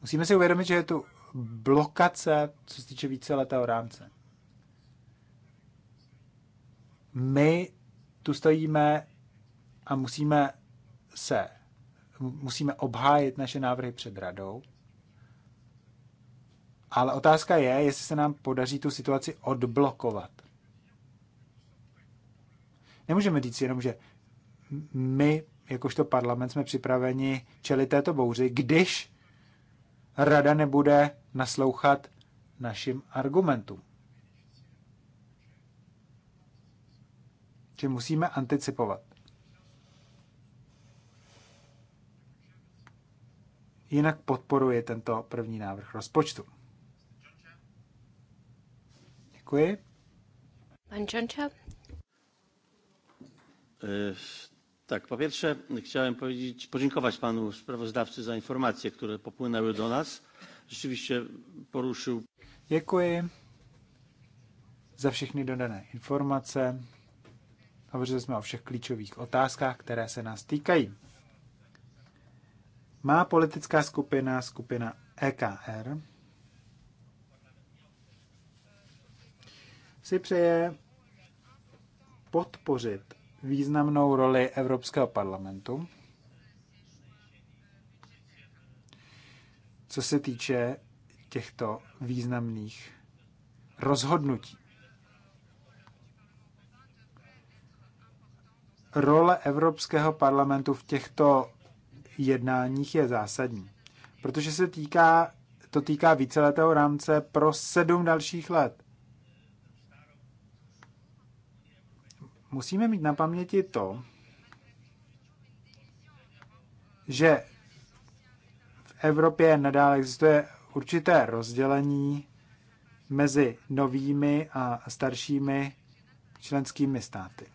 Musíme si uvědomit, že je tu blokace, co se týče víceletého rámce. My tu stojíme a musíme se musíme obhájit naše návrhy před radou ale otázka je, jestli se nám podaří tu situaci odblokovat. Nemůžeme říct jenom, že my, jakožto parlament, jsme připraveni čelit této bouři, když rada nebude naslouchat našim argumentům. Že musíme anticipovat. Jinak podporuje tento první návrh rozpočtu. Děkuji. Pan Čonča? E, tak, po pierwsze chciałem powiedzieć, podziękować panu sprawozdawcy za informacje, które popłynęły do nas. Rzeczywiście poruszył. Dziękuję za všechny dodané informace. Hovořili jsme o všech klíčových otázkách, které se nás týkají. Má politická skupina, skupina EKR, si přeje podpořit významnou roli Evropského parlamentu, co se týče těchto významných rozhodnutí. Role Evropského parlamentu v těchto jednáních je zásadní, protože se týká, to týká víceletého rámce pro sedm dalších let. musíme mít na paměti to, že v Evropě nadále existuje určité rozdělení mezi novými a staršími členskými státy.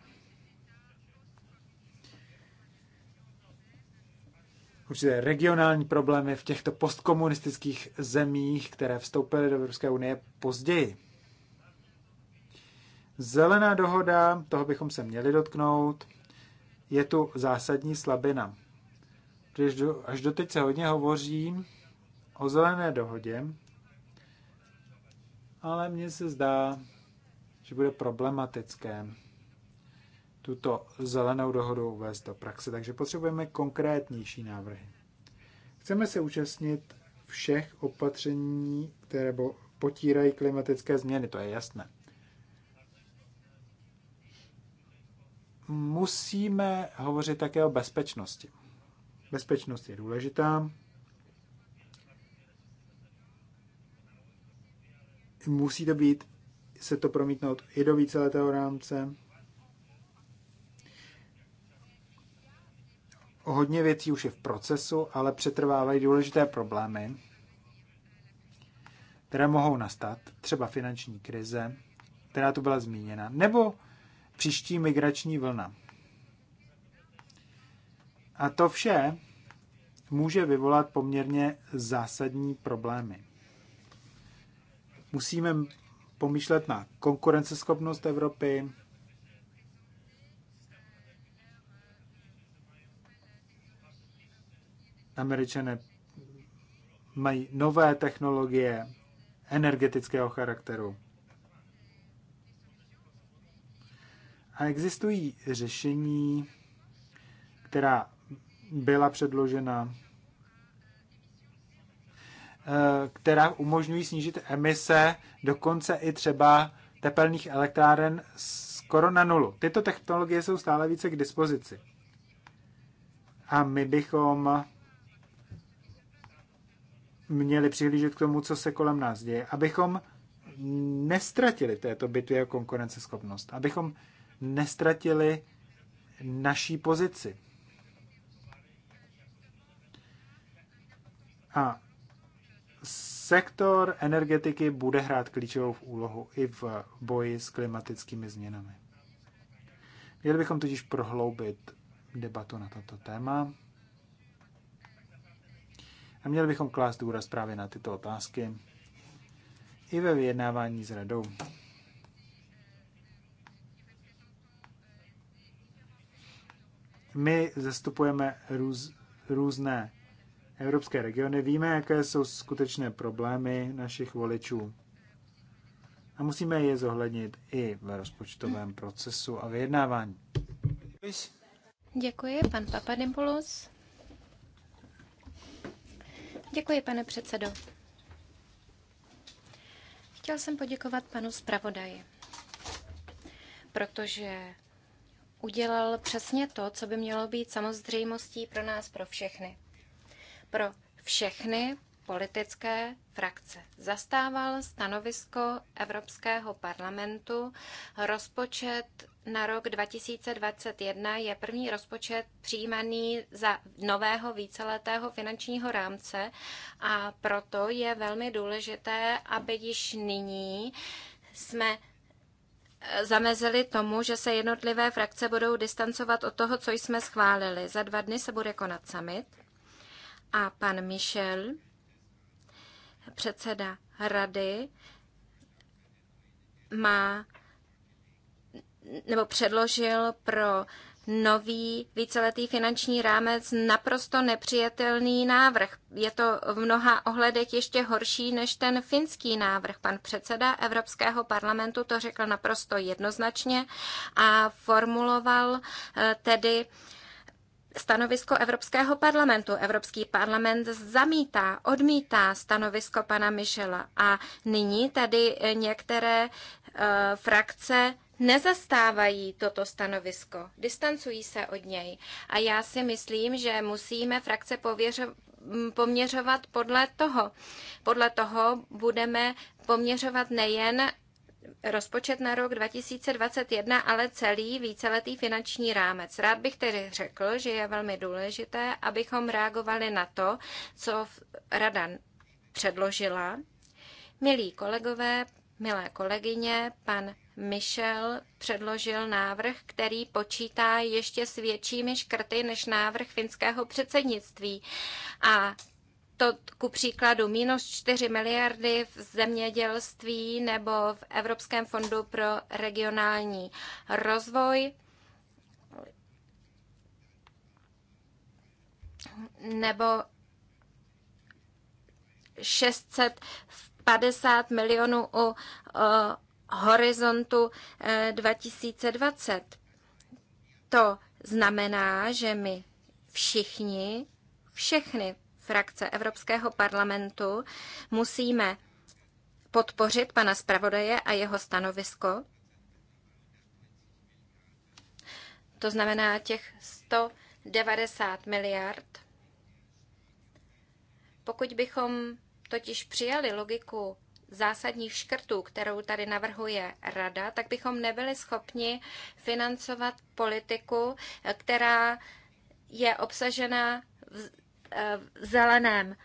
určité regionální problémy v těchto postkomunistických zemích, které vstoupily do Evropské unie později. Zelená dohoda, toho bychom se měli dotknout, je tu zásadní slabina. Když do, až doteď se hodně hovoří o zelené dohodě, ale mně se zdá, že bude problematické tuto zelenou dohodu uvést do praxe, takže potřebujeme konkrétnější návrhy. Chceme se účastnit všech opatření, které potírají klimatické změny, to je jasné. musíme hovořit také o bezpečnosti. Bezpečnost je důležitá. Musí to být, se to promítnout i do víceletého rámce. Hodně věcí už je v procesu, ale přetrvávají důležité problémy, které mohou nastat, třeba finanční krize, která tu byla zmíněna, nebo příští migrační vlna. A to vše může vyvolat poměrně zásadní problémy. Musíme pomýšlet na konkurenceschopnost Evropy, Američané mají nové technologie energetického charakteru. A existují řešení, která byla předložena, eh, která umožňují snížit emise dokonce i třeba tepelných elektráren skoro na nulu. Tyto technologie jsou stále více k dispozici. A my bychom měli přihlížet k tomu, co se kolem nás děje, abychom nestratili této bitvě konkurenceschopnost, abychom nestratili naší pozici. A sektor energetiky bude hrát klíčovou úlohu i v boji s klimatickými změnami. Měli bychom totiž prohloubit debatu na toto téma a měli bychom klást důraz právě na tyto otázky i ve vyjednávání s radou. My zastupujeme růz, různé evropské regiony, víme, jaké jsou skutečné problémy našich voličů a musíme je zohlednit i v rozpočtovém procesu a vyjednávání. Děkuji, pan Papadimoulos. Děkuji, pane předsedo. Chtěl jsem poděkovat panu zpravodaji, protože udělal přesně to, co by mělo být samozřejmostí pro nás, pro všechny. Pro všechny politické frakce. Zastával stanovisko Evropského parlamentu. Rozpočet na rok 2021 je první rozpočet přijímaný za nového víceletého finančního rámce a proto je velmi důležité, aby již nyní jsme zamezili tomu, že se jednotlivé frakce budou distancovat od toho, co jsme schválili. Za dva dny se bude konat summit a pan Michel, předseda rady, má nebo předložil pro nový víceletý finanční rámec naprosto nepřijatelný návrh. Je to v mnoha ohledech ještě horší než ten finský návrh. Pan předseda Evropského parlamentu to řekl naprosto jednoznačně a formuloval eh, tedy stanovisko Evropského parlamentu. Evropský parlament zamítá, odmítá stanovisko pana Michela a nyní tady eh, některé eh, frakce nezastávají toto stanovisko, distancují se od něj. A já si myslím, že musíme frakce pověřo- poměřovat podle toho. Podle toho budeme poměřovat nejen rozpočet na rok 2021, ale celý víceletý finanční rámec. Rád bych tedy řekl, že je velmi důležité, abychom reagovali na to, co Rada předložila. Milí kolegové, milé kolegyně, pan Michel předložil návrh, který počítá ještě s většími škrty než návrh finského předsednictví. A to ku příkladu minus 4 miliardy v zemědělství nebo v Evropském fondu pro regionální rozvoj. nebo 650 milionů u horizontu 2020. Eh, to znamená, že my všichni, všechny frakce Evropského parlamentu musíme podpořit pana zpravodaje a jeho stanovisko. To znamená těch 190 miliard. Pokud bychom totiž přijali logiku zásadních škrtů, kterou tady navrhuje Rada, tak bychom nebyli schopni financovat politiku, eh, která je obsažena v eh, zeleném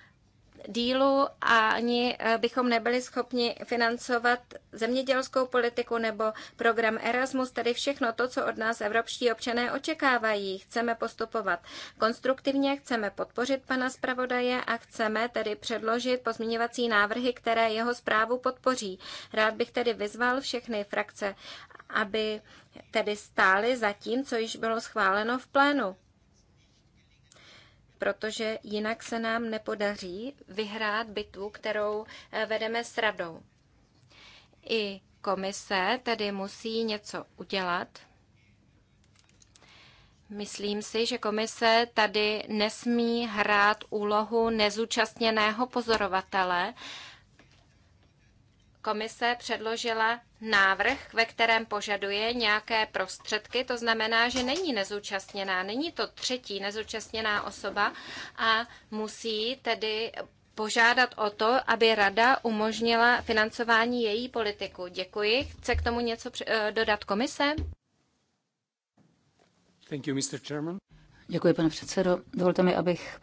dílu a ani eh, bychom nebyli schopni financovat zemědělskou politiku nebo program Erasmus, tedy všechno to, co od nás evropští občané očekávají. Chceme postupovat konstruktivně, chceme podpořit pana zpravodaje a chceme tedy předložit pozměňovací návrhy, které jeho zprávu podpoří. Rád bych tedy vyzval všechny frakce, aby tedy stály za tím, co již bylo schváleno v plénu protože jinak se nám nepodaří vyhrát bitvu, kterou eh, vedeme s radou. I komise tedy musí něco udělat. Myslím si, že komise tady nesmí hrát úlohu nezúčastněného pozorovatele, komise předložila návrh, ve kterém požaduje nějaké prostředky, to znamená, že není nezúčastněná, není to třetí nezúčastněná osoba a musí tedy požádat o to, aby rada umožnila financování její politiku. Děkuji. Chce k tomu něco eh, dodat komise? Thank you, Mr. Chairman. Děkuji, pane předsedo. Dovolte mi, abych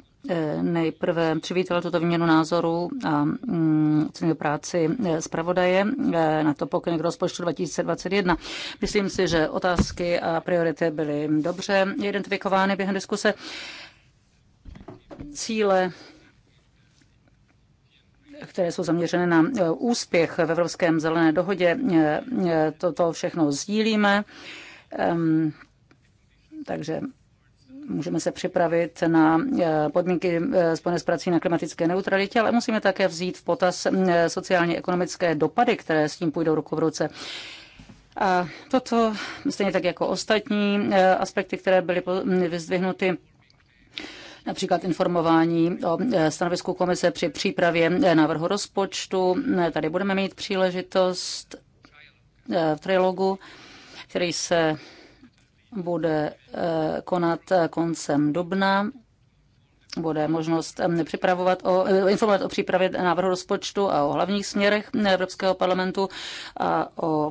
nejprve přivítal tuto výměnu názoru a mm, ocenil práci e, zpravodaje e, na to pokyn k rozpočtu 2021. Myslím si, že otázky a priority byly dobře identifikovány během diskuse. Cíle které jsou zaměřené na e, úspěch v Evropském zelené dohodě. Toto všechno sdílíme. Takže můžeme se připravit na eh, podmínky eh, spojené s prací na klimatické neutralitě, ale musíme také vzít v potaz eh, sociálně-ekonomické dopady, které s tím půjdou ruku v ruce. A toto, stejně tak jako ostatní aspekty, které byly mm, vyzdvihnuty, například informování o stanovisku komise při přípravě návrhu rozpočtu. Tady budeme mít příležitost v trilogu, který se bude eh, konat eh, koncem dubna bude možnost eh, připravovat o, informovat o přípravě návrhu rozpočtu a o hlavních směrech Evropského parlamentu a o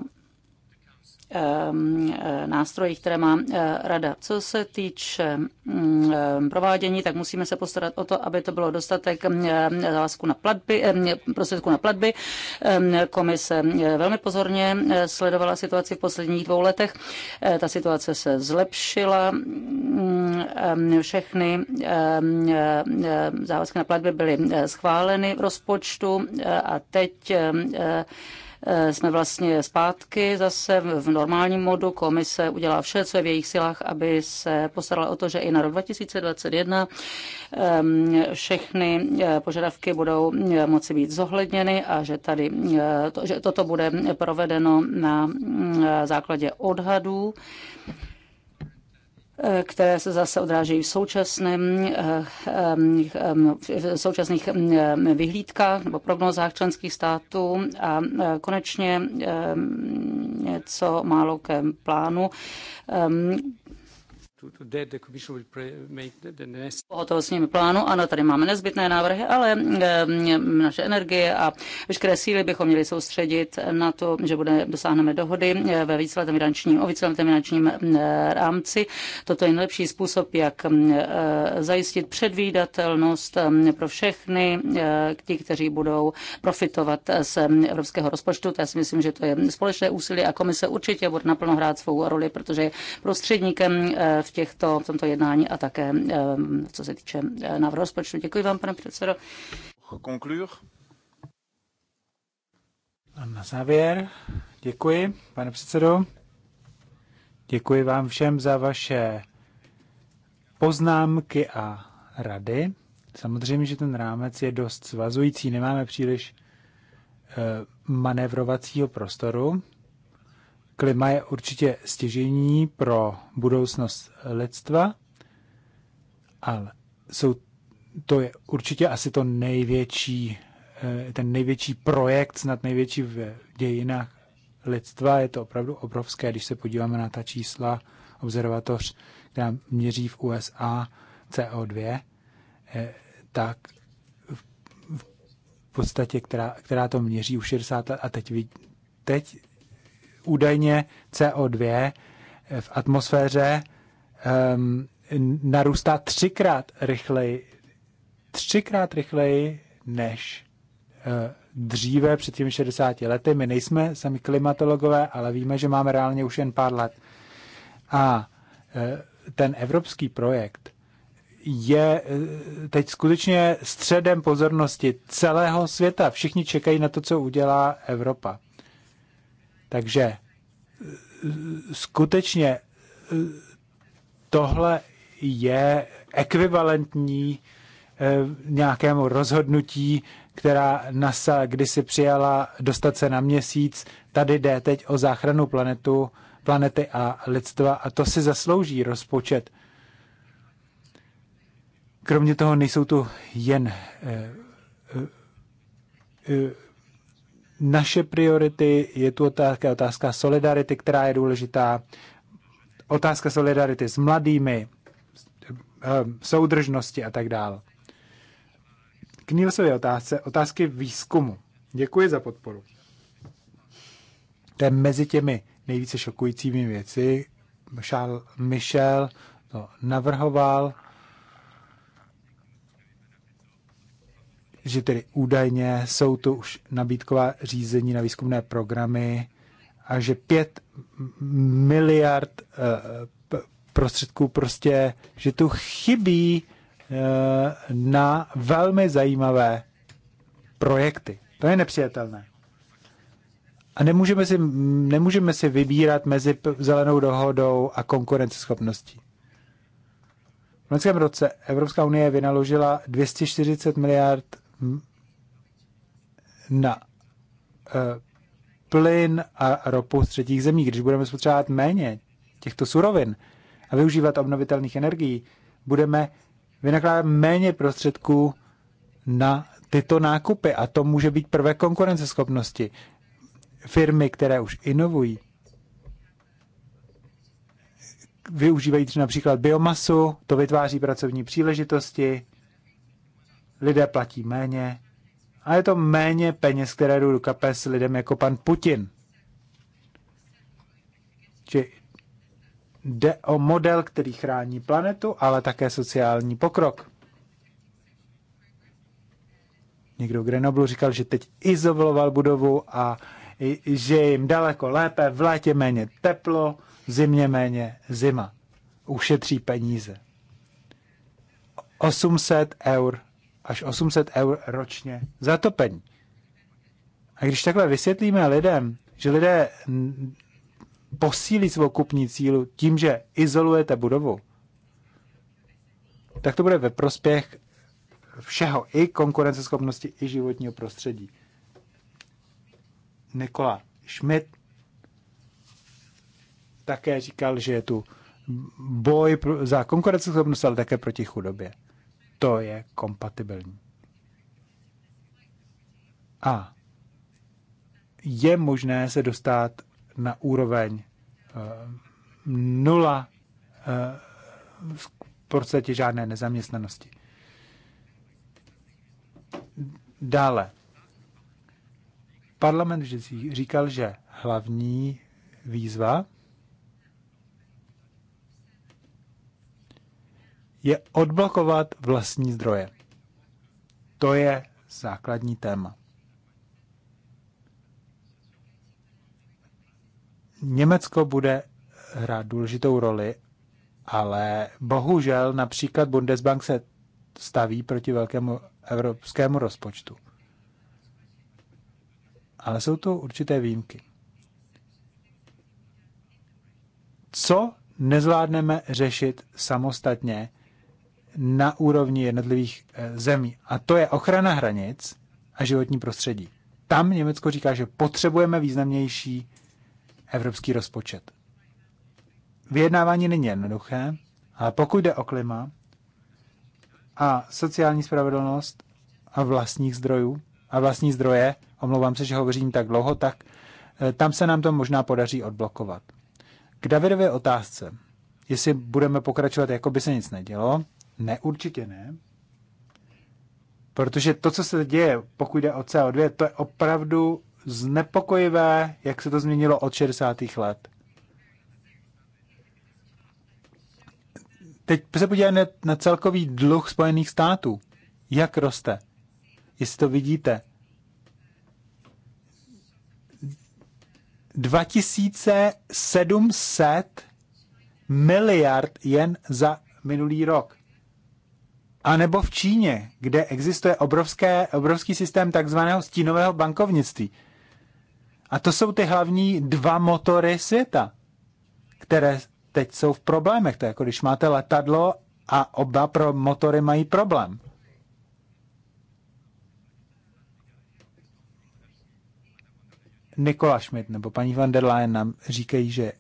Um, eh, nástrojích, které má eh, rada. Co se týče mm, eh, provádění, tak musíme se postarat o to, aby to bylo dostatek mm, závazku na platby, prostředku na platby. Ehm, komise velmi pozorně sledovala situaci v posledních dvou letech. Ta situace se zlepšila. Mm, ehm, všechny ehm, závazky na platby byly schváleny v rozpočtu a teď Eh, jsme vlastně zpátky zase v normálním modu. Komise udělá vše, co je v jejich silách, aby se postarala o to, že i na rok 2021 ehm, všechny eh, požadavky budou eh, moci být zohledněny a že tady že toto bude provedeno na mm, základě odhadů které se zase odrážejí v, současném, eh, eh, eh, v současných vyhlídkách nebo prognozách členských států a konečně něco málo ke plánu ehm, pohotovostním plánu. Ano, tady máme nezbytné návrhy, ale naše energie a veškeré síly bychom měli soustředit na to, že bude, dosáhneme dohody eh, ve víceletém finančním, o víceletém finančním rámci. Toto je nejlepší způsob, jak eh, zajistit předvídatelnost pro všechny, eh, ti, kteří budou profitovat z evropského rozpočtu. To já si myslím, že to je společné úsilí a komise určitě bude naplno hrát svou roli, protože je prostředníkem v, těchto, v tomto jednání a také co se týče eh, návrhu rozpočtu. Děkuji vám, pane předsedo. Conclure. A na závěr děkuji, pane předsedo. Děkuji vám všem za vaše poznámky a rady. Samozřejmě, že ten rámec je dost svazující, nemáme příliš eh, manévrovacího prostoru, Klima je určitě stěžení pro budoucnost lidstva, ale jsou, to je určitě asi to největší, eh, ten největší projekt, snad největší v dějinách lidstva. Je to opravdu obrovské, když se podíváme na ta čísla, observatoř, která měří v USA CO2, eh, tak v podstatě, která, která to měří už 60 let a teď, teď údajně CO2 v atmosféře um, narůstá třikrát rychleji, třikrát rychleji než uh, dříve, před těmi 60 lety. My nejsme sami klimatologové, ale víme, že máme reálně už jen pár let. A uh, ten evropský projekt je eh, teď skutečně středem pozornosti celého světa. Všichni čekají na to, co udělá Evropa. Takže e, skutečně e, tohle je ekvivalentní e, nějakému rozhodnutí, která NASA kdysi přijala dostat se na měsíc. Tady jde teď o záchranu planetu, planety a lidstva a to si zaslouží rozpočet. Kromě toho nejsou tu jen naše priority, je tu otázka, otázka solidarity, která je důležitá, otázka solidarity s mladými, eh, soudržnosti a tak dále. K Nilsově otázce, otázky výzkumu. Děkuji za podporu. To je mezi těmi nejvíce šokujícími věci. Charles Michel to navrhoval že tedy údajně jsou to už nabídková řízení na výzkumné programy a že 5 miliard eh, prostředků prostě, že tu chybí eh, na velmi zajímavé projekty. To je nepřijatelné. A nemůžeme si, nemůžeme si vybírat mezi zelenou dohodou a konkurenceschopností. V loňském roce Evropská unie vynaložila 240 miliard na eh, plyn a ropu z třetích zemí, když budeme spotřebovat méně těchto surovin a využívat obnovitelných energií, budeme vynakládat méně prostředků na tyto nákupy a to může být prvé konkurenceschopnosti. Firmy, které už inovují, využívají například biomasu, to vytváří pracovní příležitosti, lidé platí méně a je to méně peněz, které jdou do kapes lidem jako pan Putin. Či jde o model, který chrání planetu, ale také sociální pokrok. Někdo v Grenoblu říkal, že teď izoloval budovu a že jim daleko lépe, v létě méně teplo, v zimě méně zima. Ušetří peníze. 800 eur až 800 eur ročně za topení. A když takhle vysvětlíme lidem, že lidé posílí svou kupní cílu tím, že izolujete budovu, tak to bude ve prospěch všeho, i konkurenceschopnosti, i životního prostředí. Nikola Schmidt také říkal, že je tu boj za konkurenceschopnost, ale také proti chudobě to je kompatibilní. A je možné se dostat na úroveň eh, nula eh, v podstatě žádné nezaměstnanosti. Dále. Parlament říkal, že hlavní výzva je odblokovat vlastní zdroje. To je základní téma. Německo bude hrát důležitou roli, ale bohužel například Bundesbank se staví proti velkému evropskému rozpočtu. Ale jsou to určité výjimky. Co nezvládneme řešit samostatně, na úrovni jednotlivých eh, zemí. A to je ochrana hranic a životní prostředí. Tam Německo říká, že potřebujeme významnější evropský rozpočet. Vyjednávání není jednoduché, ale pokud jde o klima a sociální spravedlnost a vlastních zdrojů a vlastní zdroje, omlouvám se, že hovořím tak dlouho, tak eh, tam se nám to možná podaří odblokovat. K Davidově otázce, jestli budeme pokračovat, jako by se nic nedělo, ne, určitě ne. Protože to, co se děje, pokud jde o CO2, to je opravdu znepokojivé, jak se to změnilo od 60. let. Teď se podívejme na celkový dluh Spojených států. Jak roste? Jestli to vidíte. 2700 miliard jen za minulý rok. A nebo v Číně, kde existuje obrovské, obrovský systém takzvaného stínového bankovnictví. A to jsou ty hlavní dva motory světa, které teď jsou v problémech. To je jako když máte letadlo a oba pro motory mají problém. Nikola Schmidt nebo paní van der Leyen nám říkají, že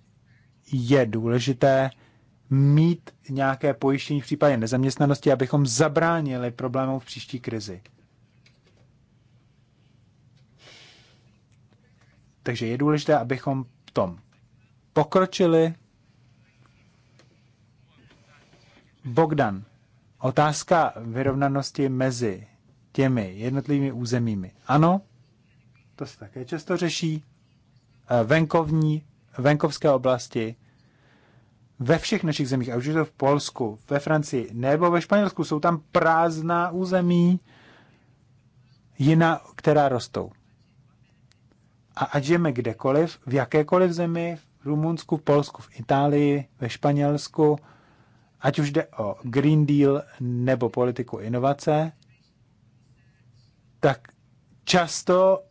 je důležité mít nějaké pojištění v případě nezaměstnanosti, abychom zabránili problémům v příští krizi. Takže je důležité, abychom v tom pokročili. Bogdan, otázka vyrovnanosti mezi těmi jednotlivými územími. Ano, to se také často řeší. Eh, venkovní, venkovské oblasti ve všech našich zemích, a už to v Polsku, ve Francii nebo ve Španělsku, jsou tam prázdná území, jiná, která rostou. A ať žijeme kdekoliv, v jakékoliv zemi, v Rumunsku, v Polsku, v Itálii, ve Španělsku, ať už jde o Green Deal nebo politiku inovace, tak často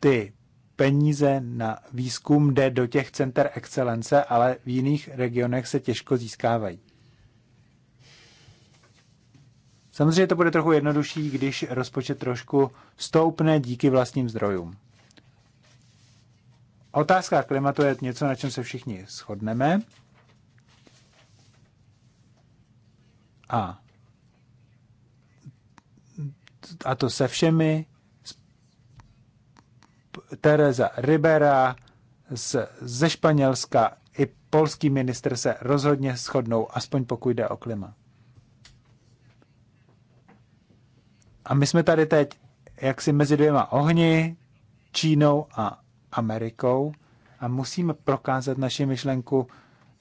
ty peníze na výzkum jde do těch center excelence, ale v jiných regionech se těžko získávají. Samozřejmě to bude trochu jednodušší, když rozpočet trošku stoupne díky vlastním zdrojům. Otázka klimatu je něco, na čem se všichni shodneme. A, a to se všemi Teresa Ribera z, ze Španělska i polský minister se rozhodně shodnou, aspoň pokud jde o klima. A my jsme tady teď jaksi mezi dvěma ohni, Čínou a Amerikou a musíme prokázat naši myšlenku,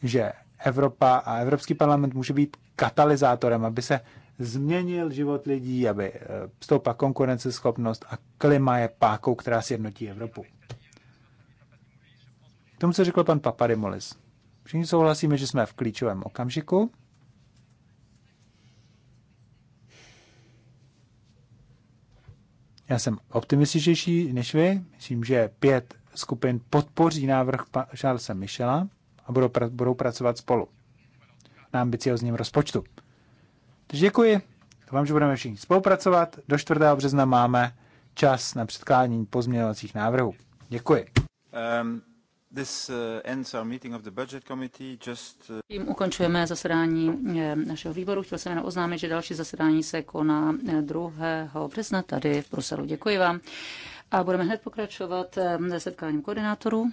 že Evropa a Evropský parlament může být katalyzátorem, aby se změnil život lidí, aby eh, stoupla konkurenceschopnost a klima je pákou, která sjednotí Evropu. K tomu, co řekl pan Papadimolis. Všichni souhlasíme, že jsme v klíčovém okamžiku. Já jsem optimističnější než vy. Myslím, že pět skupin podpoří návrh Charlesa Michela a budou, pra, budou pracovat spolu na ambiciozním rozpočtu. Takže děkuji. Vám, že budeme všichni spolupracovat. Do 4. března máme čas na předkládání pozměňovacích návrhů. Děkuji. Um, this, uh, Just, uh... Tím ukončujeme zasedání eh, našeho výboru. Chtěl jsem jenom oznámit, že další zasedání se koná 2. Eh, března tady v Bruselu. Děkuji vám. A budeme hned pokračovat eh, se setkáním koordinátorů.